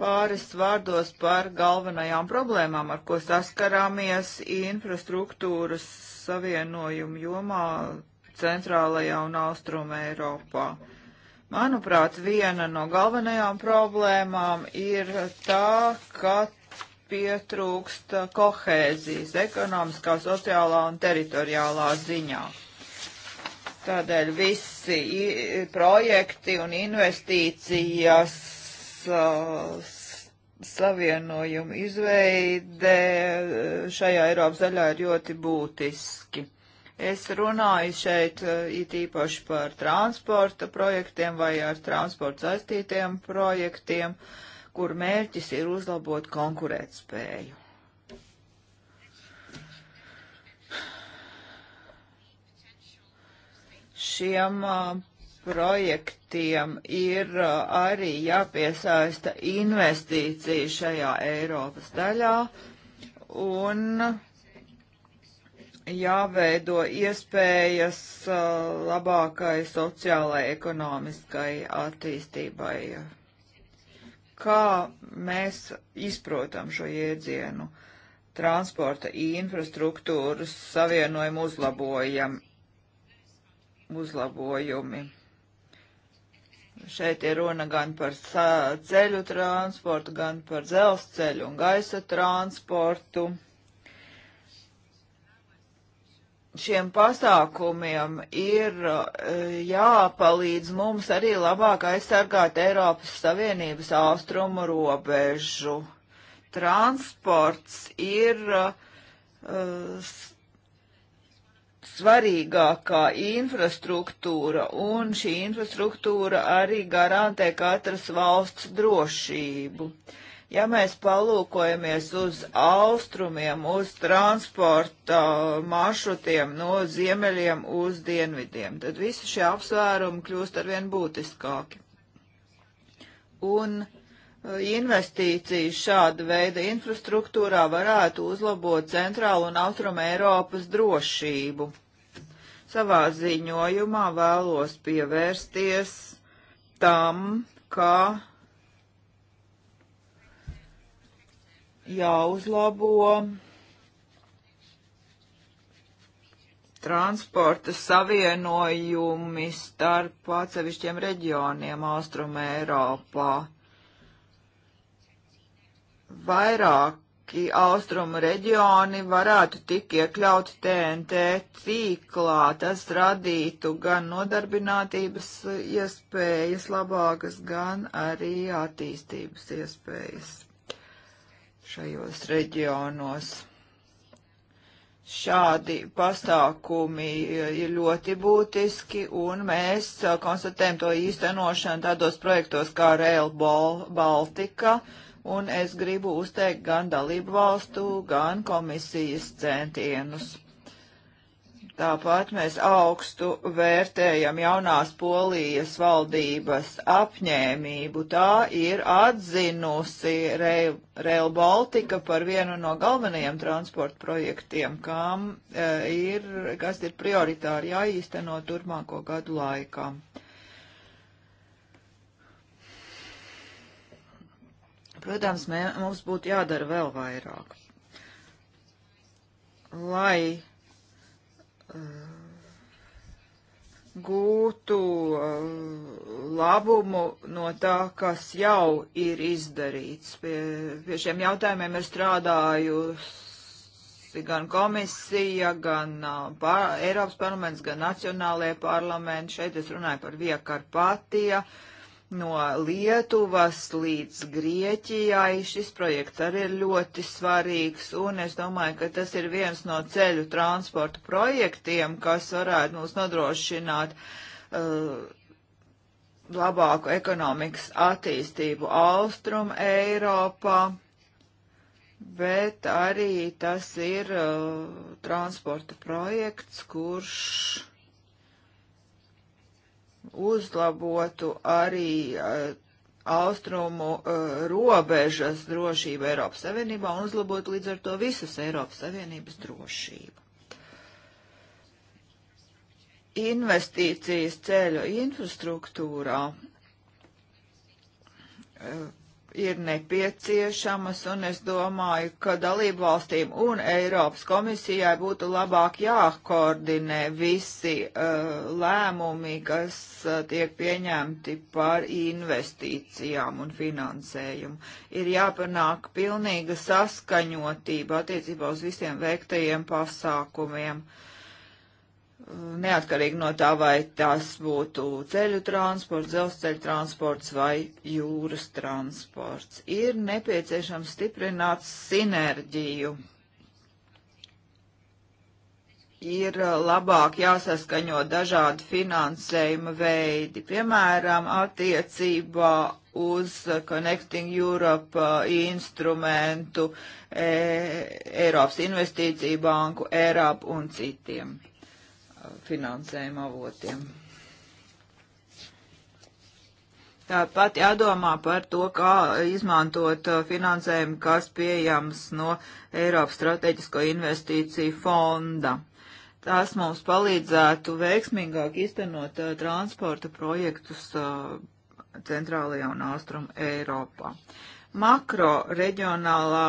Pāris vārdos par galvenajām problēmām, ar ko saskarāmies infrastruktūras savienojumu jomā centrālajā un austruma Eiropā. Manuprāt, viena no galvenajām problēmām ir tā, ka pietrūkst kohēzijas ekonomiskā, sociālā un teritoriālā ziņā. Tādēļ visi projekti un investīcijas uh, savienojumu izveide eh, šajā Eiropas daļā ir ļoti būtiski. Es runāju šeit eh, it īpaši par transporta projektiem vai ar transporta saistītiem projektiem, kur mērķis ir uzlabot konkurētspēju. Šiem eh, projektiem ir uh, arī jāpiesaista investīcija šajā Eiropas daļā un jāveido iespējas uh, labākai sociālai ekonomiskai attīstībai. Kā mēs izprotam šo jēdzienu? Transporta infrastruktūras savienojumu uzlabojam, uzlabojumi. Šeit ir runa gan par ceļu transportu, gan par dzelzceļu un gaisa transportu. Šiem pasākumiem ir eh, jāpalīdz mums arī labāk aizsargāt Eiropas Savienības austrumu robežu. Transports ir uh, svarīgākā infrastruktūra, un šī infrastruktūra arī garantē katras valsts drošību. Ja mēs palūkojamies uz austrumiem, uz transporta maršrutiem no ziemeļiem uz dienvidiem, tad visi šie apsvērumi kļūst arvien būtiskāki. Un eh, investīcijas šāda veida infrastruktūrā varētu uzlabot centrālu un austrumu Eiropas drošību. Savā ziņojumā vēlos pievērsties tam, kā jāuzlabo transporta savienojumi starp atsevišķiem reģioniem Austrum Eiropā. Vairāk vairāki austrumu reģioni varētu tik iekļauti TNT tīklā. Tas radītu gan nodarbinātības iespējas labākas, gan arī attīstības iespējas šajos reģionos. Šādi pasākumi ir ļoti būtiski, un mēs uh, konstatējam to īstenošanu tādos projektos kā Rail Baltica. Bal un es gribu uzteikt gan dalību valstu, gan komisijas centienus. Tāpat mēs augstu vērtējam jaunās polijas valdības apņēmību. Tā ir atzinusi Rail Baltica par vienu no galvenajiem transporta projektiem, kam, e, ir, kas ir prioritāri jāīsteno turpmāko gadu laikā. Protams, mē, mums būtu jādara vēl vairāk, lai uh, gūtu uh, labumu no tā, kas jau ir izdarīts. Pie, pie šiem jautājumiem ir strādājusi gan komisija, gan uh, eh, pār, Eiropas parlaments, gan nacionālajie parlamenti. Šeit es runāju par viekarpatiju no Lietuvas līdz Grieķijai. Šis projekts arī ir ļoti svarīgs, un es domāju, ka tas ir viens no ceļu transporta projektiem, kas varētu mums nodrošināt uh, labāku ekonomikas attīstību Austrum Eiropā, bet arī tas ir uh, transporta projekts, kurš uzlabotu arī uh, austrumu uh, robežas drošību Eiropas Savienībā un uzlabotu līdz ar to visas Eiropas Savienības drošību. Investīcijas ceļu infrastruktūrā uh, ir nepieciešamas, un es domāju, ka dalību valstīm un Eiropas komisijai būtu labāk jākoordinē visi uh, lēmumi, kas uh, tiek pieņemti par investīcijām un finansējumu. Ir jāpanāk pilnīga saskaņotība attiecībā uz visiem veiktajiem pasākumiem. Uh, neatkarīgi no tā, vai tas būtu ceļu transports, dzelzceļa transports vai jūras transports. Ir nepieciešams stiprināt sinerģiju. Ir labāk jāsaskaņo dažādi finansējuma veidi, piemēram, attiecībā uz Connecting Europe uh, instrumentu, e Eiropas investīciju banku, ERAP un citiem finansējuma avotiem. Tāpat jādomā par to, kā izmantot uh, finansējumu, kas pieejams no Eiropas strateģisko investīciju fonda. Tas mums palīdzētu veiksmīgāk iztenot uh, transporta projektus uh, centrālajā un austrum Eiropā. Makro reģionālā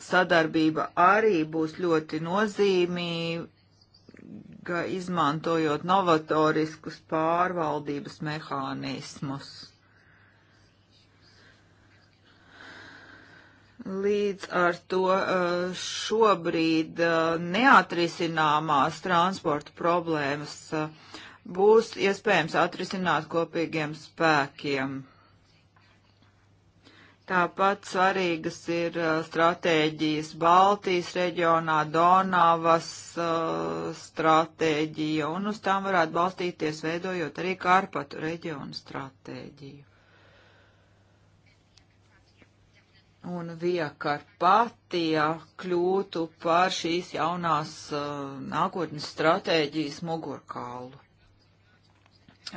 sadarbība arī būs ļoti nozīmīga ka izmantojot novatoriskus pārvaldības mehānismus. Līdz ar to eh, šobrīd eh, neatrisināmās transporta problēmas eh, būs iespējams atrisināt kopīgiem spēkiem. Tāpat svarīgas ir uh, stratēģijas Baltijas reģionā, Donavas uh, stratēģija, un uz tām varētu balstīties, veidojot arī Karpatu reģionu stratēģiju. Un Via Karpatija kļūtu par šīs jaunās uh, nākotnes stratēģijas mugurkaulu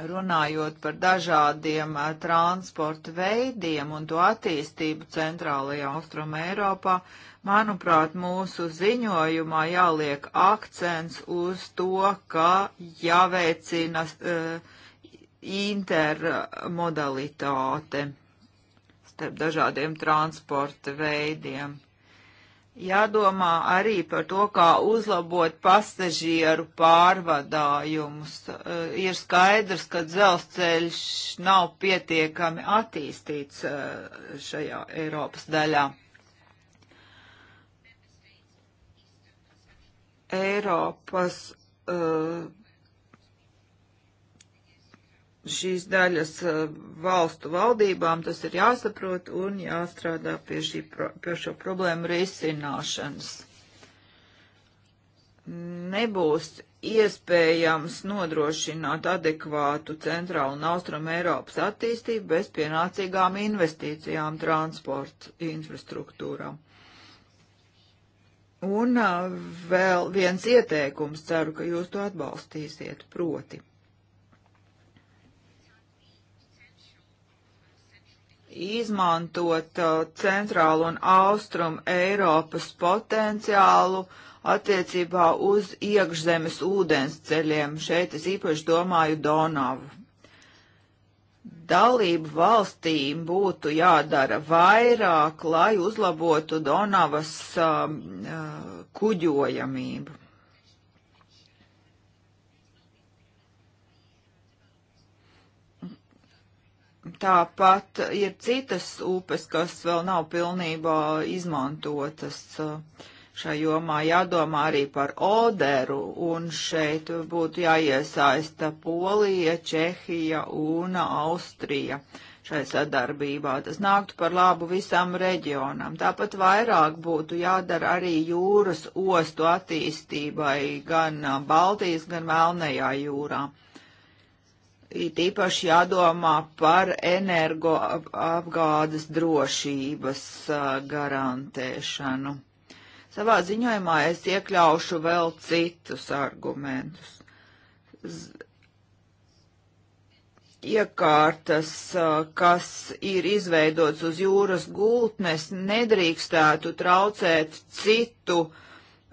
runājot par dažādiem a, eh, transporta veidiem un to attīstību centrālajā austruma Eiropā, manuprāt, mūsu ziņojumā jāliek akcents uz to, ka jāveicina uh, intermodalitāte starp dažādiem transporta veidiem jādomā arī par to, kā uzlabot pasažieru pārvadājumus. Eh, ir skaidrs, ka dzelzceļš nav pietiekami attīstīts eh, šajā Eiropas daļā. Eiropas uh, šīs daļas eh, valstu valdībām, tas ir jāsaprot un jāstrādā pie, šī, pie šo problēmu risināšanas. Nebūs iespējams nodrošināt adekvātu centrālu un austrumu Eiropas attīstību bez pienācīgām investīcijām transporta infrastruktūrām. Un eh, vēl viens ieteikums, ceru, ka jūs to atbalstīsiet proti. izmantot uh, centrālu un austrumu Eiropas potenciālu attiecībā uz iekšzemes ūdens ceļiem. Šeit es īpaši domāju Donavu. Dalību valstīm būtu jādara vairāk, lai uzlabotu Donavas um, uh, kuģojamību. Tāpat ir citas upes, kas vēl nav pilnībā izmantotas uh, šajā jomā. Jādomā arī par Oderu, un šeit būtu jāiesaista Polija, Čehija un Austrija šai sadarbībā. Tas nāktu par labu visam reģionam. Tāpat vairāk būtu jādara arī jūras ostu attīstībai gan uh, Baltijas, gan Melnajā jūrā it īpaši jādomā par energoapgādes drošības garantēšanu. Savā ziņojumā es iekļaušu vēl citus argumentus. Z iekārtas, kas ir izveidots uz jūras gultnes, nedrīkstētu traucēt citu uh,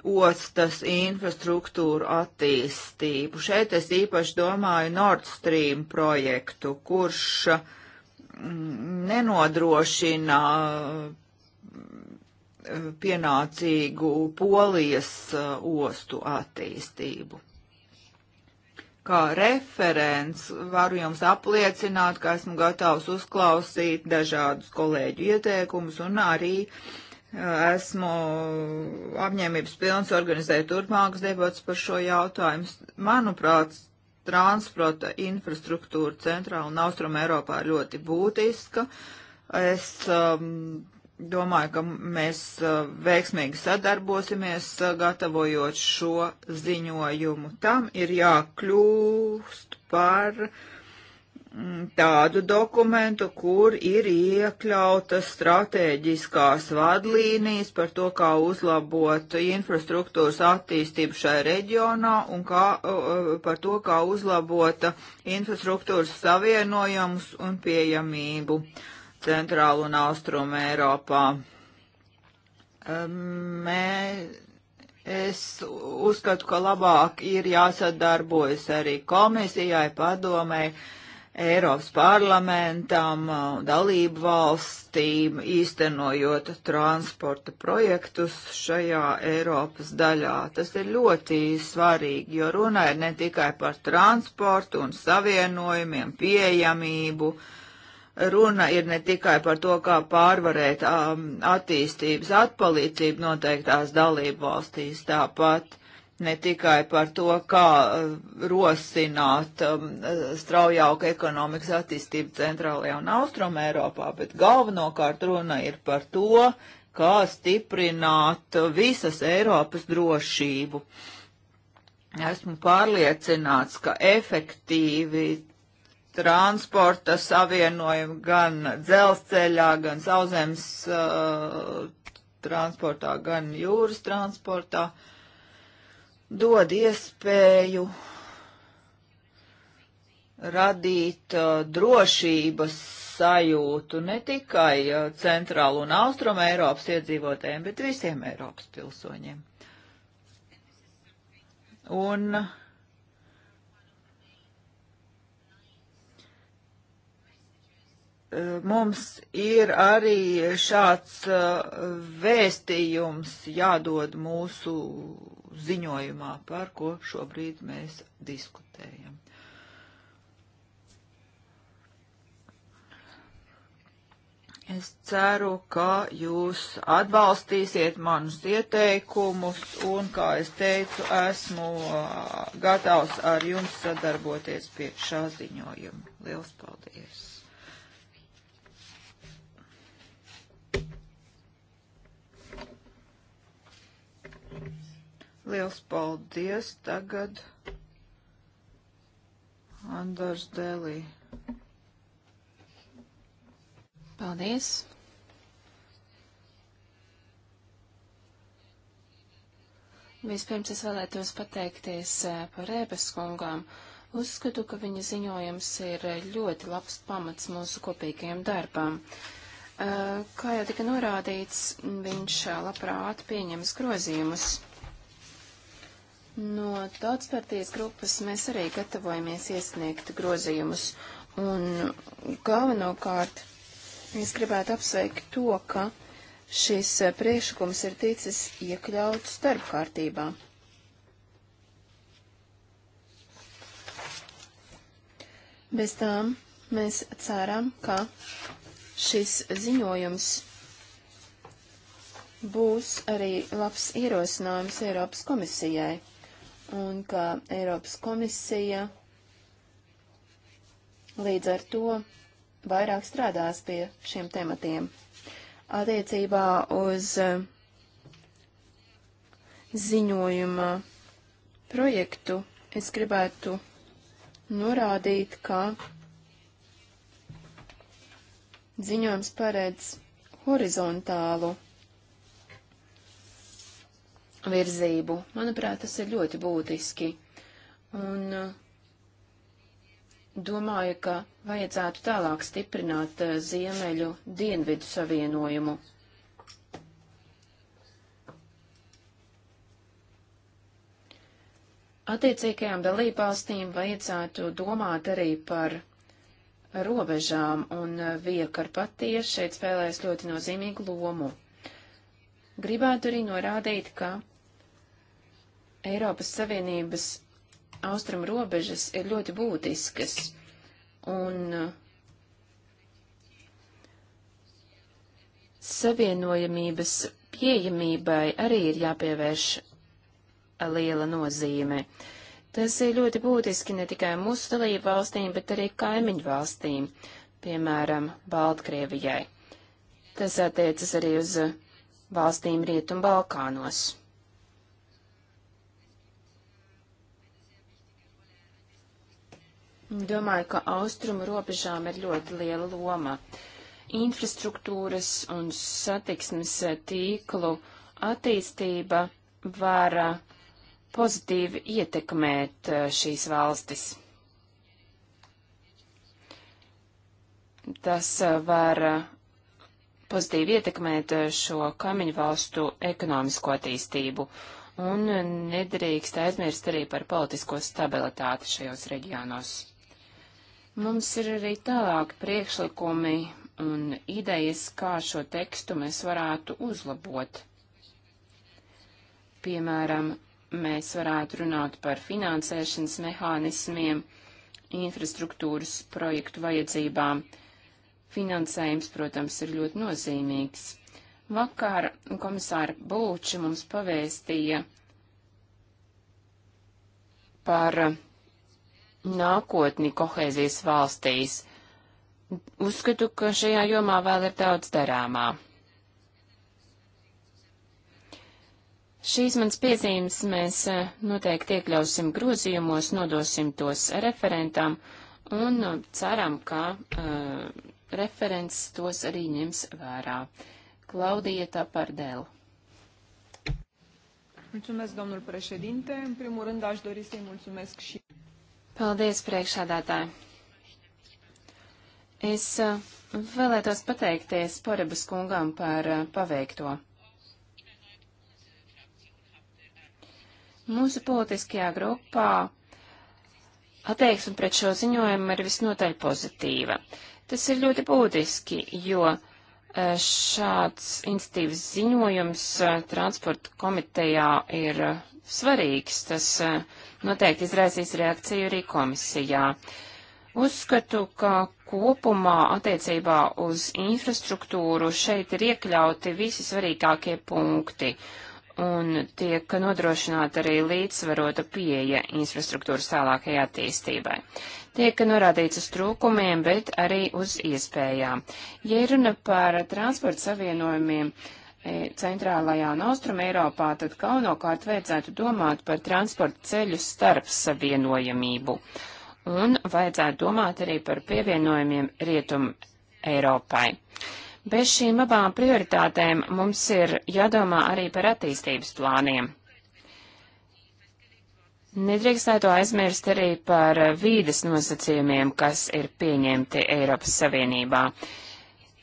ostas infrastruktūru attīstību. Šeit es īpaši domāju Nord Stream projektu, kurš mm, nenodrošina mm, pienācīgu polijas mm, ostu attīstību. Kā referents varu jums apliecināt, ka esmu gatavs uzklausīt dažādus kolēģu ieteikumus un arī uh, esmu apņēmības pilns organizēt turpmākas debats par šo jautājumu. Manuprāt, transporta infrastruktūra centrā un austrum Eiropā ir ļoti būtiska. Es um, domāju, ka mēs uh, veiksmīgi sadarbosimies, uh, gatavojot šo ziņojumu. Tam ir jākļūst par uh, Mm, tādu dokumentu, kur ir iekļautas stratēģiskās vadlīnijas par to, kā uzlabot infrastruktūras attīstību šajā reģionā un kā, par to, kā uzlabot infrastruktūras savienojumus un pieejamību centrālu un austrumu Eiropā. Mē, es uzskatu, ka labāk ir jāsadarbojas arī komisijai, padomēji, Eiropas parlamentam, uh, dalību valstīm, īstenojot transporta projektus šajā Eiropas daļā. Tas ir ļoti svarīgi, jo runa ir ne tikai par transportu un savienojumiem, pieejamību, runa ir ne tikai par to, kā pārvarēt um, attīstības atpalīdzību noteiktās dalību valstīs, tāpat ne tikai par to, kā eh, rosināt um, eh, straujāku ekonomikas attīstību centrālajā un austrumē Eiropā, bet galvenokārt runa ir par to, kā stiprināt visas Eiropas drošību. Esmu pārliecināts, ka efektīvi transporta savienojumi gan dzelzceļā, gan sauzemes uh, eh, transportā, gan jūras transportā uh, dod iespēju radīt uh, drošības sajūtu ne tikai uh, centrālu un austrumu Eiropas iedzīvotājiem, bet visiem Eiropas pilsoņiem. Un uh, mums ir arī šāds uh, vēstījums jādod mūsu ziņojumā, par ko šobrīd mēs diskutējam. Es ceru, ka jūs atbalstīsiet manus ieteikumus, un, kā es teicu, esmu uh, gatavs ar jums sadarboties pie šā ziņojuma. Lielas paldies! Liels paldies tagad Andors Delī. Paldies! Vispirms es vēlētos pateikties eh, par Rēbes kungām. Uzskatu, ka viņa ziņojums ir eh, ļoti labs pamats mūsu kopīgajam darbam. Eh, kā jau tika norādīts, viņš labprāt pieņems grozījumus. No tautspartijas grupas mēs arī gatavojamies iesniegt grozījumus. Un galvenokārt es gribētu apsveikt to, ka šis priekšlikums ir ticis iekļauts starpkārtībā. Bez tām mēs ceram, ka šis ziņojums būs arī labs ierosinājums Eiropas komisijai un ka Eiropas komisija līdz ar to vairāk strādās pie šiem tematiem. Attiecībā uz eh, ziņojuma projektu es gribētu norādīt, ka ziņojums paredz horizontālu virzību. Manuprāt, tas ir ļoti būtiski. Un uh, domāju, ka vajadzētu tālāk stiprināt uh, ziemeļu dienvidu savienojumu. Attiecīgajām dalībvalstīm vajadzētu domāt arī par robežām, un uh, viekarpatie šeit spēlēs ļoti nozīmīgu lomu. Gribētu arī norādīt, ka Eiropas Savienības austrumu robežas ir ļoti būtiskas, un uh, savienojamības pieejamībai arī ir jāpievērš uh, liela nozīme. Tas ir ļoti būtiski ne tikai mūsu dalību valstīm, bet arī kaimiņu valstīm, piemēram, Baltkrievijai. Tas attiecas arī uz uh, valstīm Rietum Balkānos. Domāju, ka austrumu robežām ir ļoti liela loma. Infrastruktūras un satiksmes tīklu attīstība var uh, pozitīvi ietekmēt uh, šīs valstis. Tas uh, var pozitīvi ietekmēt šo kaimiņu valstu ekonomisko attīstību un nedrīkst aizmirst arī par politisko stabilitāti šajos reģionos. Mums ir arī tālāk priekšlikumi un idejas, kā šo tekstu mēs varētu uzlabot. Piemēram, mēs varētu runāt par finansēšanas mehānismiem, infrastruktūras projektu vajadzībām. Finansējums, protams, ir ļoti nozīmīgs. Vakar komisāra Bulči mums pavēstīja par nākotni kohēzijas valstīs. Uzskatu, ka šajā jomā vēl ir daudz darāmā. Šīs manas piezīmes mēs e, noteikti iekļausim grozījumos, nodosim tos referentam un e, ceram, ka uh, referents tos arī ņems vērā. Claudia Tapardel. Mulțumesc, domnul președinte. În primul rând, aș dori să-i mulțumesc și... Paldies, priekšādātāji. Es uh, vēlētos pateikties Porebas kungam par uh, paveikto. Mūsu politiskajā grupā attieksme pret šo ziņojumu ir visnotaļ pozitīva. Tas ir ļoti būtiski, jo uh, šāds institīvas ziņojums transporta komitejā ir svarīgs. Tas noteikti izraisīs reakciju arī komisijā. Uzskatu, ka kopumā attiecībā uz infrastruktūru šeit ir iekļauti visi svarīgākie punkti un tiek nodrošināta arī līdzsvarota pieeja infrastruktūras tālākai attīstībai. Tiek norādīts uz trūkumiem, bet arī uz iespējām. Ja runa par transporta savienojumiem, uh, E, centrālajā un austruma Eiropā, tad galvenokārt vajadzētu domāt par transporta ceļu starp savienojamību. Un vajadzētu domāt arī par pievienojumiem rietumu Eiropai. Bez šīm abām prioritātēm mums ir jādomā arī par attīstības plāniem. Nedrīkstētu aizmirst arī par vīdes nosacījumiem, kas ir pieņemti Eiropas Savienībā. Uh,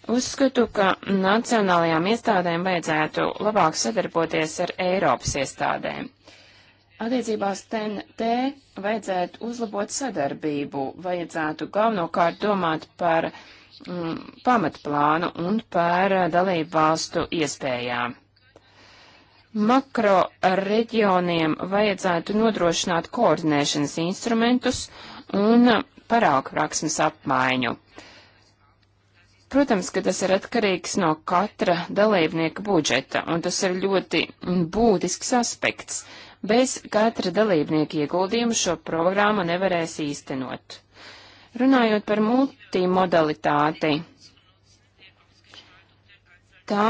Uzskatu, ka nacionālajām iestādēm vajadzētu labāk sadarboties ar Eiropas iestādēm. Attiecībās TNT vajadzētu uzlabot sadarbību, vajadzētu galvenokārt domāt par mm, pamatplānu un par dalību valstu iespējām. Makro reģioniem vajadzētu nodrošināt koordinēšanas instrumentus un parāku praksmes apmaiņu. Uh, Protams, ka tas ir atkarīgs no katra dalībnieka budžeta, un tas ir ļoti būtisks aspekts. Bez katra dalībnieka ieguldījumu šo programmu nevarēs īstenot. Runājot par multimodalitāti, tā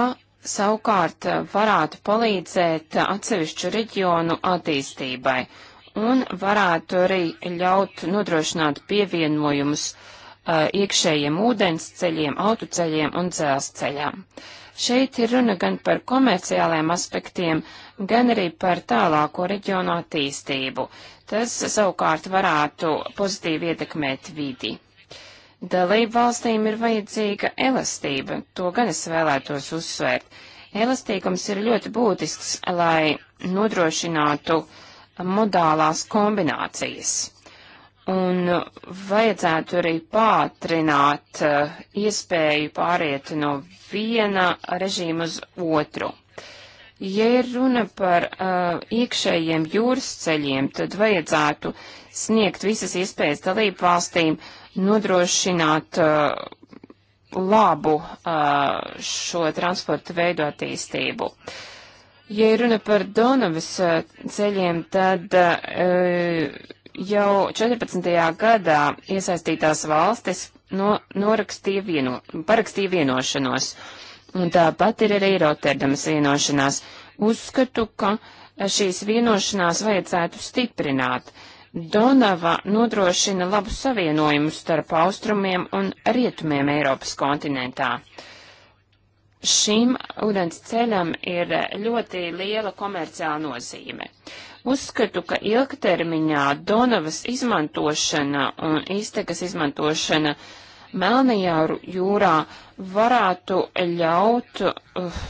savukārt varētu palīdzēt atsevišķu reģionu attīstībai un varētu arī ļaut nodrošināt pievienojumus uh, Uh, iekšējiem ūdensceļiem, autoceļiem un dzelzceļām. Šeit ir runa gan par komerciāliem aspektiem, gan arī par tālāko reģionu attīstību. Tas savukārt varētu pozitīvi ietekmēt vidi. Dalību valstīm ir vajadzīga elastība, to gan es vēlētos uzsvērt. Elastīgums ir ļoti būtisks, lai nodrošinātu modālās kombinācijas. Un vajadzētu arī pātrināt eh, iespēju pāriet no viena režīma uz otru. Ja ir runa par uh, iekšējiem jūras ceļiem, tad vajadzētu sniegt visas iespējas dalību valstīm nodrošināt uh, labu uh, šo transporta veidu attīstību. Ja ir runa par Donavas uh, ceļiem, tad uh, Jau 14. gadā iesaistītās valstis no, norakstīja vieno, parakstīja vienošanos, un tāpat ir arī Rotterdamas vienošanās. Uzskatu, ka šīs vienošanās vajadzētu stiprināt. Donava nodrošina labu savienojumu starp austrumiem un rietumiem Eiropas kontinentā. Šim ūdens ceļam ir ļoti liela komerciāla nozīme. Uzskatu, ka ilgtermiņā Donavas izmantošana un iztekas izmantošana Melnajā jūrā varētu ļaut uh,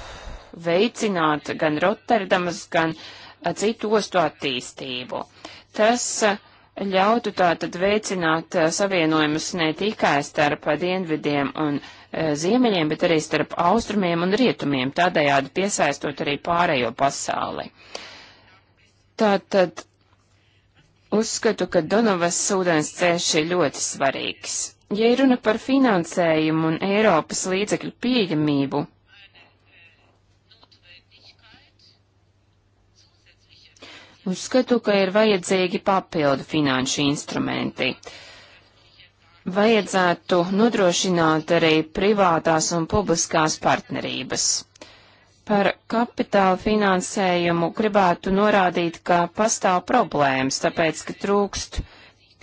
veicināt gan Rotterdamas, gan uh, citu ostu attīstību. Tas uh, ļautu tātad veicināt uh, savienojumus ne tikai starp dienvidiem un e, ziemeļiem, bet arī starp austrumiem un rietumiem, tādējādi piesaistot arī pārējo pasauli. Tātad uzskatu, ka Donovas ūdens ceļš ir ļoti svarīgs. Ja runa par finansējumu un Eiropas līdzekļu pieejamību, uzskatu, ka ir vajadzīgi papildu finanšu instrumenti. Vajadzētu nodrošināt arī privātās un publiskās partnerības kapitāla finansējumu, gribētu norādīt, ka pastāv problēmas, tāpēc, ka trūkst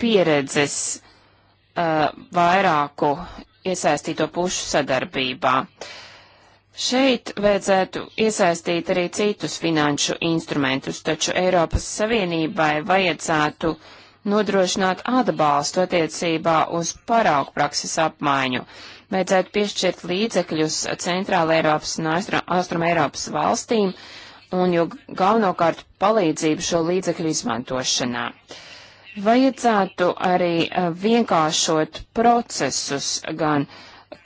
pieredzes uh, vairāku iesaistīto pušu sadarbībā. Šeit vajadzētu iesaistīt arī citus finanšu instrumentus, taču Eiropas Savienībai vajadzētu nodrošināt atbalstu attiecībā uz paraugu prakses apmaiņu. Uh, vajadzētu piešķirt līdzekļus Centrāla Eiropas un Austrum Eiropas valstīm, un jo galvenokārt palīdzību šo līdzekļu izmantošanā. Vajadzētu arī e, vienkāršot procesus gan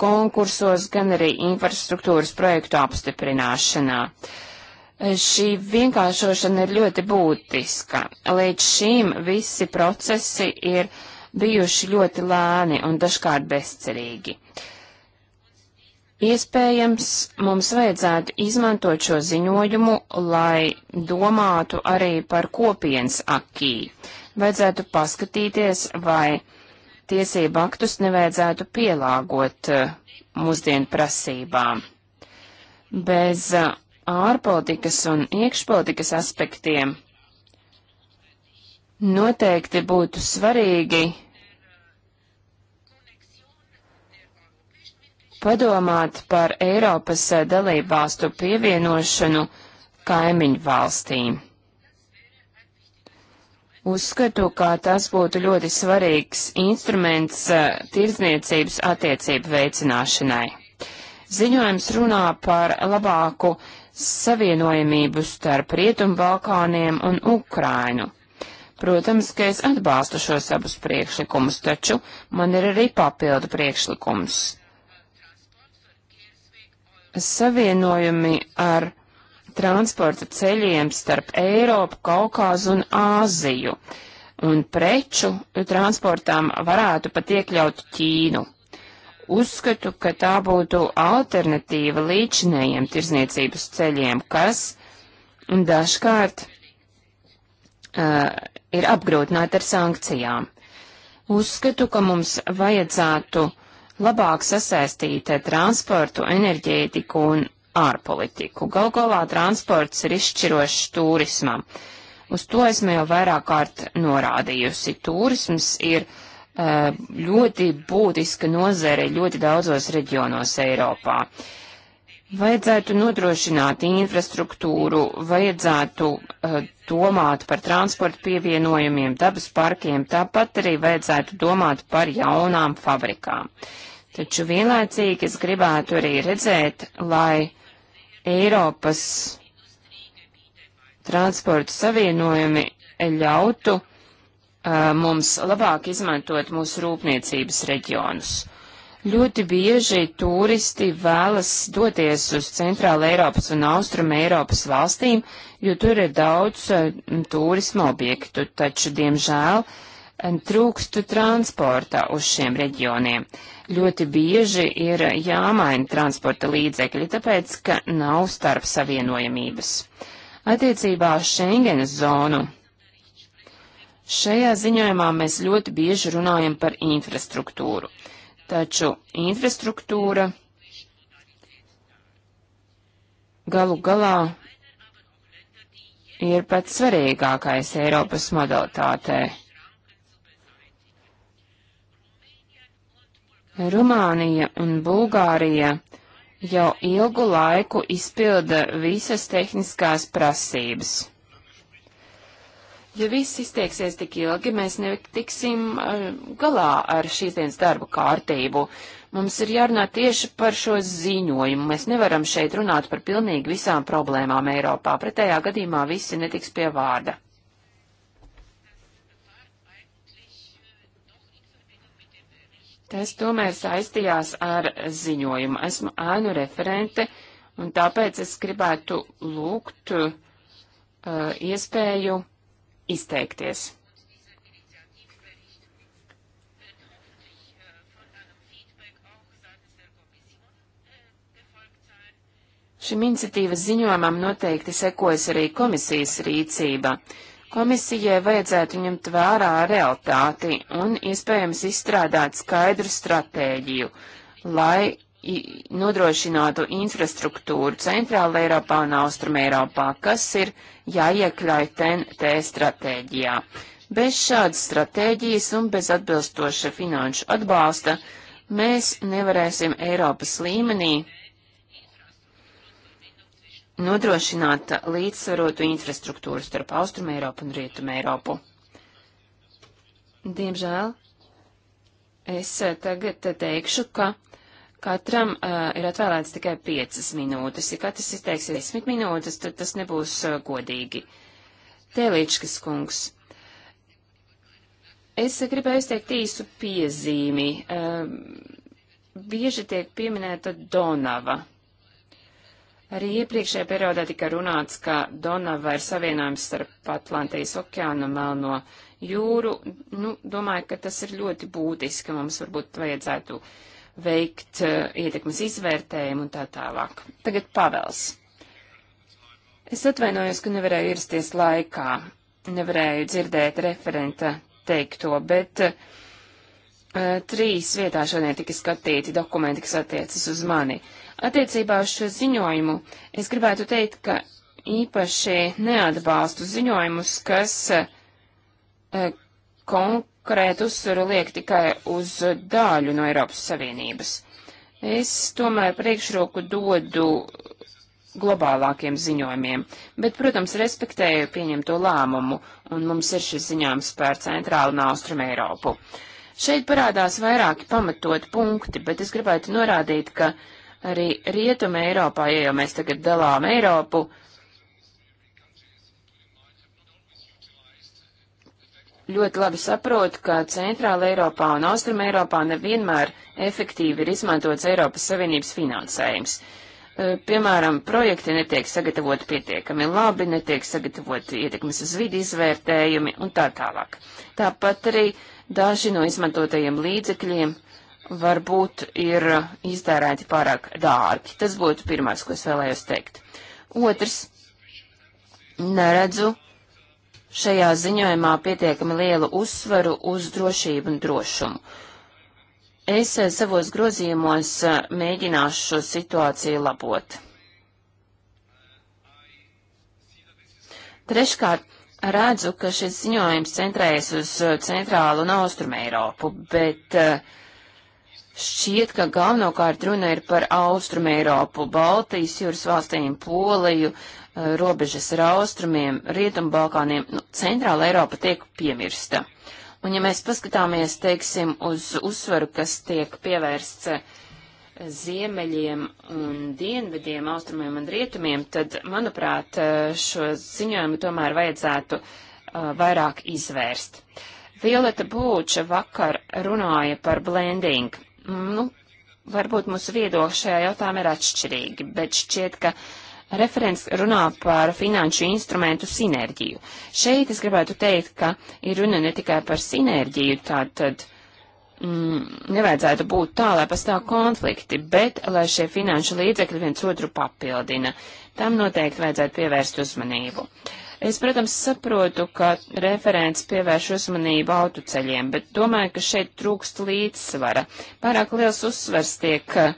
konkursos, gan arī infrastruktūras projektu apstiprināšanā. E, šī vienkāršošana ir ļoti būtiska. Līdz šīm visi procesi ir uh, bijuši ļoti lēni un dažkārt bezcerīgi. Iespējams, mums vajadzētu izmantot šo ziņojumu, lai domātu arī par kopienas akī. Vajadzētu paskatīties, vai tiesību aktus nevajadzētu pielāgot eh, mūsdienu prasībām. Bez eh, ārpolitikas un iekšpolitikas aspektiem Noteikti būtu svarīgi padomāt par Eiropas dalībvalstu pievienošanu kaimiņu valstīm. Uzskatu, ka tas būtu ļoti svarīgs instruments eh, tirdzniecības attiecību veicināšanai. Ziņojums runā par labāku savienojamību starp Rietumbalkāniem un Ukrainu. Protams, ka es atbalstu šos abus priekšlikumus, taču man ir arī papildu priekšlikums. Savienojumi ar transporta ceļiem starp Eiropu, Kaukāzu un Āziju, un preču transportām varētu pat iekļaut Ķīnu. Uzskatu, ka tā būtu alternatīva līdzinējiem tirzniecības ceļiem, kas dažkārt uh, ir apgrūtināti ar sankcijām. Uzskatu, ka mums vajadzētu labāk sasaistīt transportu, enerģētiku un ārpolitiku. Gal galā transports ir izšķirošs turismam. Uz to esmu jau vairāk kārt norādījusi. Turisms ir uh, ļoti būtiska nozare ļoti daudzos reģionos Eiropā. Vajadzētu nodrošināt infrastruktūru, vajadzētu uh, domāt par transporta pievienojumiem, dabas parkiem, tāpat arī vajadzētu domāt par jaunām fabrikām. Taču vienlaicīgi es gribētu arī redzēt, lai Eiropas transporta savienojumi ļautu uh, mums labāk izmantot mūsu rūpniecības reģionus. Ļoti bieži turisti vēlas doties uz Centrāla Eiropas un Austruma Eiropas valstīm, jo tur ir daudz uh, turisma objektu, taču, diemžēl, eh, trūkstu transporta uz šiem reģioniem. Ļoti bieži ir jāmaina transporta līdzekļi, tāpēc, ka nav starp savienojamības. Attiecībā uz Schengenas zonu. Šajā ziņojumā mēs ļoti bieži runājam par infrastruktūru. Taču infrastruktūra galu galā ir pats svarīgākais Eiropas modalitātē. Rumānija un Bulgārija jau ilgu laiku izpilda visas tehniskās prasības. Ja viss iztieksies tik ilgi, mēs netiksim eh, galā ar šīs dienas darbu kārtību. Mums ir jārunā tieši par šo ziņojumu. Mēs nevaram šeit runāt par pilnīgi visām problēmām Eiropā. Pretējā gadījumā visi netiks pie vārda. Tas tomēr saistījās ar ziņojumu. Esmu ēnu referente, un tāpēc es gribētu lūgt uh, iespēju izteikties. Šim iniciatīvas ziņojumam noteikti sekojas arī komisijas rīcība. Komisijai vajadzētu ņemt vērā realitāti un iespējams izstrādāt skaidru stratēģiju, lai nodrošinātu infrastruktūru Centrāla Eiropā un Austrum Eiropā, kas ir jāiekļauj TNT stratēģijā. Bez šādas stratēģijas un bez atbilstoša finanšu atbalsta mēs nevarēsim Eiropas līmenī nodrošināt līdzsvarotu infrastruktūru starp Austrum Eiropu un Rietum Eiropu. Diemžēl es tagad teikšu, ka Katram uh, ir atvēlēts tikai 5 minūtes. Ja katrs izteiks 10 minūtes, tad tas nebūs uh, godīgi. Tēlīčkas kungs. Es uh, gribēju izteikt īsu piezīmi. Uh, bieži tiek pieminēta Donava. Arī iepriekšējā periodā tika runāts, ka Donava ir savienojums starp Atlantijas okeānu un Melno jūru. Nu, domāju, ka tas ir ļoti būtiski. Mums varbūt vajadzētu uh, veikt eh, ietekmes izvērtējumu un tā tālāk. Tagad Pavels. Es atvainojos, ka nevarēju ierasties laikā, nevarēju dzirdēt referenta teikto, bet uh, trīs vietā šodien tika skatīti dokumenti, kas attiecas uz mani. Attiecībā uz šo ziņojumu es gribētu teikt, ka īpaši neatbalstu ziņojumus, kas uh, eh, konkrēti Korēt uzsvaru liek tikai uz daļu no Eiropas Savienības. Es tomēr priekšroku dodu globālākiem ziņojumiem, bet, protams, respektēju pieņemto lēmumu, un mums ir šis ziņojums par centrālu un austrumu Eiropu. Šeit parādās vairāki pamatot punkti, bet es gribētu norādīt, ka arī rietuma Eiropā, ja jau mēs tagad dalām Eiropu, uh, ļoti labi saprotu, ka Centrāla Eiropā un Austruma Eiropā nevienmēr efektīvi ir izmantots Eiropas Savienības finansējums. E, piemēram, projekti netiek sagatavoti pietiekami labi, netiek sagatavoti ietekmes uz vidi izvērtējumi un tā tālāk. Tāpat arī daži no izmantotajiem līdzekļiem varbūt ir izdērēti pārāk dārgi. Tas būtu pirmais, ko es vēlējos teikt. Otrs, neredzu šajā ziņojumā pietiekami lielu uzsvaru uz drošību un drošumu. Es eh, savos grozījumos eh, mēģināšu šo situāciju labot. Treškārt, redzu, ka šis ziņojums centrējas uz eh, centrālu un austrumu Eiropu, bet šķiet, ka galvenokārt runa ir par austrumu Eiropu, Baltijas jūras valstīm, Poliju, robežas ar austrumiem, rietumbalkāniem, nu, centrāla Eiropa tiek piemirsta. Un ja mēs paskatāmies, teiksim, uz uzsvaru, kas tiek pievērsts eh, ziemeļiem un dienvidiem, austrumiem un rietumiem, tad, manuprāt, eh, šo ziņojumu tomēr vajadzētu uh, vairāk izvērst. Violeta Būča vakar runāja par blending. Mm, nu, varbūt mūsu viedokļi šajā jautājumā ir atšķirīgi, bet šķiet, ka uh, Referents runā par finanšu instrumentu sinerģiju. Šeit es gribētu teikt, ka ir runa ne tikai par sinerģiju, tātad mm, nevajadzētu būt tā, lai pastāv konflikti, bet lai šie finanšu līdzekļi viens otru papildina. Tam noteikti vajadzētu pievērst uzmanību. Es, protams, saprotu, ka referents pievērš uzmanību autoceļiem, bet domāju, ka šeit trūkst līdzsvara. Pārāk liels uzsvers tiek uh,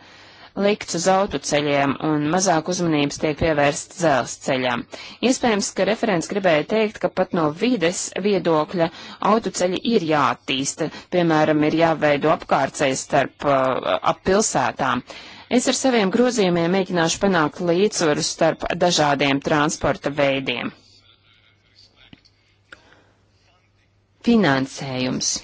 likts uz autoceļiem un mazāk uzmanības tiek pievērsts dzelzceļam. Iespējams, ka referents gribēja teikt, ka pat no vides viedokļa autoceļi ir jātīsta, piemēram, ir jāveido apkārtceļi starp uh, ap pilsētām. Es ar saviem grozījumiem mēģināšu panākt līdzsvaru starp dažādiem transporta veidiem. Finansējums.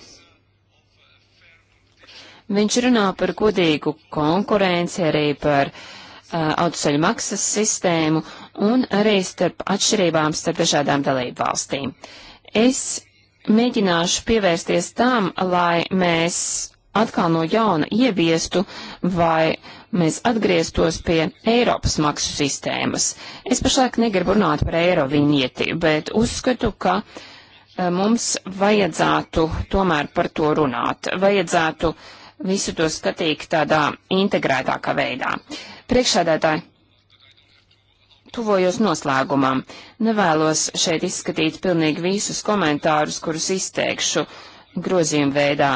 Viņš runā par godīgu konkurenci, arī par uh, autoceļu maksas sistēmu un arī starp atšķirībām starp dažādām dalību valstīm. Es mēģināšu pievērsties tam, lai mēs atkal no jauna ieviestu vai mēs atgrieztos pie Eiropas maksu sistēmas. Es pašlaik negribu runāt par eiro viņieti, bet uzskatu, ka mums vajadzētu tomēr par to runāt. Vajadzētu uh, visu to skatīt tādā integrētākā veidā. Priekšsēdētāji, tuvojos noslēgumam. Nevēlos šeit izskatīt pilnīgi visus komentārus, kurus izteikšu grozījuma veidā,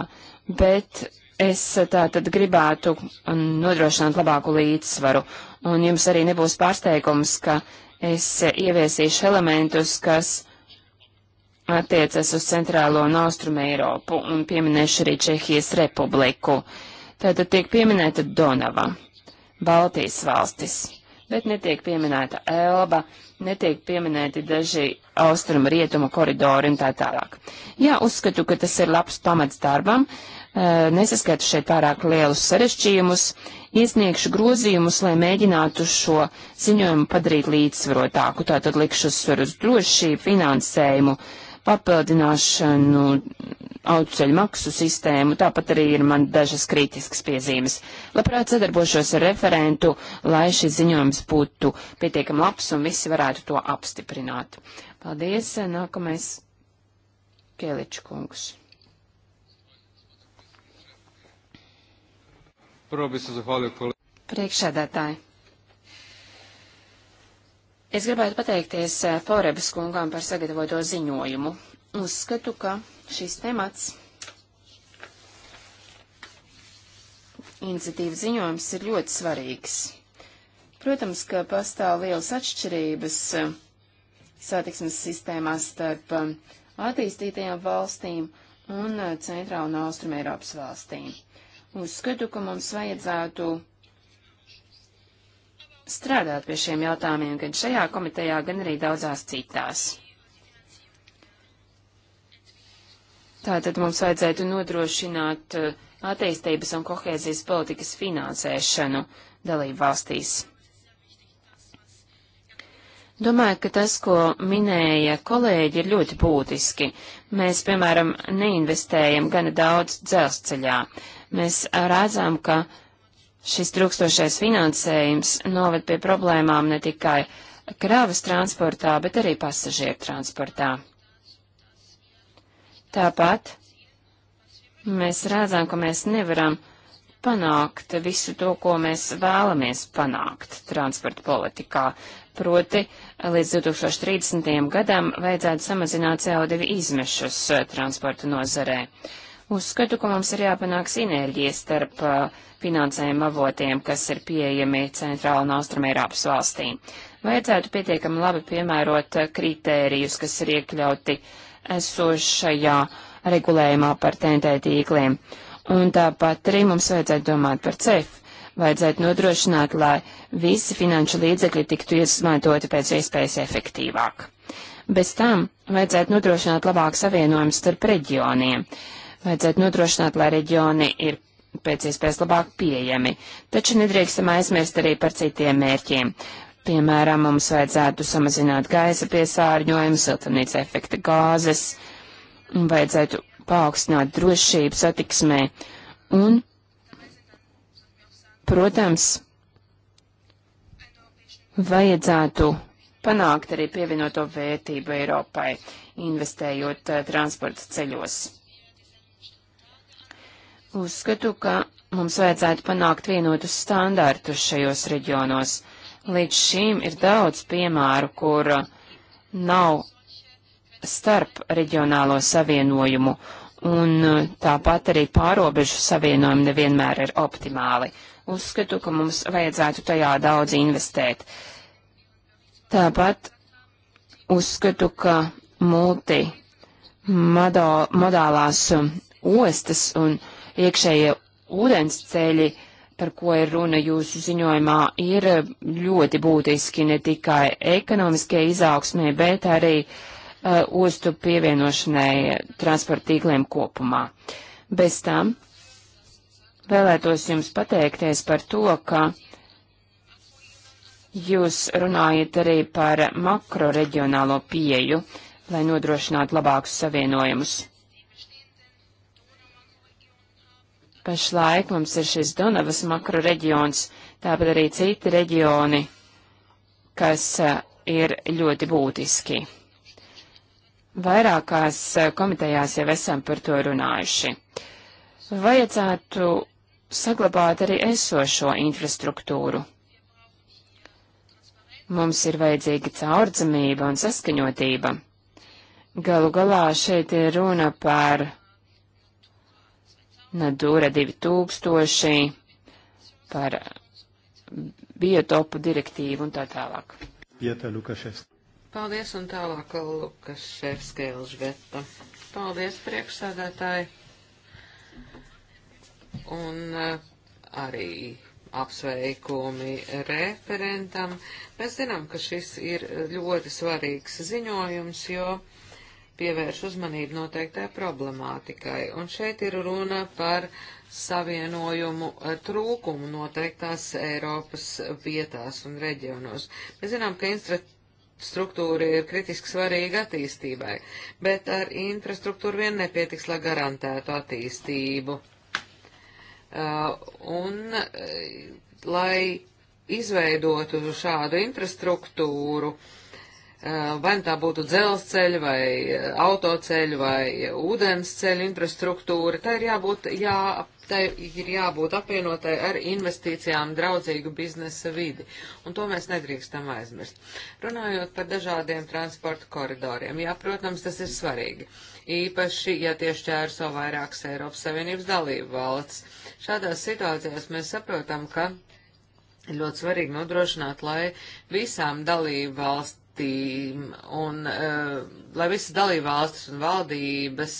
bet es tātad gribētu nodrošināt labāku līdzsvaru. Un jums arī nebūs pārsteigums, ka es ieviesīšu elementus, kas attiecas uz centrālo un austrumu Eiropu, un pieminēšu arī Čehijas republiku. Tātad tiek pieminēta Donava, Baltijas valstis, bet netiek pieminēta Elba, netiek pieminēti daži austrumu rietumu koridori un tā tālāk. Jā, uzskatu, ka tas ir labs pamats darbam, nesaskatu šeit pārāk lielus sarešķījumus, iesniegšu grozījumus, lai mēģinātu šo ziņojumu padarīt līdzsvarotāku, tātad likšu uzsveru uz drošību, finansējumu, uh, papildināšanu, augceļu maksu sistēmu, tāpat arī ir man dažas kritiskas piezīmes. Labprāt sadarbošos ar referentu, lai šis ziņojums būtu pietiekam labs un visi varētu to apstiprināt. Paldies, nākamais Kēliča kungs. Priekšsēdētāji. Es gribētu pateikties eh, Forebas kungām par sagatavoto ziņojumu. Uzskatu, ka šis temats iniciatīvas ziņojums ir ļoti svarīgs. Protams, ka pastāv lielas atšķirības eh, satiksmes sistēmās starp eh, attīstītajām valstīm un centrāla un austruma Eiropas valstīm. Uzskatu, ka mums vajadzētu strādāt pie šiem jautājumiem gan šajā komitejā, gan arī daudzās citās. Tātad mums vajadzētu nodrošināt uh, attīstības un kohēzijas politikas finansēšanu dalību valstīs. Domāju, ka tas, ko minēja kolēģi, ir ļoti būtiski. Mēs, piemēram, neinvestējam gana daudz dzelzceļā. Mēs redzam, ka uh, Šis trūkstošais finansējums noved pie problēmām ne tikai kravas transportā, bet arī pasažieru transportā. Tāpat mēs redzam, ka mēs nevaram panākt visu to, ko mēs vēlamies panākt transporta politikā. Proti, līdz 2030. gadam vajadzētu samazināt CO2 izmešus eh, transporta nozarē. Uh, Uzskatu, ka mums ir jāpanāk sinerģija starp uh, finansējuma avotiem, kas ir pieejami Centrāla un Austrumērāpas valstīm. Vajadzētu pietiekami labi piemērot uh, kritērijus, kas ir iekļauti esošajā regulējumā par TNT tīkliem. Un tāpat arī mums vajadzētu domāt par CEF. Vajadzētu nodrošināt, lai visi finanšu līdzekļi tiktu izmantoti pēc iespējas efektīvāk. Bez tam vajadzētu nodrošināt labāku savienojumu starp reģioniem. Uh, Vajadzētu nodrošināt, lai reģioni ir pēc iespējas labāk pieejami, taču nedrīkstam aizmirst arī par citiem mērķiem. Piemēram, mums vajadzētu samazināt gaisa piesārņojumu, siltumnīca efekta gāzes, vajadzētu paaugstināt drošību satiksmē un, protams, vajadzētu panākt arī pievienoto vērtību Eiropai, investējot uh, transporta ceļos. Uzskatu, ka mums vajadzētu panākt vienotus standartus šajos reģionos. Līdz šim ir daudz piemēru, kur uh, nav starp reģionālo savienojumu, un uh, tāpat arī pārobežu savienojumi nevienmēr ir optimāli. Uzskatu, ka mums vajadzētu tajā daudz investēt. Tāpat uzskatu, ka multi modālās um, ostas un uh, iekšējie ūdens ceļi, par ko ir runa jūsu ziņojumā, ir ļoti būtiski ne tikai ekonomiskajai izaugsmē, bet arī uh, ostu pievienošanai transporta tīkliem kopumā. Bez tam vēlētos jums pateikties par to, ka jūs runājat arī par makroreģionālo pieju, lai nodrošinātu labākus savienojumus. Pašlaik mums ir šis Dunavas makro reģions, tāpat arī citi reģioni, kas eh, ir ļoti būtiski. Vairākās eh, komitejās jau esam par to runājuši. Vajadzētu saglabāt arī esošo infrastruktūru. Mums ir vajadzīga caurdzamība un saskaņotība. Galu galā šeit ir runa par Nadūra 2000 par biotopu direktīvu un tā tālāk. Pieta Lukaševska. Paldies un tālāk Lukaševska Elžbeta. Paldies priekšsādātāji. Un eh, arī apsveikumi referentam. Mēs zinām, ka šis ir ļoti svarīgs ziņojums, jo pievērš uzmanību noteiktai problemātikai, un šeit ir runa par savienojumu eh, trūkumu noteiktās Eiropas vietās un reģionos. Mēs zinām, ka infrastruktūra ir kritiski svarīga attīstībai, bet ar infrastruktūru vien nepietiks, lai garantētu attīstību. Uh, un, uh, lai izveidotu šādu infrastruktūru, uh, Eh, vai nu tā būtu dzelzceļa, vai eh, autoceļa, vai ūdensceļa infrastruktūra, tai ir jābūt, jā, tai ir jābūt apvienotai ar investīcijām draudzīgu biznesa vidi, un to mēs nedrīkstam aizmirst. Runājot par dažādiem transporta koridoriem, jā, protams, tas ir svarīgi, īpaši, ja tieši ķērso vairākas Eiropas Savienības dalību valsts. Šādās situācijās mēs saprotam, ka ļoti svarīgi nodrošināt, lai visām dalību valstīm valstīm un uh, lai visas dalībvalstis un valdības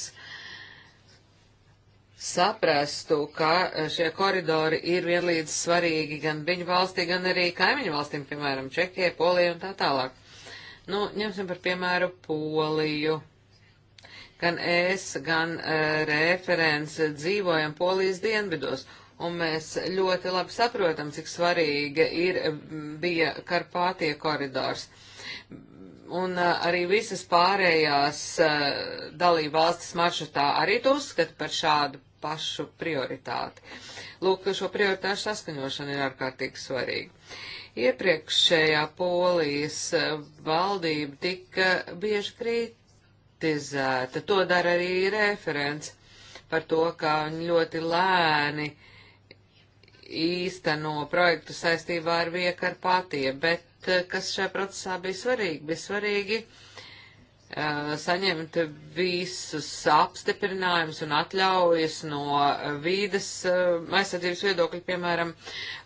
saprastu, ka eh, šie koridori ir vienlīdz svarīgi gan viņu valstī, gan arī kaimiņu valstīm, piemēram, Čekijai, Polijai un tā tālāk. Nu, ņemsim par piemēru Poliju. Gan es, gan uh, referents dzīvojam Polijas dienvidos, un mēs ļoti labi saprotam, cik svarīga ir, bija Karpātie koridors. Uh, Un uh, arī visas pārējās uh, dalība valstis maršrutā arī to uzskata par šādu pašu prioritāti. Lūk, šo prioritāšu saskaņošana ir ārkārtīgi svarīga. Iepriekšējā polijas uh, valdība tika bieži kritizēta. To dara arī referents par to, ka viņi ļoti lēni īsteno projektu saistībā ar viekarpātie, bet Eh, kas šajā procesā bija svarīgi. Bija svarīgi uh, saņemt visus apstiprinājumus un atļaujas no eh, vīdes uh, aizsardzības viedokļa, piemēram,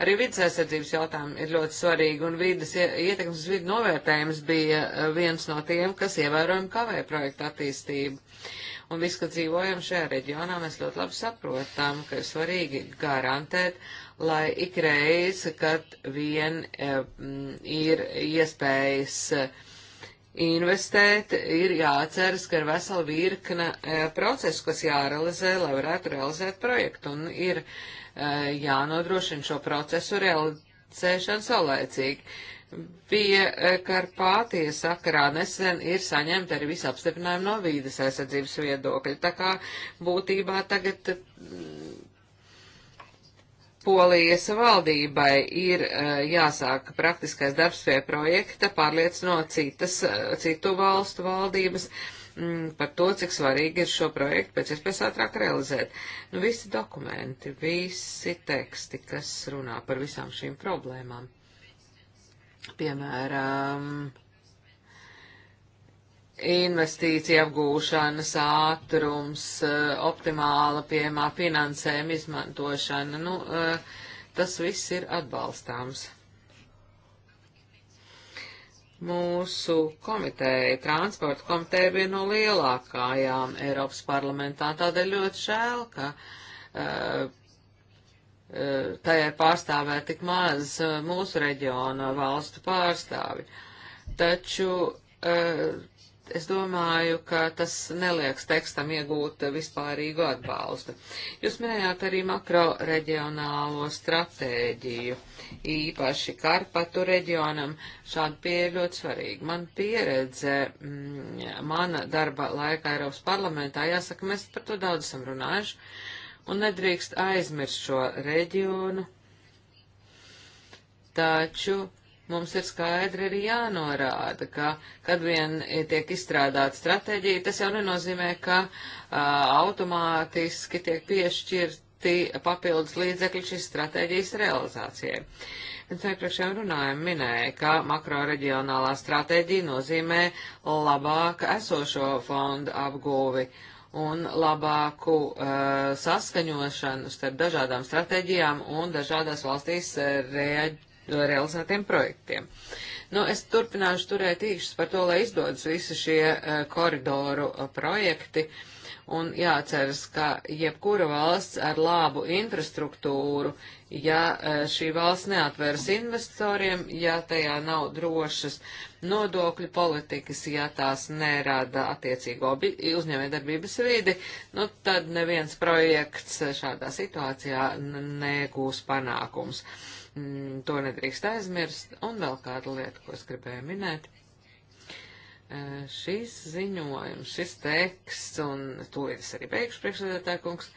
arī vidas aizsardzības jautājumi ir ļoti svarīgi, un vīdes ietekmes uz vidu novērtējums bija viens no tiem, kas ievērojami kavē projektu attīstību. Un viss, ka dzīvojam šajā reģionā, mēs ļoti labi saprotam, ka ir svarīgi garantēt, uh, lai ikreiz, kad vien e, ir iespējas e, investēt, ir jāatceras, ka ir vesela virkne e, procesu, kas jārealizē, lai varētu realizēt projektu, un ir jānodrošina šo procesu realizēšanu saulēcīgi bija Karpātija sakarā nesen ir saņemta arī visapstiprinājuma no vīdes aizsardzības viedokļa. Tā kā būtībā tagad Polijas valdībai ir eh, jāsāk praktiskais darbs pie projekta, pārliecinot citas, eh, citu valstu valdības m, mm, par to, cik svarīgi ir šo projektu pēc iespējas ātrāk realizēt. Nu, visi dokumenti, visi teksti, kas runā par visām šīm problēmām. Piemēram, uh, investīcija apgūšanas ātrums, eh, optimāla piemā finansējuma izmantošana, nu, eh, tas viss ir atbalstāms. Mūsu komiteja, transporta komiteja bija no lielākajām Eiropas parlamentā, tādēļ ļoti žēl, ka uh, tajā ir pārstāvēt tik maz mūsu reģiona valstu pārstāvi. Taču uh, es domāju, ka tas nelieks tekstam iegūt vispārīgu atbalstu. Jūs minējāt arī makro reģionālo stratēģiju, īpaši Karpatu reģionam. Šāda pieeja ļoti svarīga. Man pieredze, mm, mana darba laikā Eiropas parlamentā, jāsaka, mēs par to daudz esam runājuši, un nedrīkst aizmirst šo reģionu. Taču mums ir skaidri arī jānorāda, ka, kad vien tiek izstrādāta stratēģija, tas jau nenozīmē, ka uh, automātiski tiek piešķirti papildus līdzekļi šīs stratēģijas realizācijai. Mēs iepriekšējām runājām minēja, ka makroreģionālā stratēģija nozīmē labāku esošo fondu apgūvi un labāku uh, saskaņošanu starp dažādām stratēģijām un dažādās valstīs uh, reaģēt realizētiem projektiem. Nu, es turpināšu turēt īšas par to, lai izdodas visi šie e, koridoru e, projekti. Un jāceras, ka jebkura valsts ar labu infrastruktūru, ja e, šī valsts neatveras investoriem, ja tajā nav drošas nodokļu politikas, ja tās nerada attiecīgo uzņēmējdarbības vidi, nu tad neviens projekts šādā situācijā negūs panākums. Uh, Mm, to nedrīkst aizmirst. Un vēl kāda lieta, ko es gribēju minēt. Uh, šis ziņojums, šis teksts, un to es arī beigšu priekšsēdētāju kungs,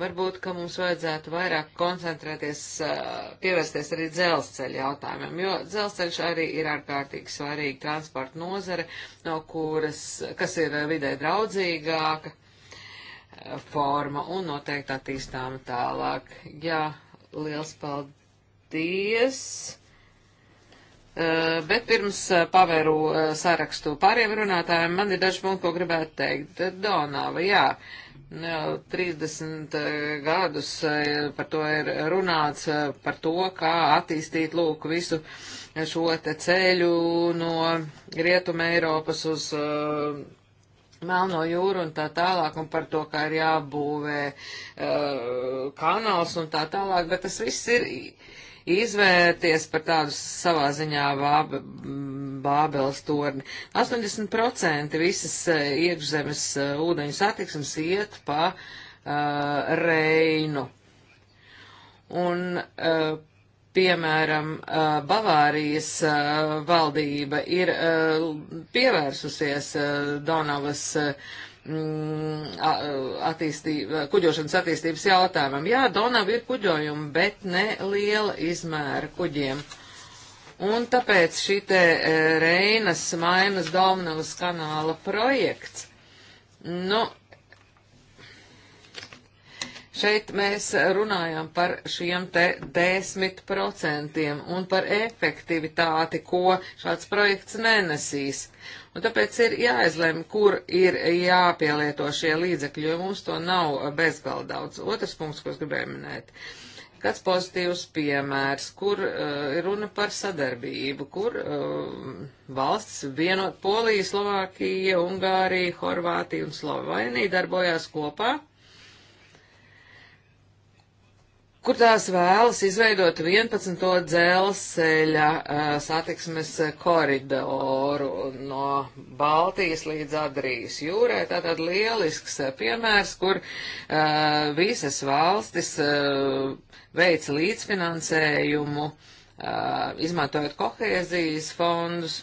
varbūt, ka mums vajadzētu vairāk koncentrēties, uh, pievērsties arī dzelzceļa jautājumiem, jo dzelzceļš arī ir ārkārtīgi svarīga transporta nozare, no kuras, kas ir vidē draudzīgāka uh, forma un noteikti attīstāma tālāk. Jā, liels paldies! Paldies! Eh, bet pirms eh, pavēru eh, sarakstu pāriem runātājiem, man ir daži punkti, ko gribētu teikt. Donava, jā, nu, jau 30 gadus par to ir runāts, par to, kā attīstīt lūk visu šo te ceļu no Rietuma Eiropas uz Melno jūru un tā tālāk, un par to, kā ir jābūvē kanāls un tā tālāk, bet tas viss ir izvērties par tādu savā ziņā bābe, bābels torni. 80% visas e, iekšzemes e, ūdeņu satiksmes iet pa uh, Reinu. Un, uh, piemēram, uh, Bavārijas uh, valdība ir uh, pievērsusies uh, Donavas uh, Mm, attīstība, kuģošanas attīstības jautājumam. Jā, Donava ir kuģojumi, bet ne liela izmēra kuģiem. Un tāpēc šī te e, Reinas Mainas Domnavas kanāla projekts, nu, šeit mēs runājam par šiem te 10% un par efektivitāti, ko šāds projekts nenesīs. Uh, Un tāpēc ir jāizlem, kur ir jāpielieto šie līdzekļi, jo mums to nav bezgalda daudz. Otrs punkts, ko es gribēju minēt. Kāds pozitīvs piemērs, kur uh, ir runa par sadarbību, kur uh, valsts vienot Polija, Slovākija, Ungārija, Horvātija un Slovenija darbojās kopā kur tās vēlas izveidot 11. dzelzceļa eh, satiksmes koridoru no Baltijas līdz Adrijas jūrai. Tātad lielisks eh, piemērs, kur uh, visas valstis uh, veica līdzfinansējumu, uh, izmantojot kohēzijas fondus.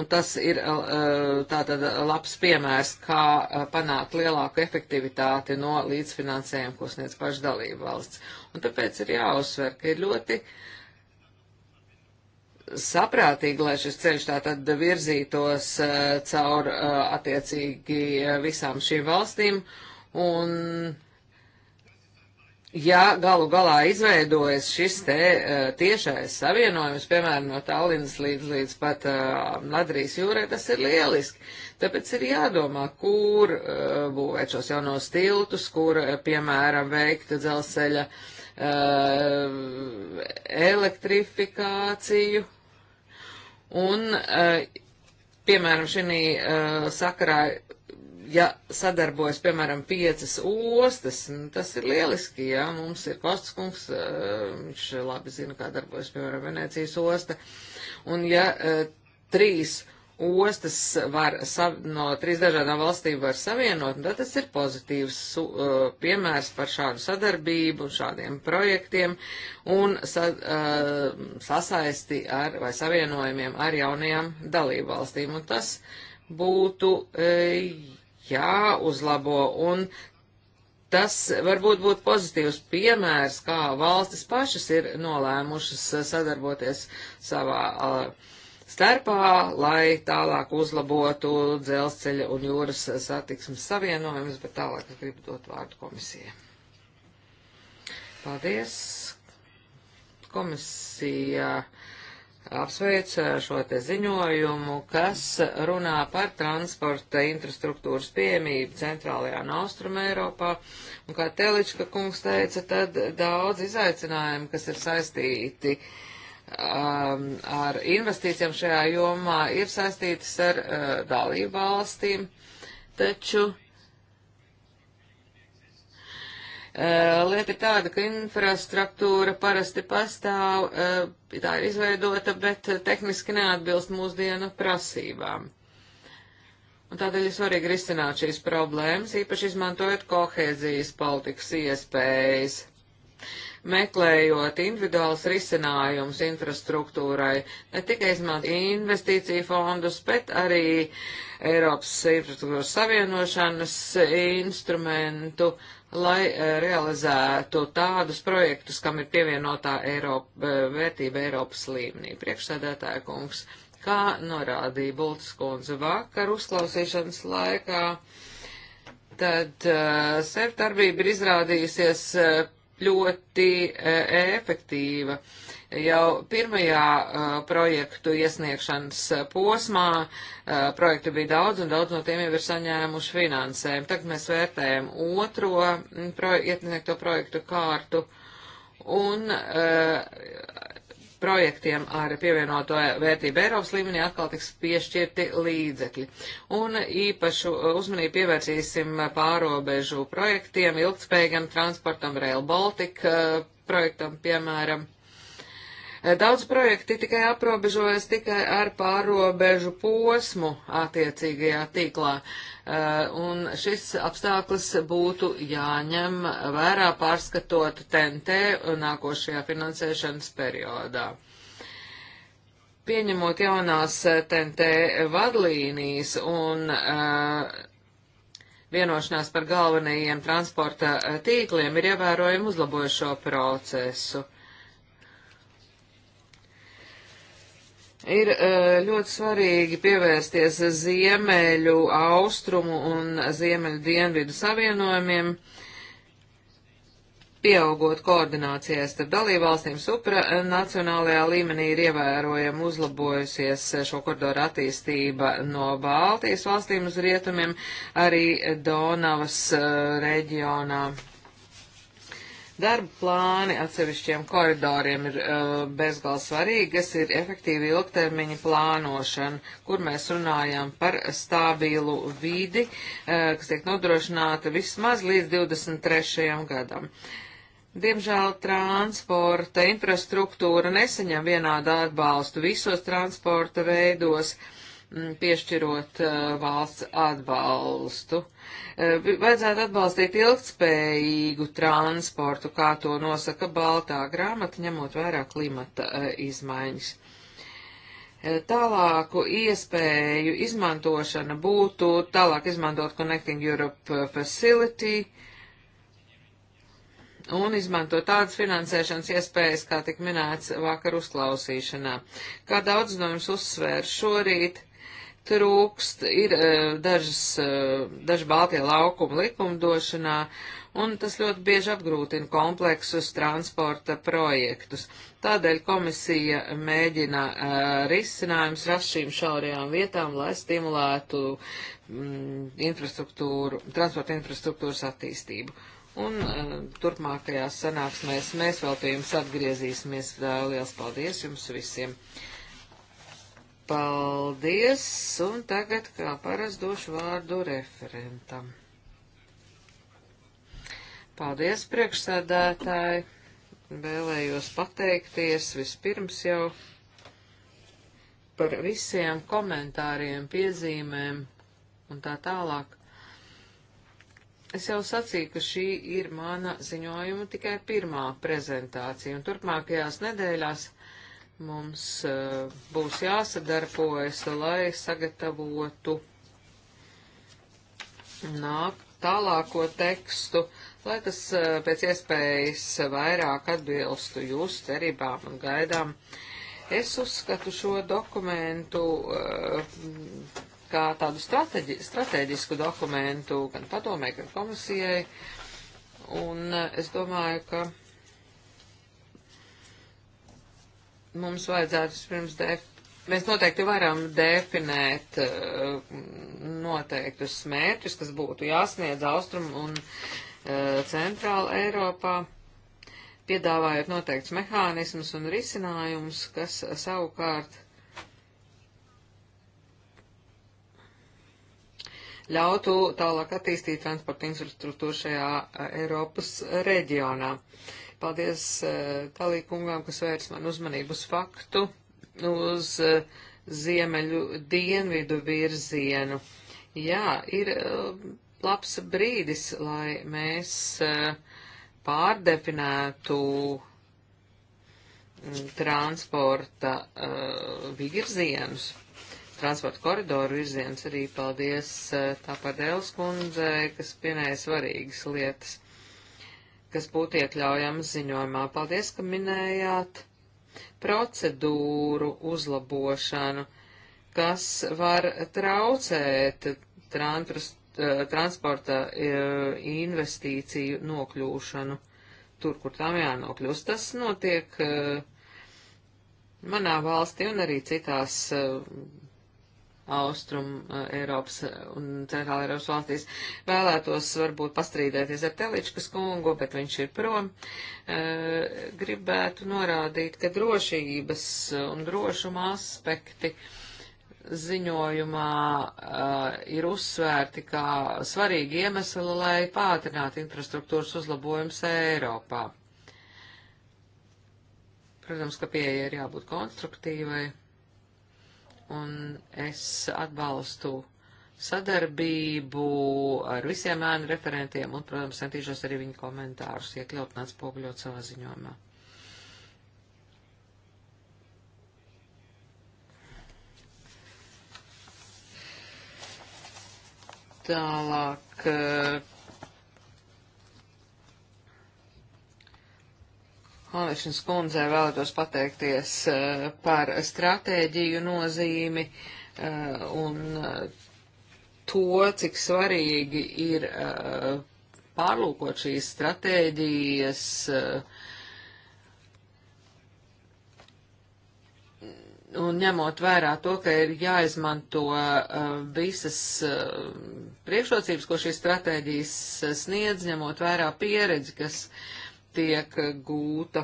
Un tas ir uh, tātad labs piemērs, kā uh, panākt lielāku efektivitāti no līdzfinansējuma, ko sniedz pašdalība valsts. Un tāpēc ir jāuzsver, ka ir ļoti saprātīgi, lai šis ceļš tātad virzītos uh, caur attiecīgi visām šīm valstīm. Un ja galu galā izveidojas šis te uh, tiešais savienojums, piemēram, no Tallinas līdz, līdz pat uh, Madrīs jūrē, tas ir lieliski. Tāpēc ir jādomā, kur uh, būvēt šos jaunos tiltus, kur, e, piemēram, veikt dzelzceļa uh, elektrifikāciju. Un, uh, piemēram, šī uh, sakarā ja sadarbojas, piemēram, piecas ostas, nu, tas ir lieliski, jā, mums ir Kostskungs, eh, viņš labi zina, kā darbojas, piemēram, Venēcijas osta, un ja eh, trīs ostas var, sav, no trīs dažādām valstīm var savienot, nu, tad tas ir pozitīvs su, eh, piemērs par šādu sadarbību, šādiem projektiem un sa, sasaisti ar, vai savienojumiem ar jaunajām dalībvalstīm, un tas būtu e, jāuzlabo, un tas varbūt būtu pozitīvs piemērs, kā valstis pašas ir nolēmušas sadarboties savā uh, starpā, lai tālāk uzlabotu dzelzceļa un jūras satiksmes savienojumus, bet tālāk es gribu dot vārdu komisijai. Paldies. Komisija apsveic eh, šo te ziņojumu, kas runā par transporta infrastruktūras piemību centrālajā un austrum Eiropā. Un kā Telička kungs teica, tad daudz izaicinājumu, kas ir saistīti um, ar investīcijām šajā jomā, ir saistītas ar uh, dalību valstīm. Taču Lieta ir tāda, ka infrastruktūra parasti pastāv, tā ir izveidota, bet tehniski neatbilst mūsdienu prasībām. Un tādēļ ir svarīgi risināt šīs problēmas, īpaši izmantojot kohēzijas politikas iespējas meklējot individuāls risinājums infrastruktūrai, ne tikai izmantot investīciju fondus, bet arī Eiropas infrastruktūras savienošanas instrumentu, lai eh, realizētu tādus projektus, kam ir pievienotā Eiropa, eh, vērtība Eiropas līmenī. Priekšsēdētāja kungs, kā norādīja Bultas kundze vakar uzklausīšanas laikā, tad uh, eh, serp darbība ir izrādījusies uh, ļoti uh, efektīva. Uh, Jau pirmajā uh, projektu iesniegšanas uh, posmā uh, projektu bija daudz, un daudz no tiem jau ir saņēmuši finansējumu. Tagad mēs vērtējam otro mm, proje iesniegto projektu kārtu, un uh, projektiem ar pievienoto vērtību Eiropas līmenī atkal tiks piešķirti līdzekļi. Un īpašu uh, uzmanību pievērsīsim pārobežu projektiem, ilgtspējīgam transportam, Rail Baltica uh, projektam, piemēram. Daudz projekti tikai aprobežojas tikai ar pārobežu posmu attiecīgajā tīklā, eh, un šis apstākļus būtu jāņem vērā pārskatot TNT nākošajā finansēšanas periodā pieņemot jaunās TNT vadlīnijas un uh, vienošanās par galvenajiem transporta tīkliem, ir ievērojami uzlabojušo procesu. Ir e, ļoti svarīgi pievērsties ziemeļu, austrumu un ziemeļu dienvidu savienojumiem, pieaugot koordinācijai starp dalībvalstīm supranacionālajā līmenī ir ievērojami uzlabojusies šo koridoru attīstība no Baltijas valstīm uz rietumiem, arī Donavas e, reģionā. Darba plāni atsevišķiem koridoriem ir uh, bezgal svarīgi, kas ir efektīva ilgtermiņa plānošana, kur mēs runājam par stabilu vidi, uh, kas tiek nodrošināta vismaz līdz 23. gadam. Diemžēl transporta infrastruktūra nesaņem vienādu atbalstu visos transporta veidos, m, mm, piešķirot uh, valsts atbalstu Eh, vajadzētu atbalstīt ilgtspējīgu transportu, kā to nosaka Baltā grāmata, ņemot vērā klimata eh, izmaiņas. Eh, tālāku iespēju izmantošana būtu tālāk izmantot Connecting Europe Facility, un izmanto tādas finansēšanas iespējas, kā tik minēts vakar uzklausīšanā. Kā daudz no jums uzsvēra šorīt, trūkst, ir e, dažas, e, daži baltie laukumi likumdošanā, un tas ļoti bieži apgrūtina kompleksus transporta projektus. Tādēļ komisija mēģina e, risinājums rast šīm šaurajām vietām, lai stimulētu mm, infrastruktūru, transporta infrastruktūras attīstību. Un uh, turpmākajās sanāksmēs mēs vēl pie jums atgriezīsimies. Liels paldies jums visiem! Paldies, un tagad kā paras došu vārdu referentam. Paldies, priekšsādātāji. Vēlējos pateikties vispirms jau par visiem komentāriem, piezīmēm un tā tālāk. Es jau sacīju, ka šī ir mana ziņojuma tikai pirmā prezentācija, un turpmākajās nedēļās Mums uh, būs jāsadarbojas, lai sagatavotu nāk tālāko tekstu, lai tas uh, pēc iespējas vairāk atbilstu jūsu cerībām un gaidām. Es uzskatu šo dokumentu uh, kā tādu strateģi, strateģisku dokumentu gan padomē, gan komisijai, un es domāju, ka mums vajadzētu pirms def... Mēs noteikti varam definēt uh, noteiktus mērķus, kas būtu jāsniedz Austrum un uh, Centrāla Eiropā, piedāvājot noteikts mehānismus un risinājumus, kas savukārt ļautu tālāk attīstīt transporta infrastruktūru šajā uh, Eiropas reģionā. Uh, Paldies Kalīkungām, eh, kas vērs man uzmanību uz faktu, uz eh, ziemeļu dienvidu virzienu. Jā, ir eh, labs brīdis, lai mēs pārdefinētu mm, transporta virzienus, transporta koridoru virzienus. Arī paldies tāpat Dēls kundzei, kas pienēja svarīgas lietas kas būtu iekļaujams ziņojumā. Paldies, ka minējāt procedūru uzlabošanu, kas var traucēt trantrust eh, transporta eh, investīciju nokļūšanu tur, kur tām jānokļūst. Tas notiek eh, manā valstī un arī citās Austrum eh, Eiropas eh, un Centrāla Eiropas valstīs. Vēlētos varbūt pastrīdēties ar Teličkas kungu, bet viņš ir prom. Eh, gribētu norādīt, ka drošības un drošuma aspekti ziņojumā ir uzsvērti kā svarīgi iemesli, lai pātrinātu infrastruktūras uzlabojumus Eiropā. Protams, ka pieeja ir jābūt konstruktīvai un es atbalstu sadarbību ar visiem ēnu referentiem un, protams, centīšos arī viņu komentārus iekļaut un atspoguļot savā ziņojumā. Tālāk eh, Olešņas kundzei vēlētos pateikties eh, par stratēģiju nozīmi eh, un eh, to, cik svarīgi ir pārlūkot šīs stratēģijas un ņemot vērā to, ka ir jāizmanto visas priekšrocības, ko šīs stratēģijas sniedz, ņemot vērā pieredzi, kas uh, tiek eh, gūta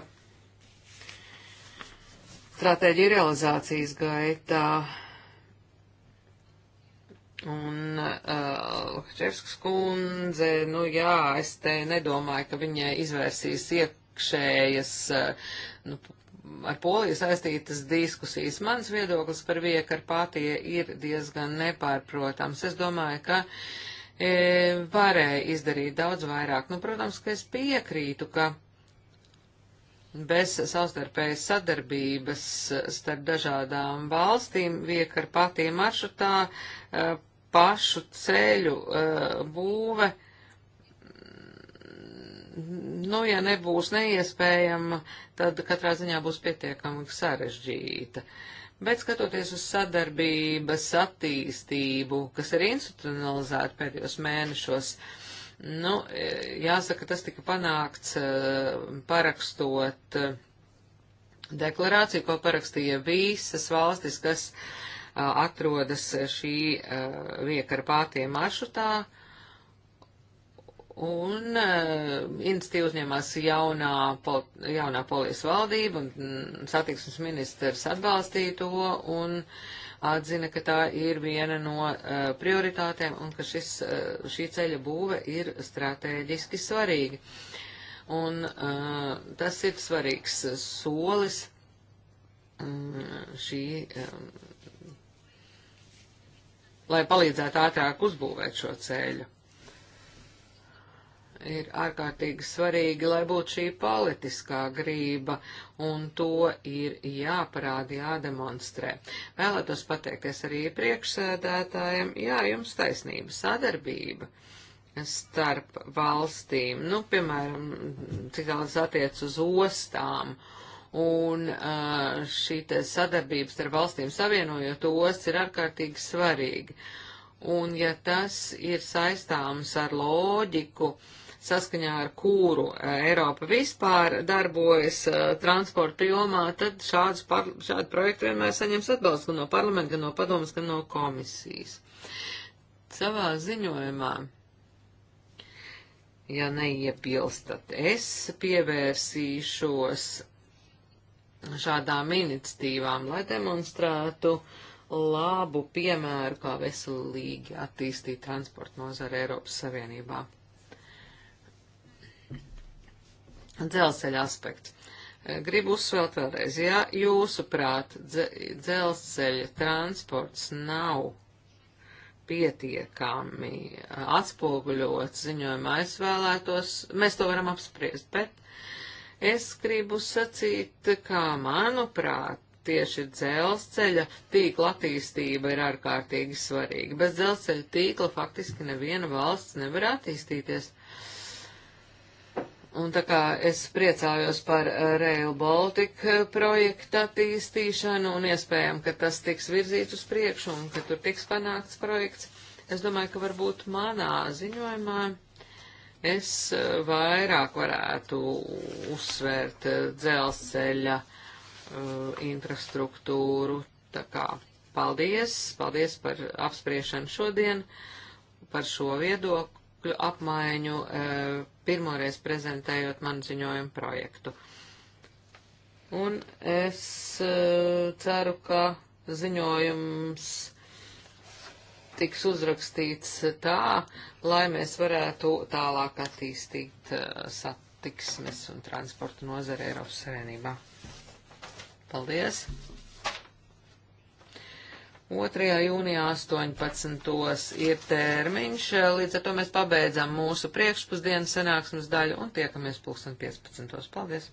stratēģija realizācijas gaitā. Un uh, eh, Čevskas kundze, nu jā, es te nedomāju, ka viņai izvērsīs iekšējas, uh, nu, ar poliju saistītas diskusijas. Mans viedoklis par viekarpātie ir diezgan nepārprotams. Es domāju, ka uh, E, varēja izdarīt daudz vairāk. Nu, protams, ka es piekrītu, ka bez savstarpējas sadarbības starp dažādām valstīm viek ar patiem maršrutā e, pašu ceļu e, būve, nu, ja nebūs neiespējama, tad katrā ziņā būs pietiekami sarežģīta. Uh, Bet skatoties uz sadarbības attīstību, kas ir institucionalizēta pēdējos mēnešos, nu, e, jāsaka, tas tika panākts e, parakstot e, deklarāciju, ko parakstīja visas valstis, kas atrodas šī viekara pātiem maršrutā Un uh, eh, institīva uzņēmās jaunā, pol, jaunā polijas valdība, un mm, satiksmes ministrs atbalstīja to un atzina, ka tā ir viena no uh, prioritātēm un ka šis, uh, šī ceļa būve ir strateģiski svarīga. Un uh, tas ir svarīgs solis um, šī, um, lai palīdzētu ātrāk uzbūvēt šo ceļu ir ārkārtīgi svarīgi, lai būtu šī politiskā grība, un to ir jāparāda, jādemonstrē. Vēlētos pateikties arī priekšsēdētājiem, jā, jums taisnība, sadarbība starp valstīm, nu, piemēram, cik daudz attiec uz ostām, un šī sadarbība starp valstīm savienojot ostas ir ārkārtīgi svarīga. Un ja tas ir saistāms ar loģiku, uh, saskaņā ar kuru eh, Eiropa vispār darbojas eh, transporta jomā, tad šādus, šādu projektu vienmēr saņems atbalstu gan no parlamenta, gan no padomas, gan no komisijas. Savā ziņojumā, ja neiebilstat, es pievērsīšos šādām iniciatīvām, lai demonstrētu labu piemēru, kā veselīgi attīstīt transporta nozara Eiropas Savienībā. dzelzceļa aspektu. E, gribu uzsvērt vēlreiz, ja jūsuprāt dzelzceļa transports nav pietiekami e, atspoguļots ziņojumā, es vēlētos, mēs to varam apspriest, bet es gribu sacīt, ka manuprāt, tieši dzelzceļa tīkla attīstība ir ārkārtīgi svarīga. Bez dzelzceļa tīkla faktiski neviena valsts nevar attīstīties. Un tā kā es priecājos par eh, Rail Baltica eh, projekta attīstīšanu un iespējam, ka tas tiks virzīts uz priekšu un ka tur tiks panākts projekts, es domāju, ka varbūt manā ziņojumā es eh, vairāk varētu uzsvērt dzelzceļa uh, infrastruktūru. Tā kā paldies, paldies par apspriešanu šodien, par šo viedokli viedokļu apmaiņu, e, pirmoreiz prezentējot manu ziņojumu projektu. Un es e, ceru, ka ziņojums tiks uzrakstīts tā, lai mēs varētu tālāk attīstīt e, satiksmes un transporta nozare Eiropas Savienībā. Paldies! 2. jūnijā 18. ir termiņš, līdz ar to mēs pabeidzam mūsu priekšpusdienas sanāksmes daļu un tiekamies pulksten 15. Paldies!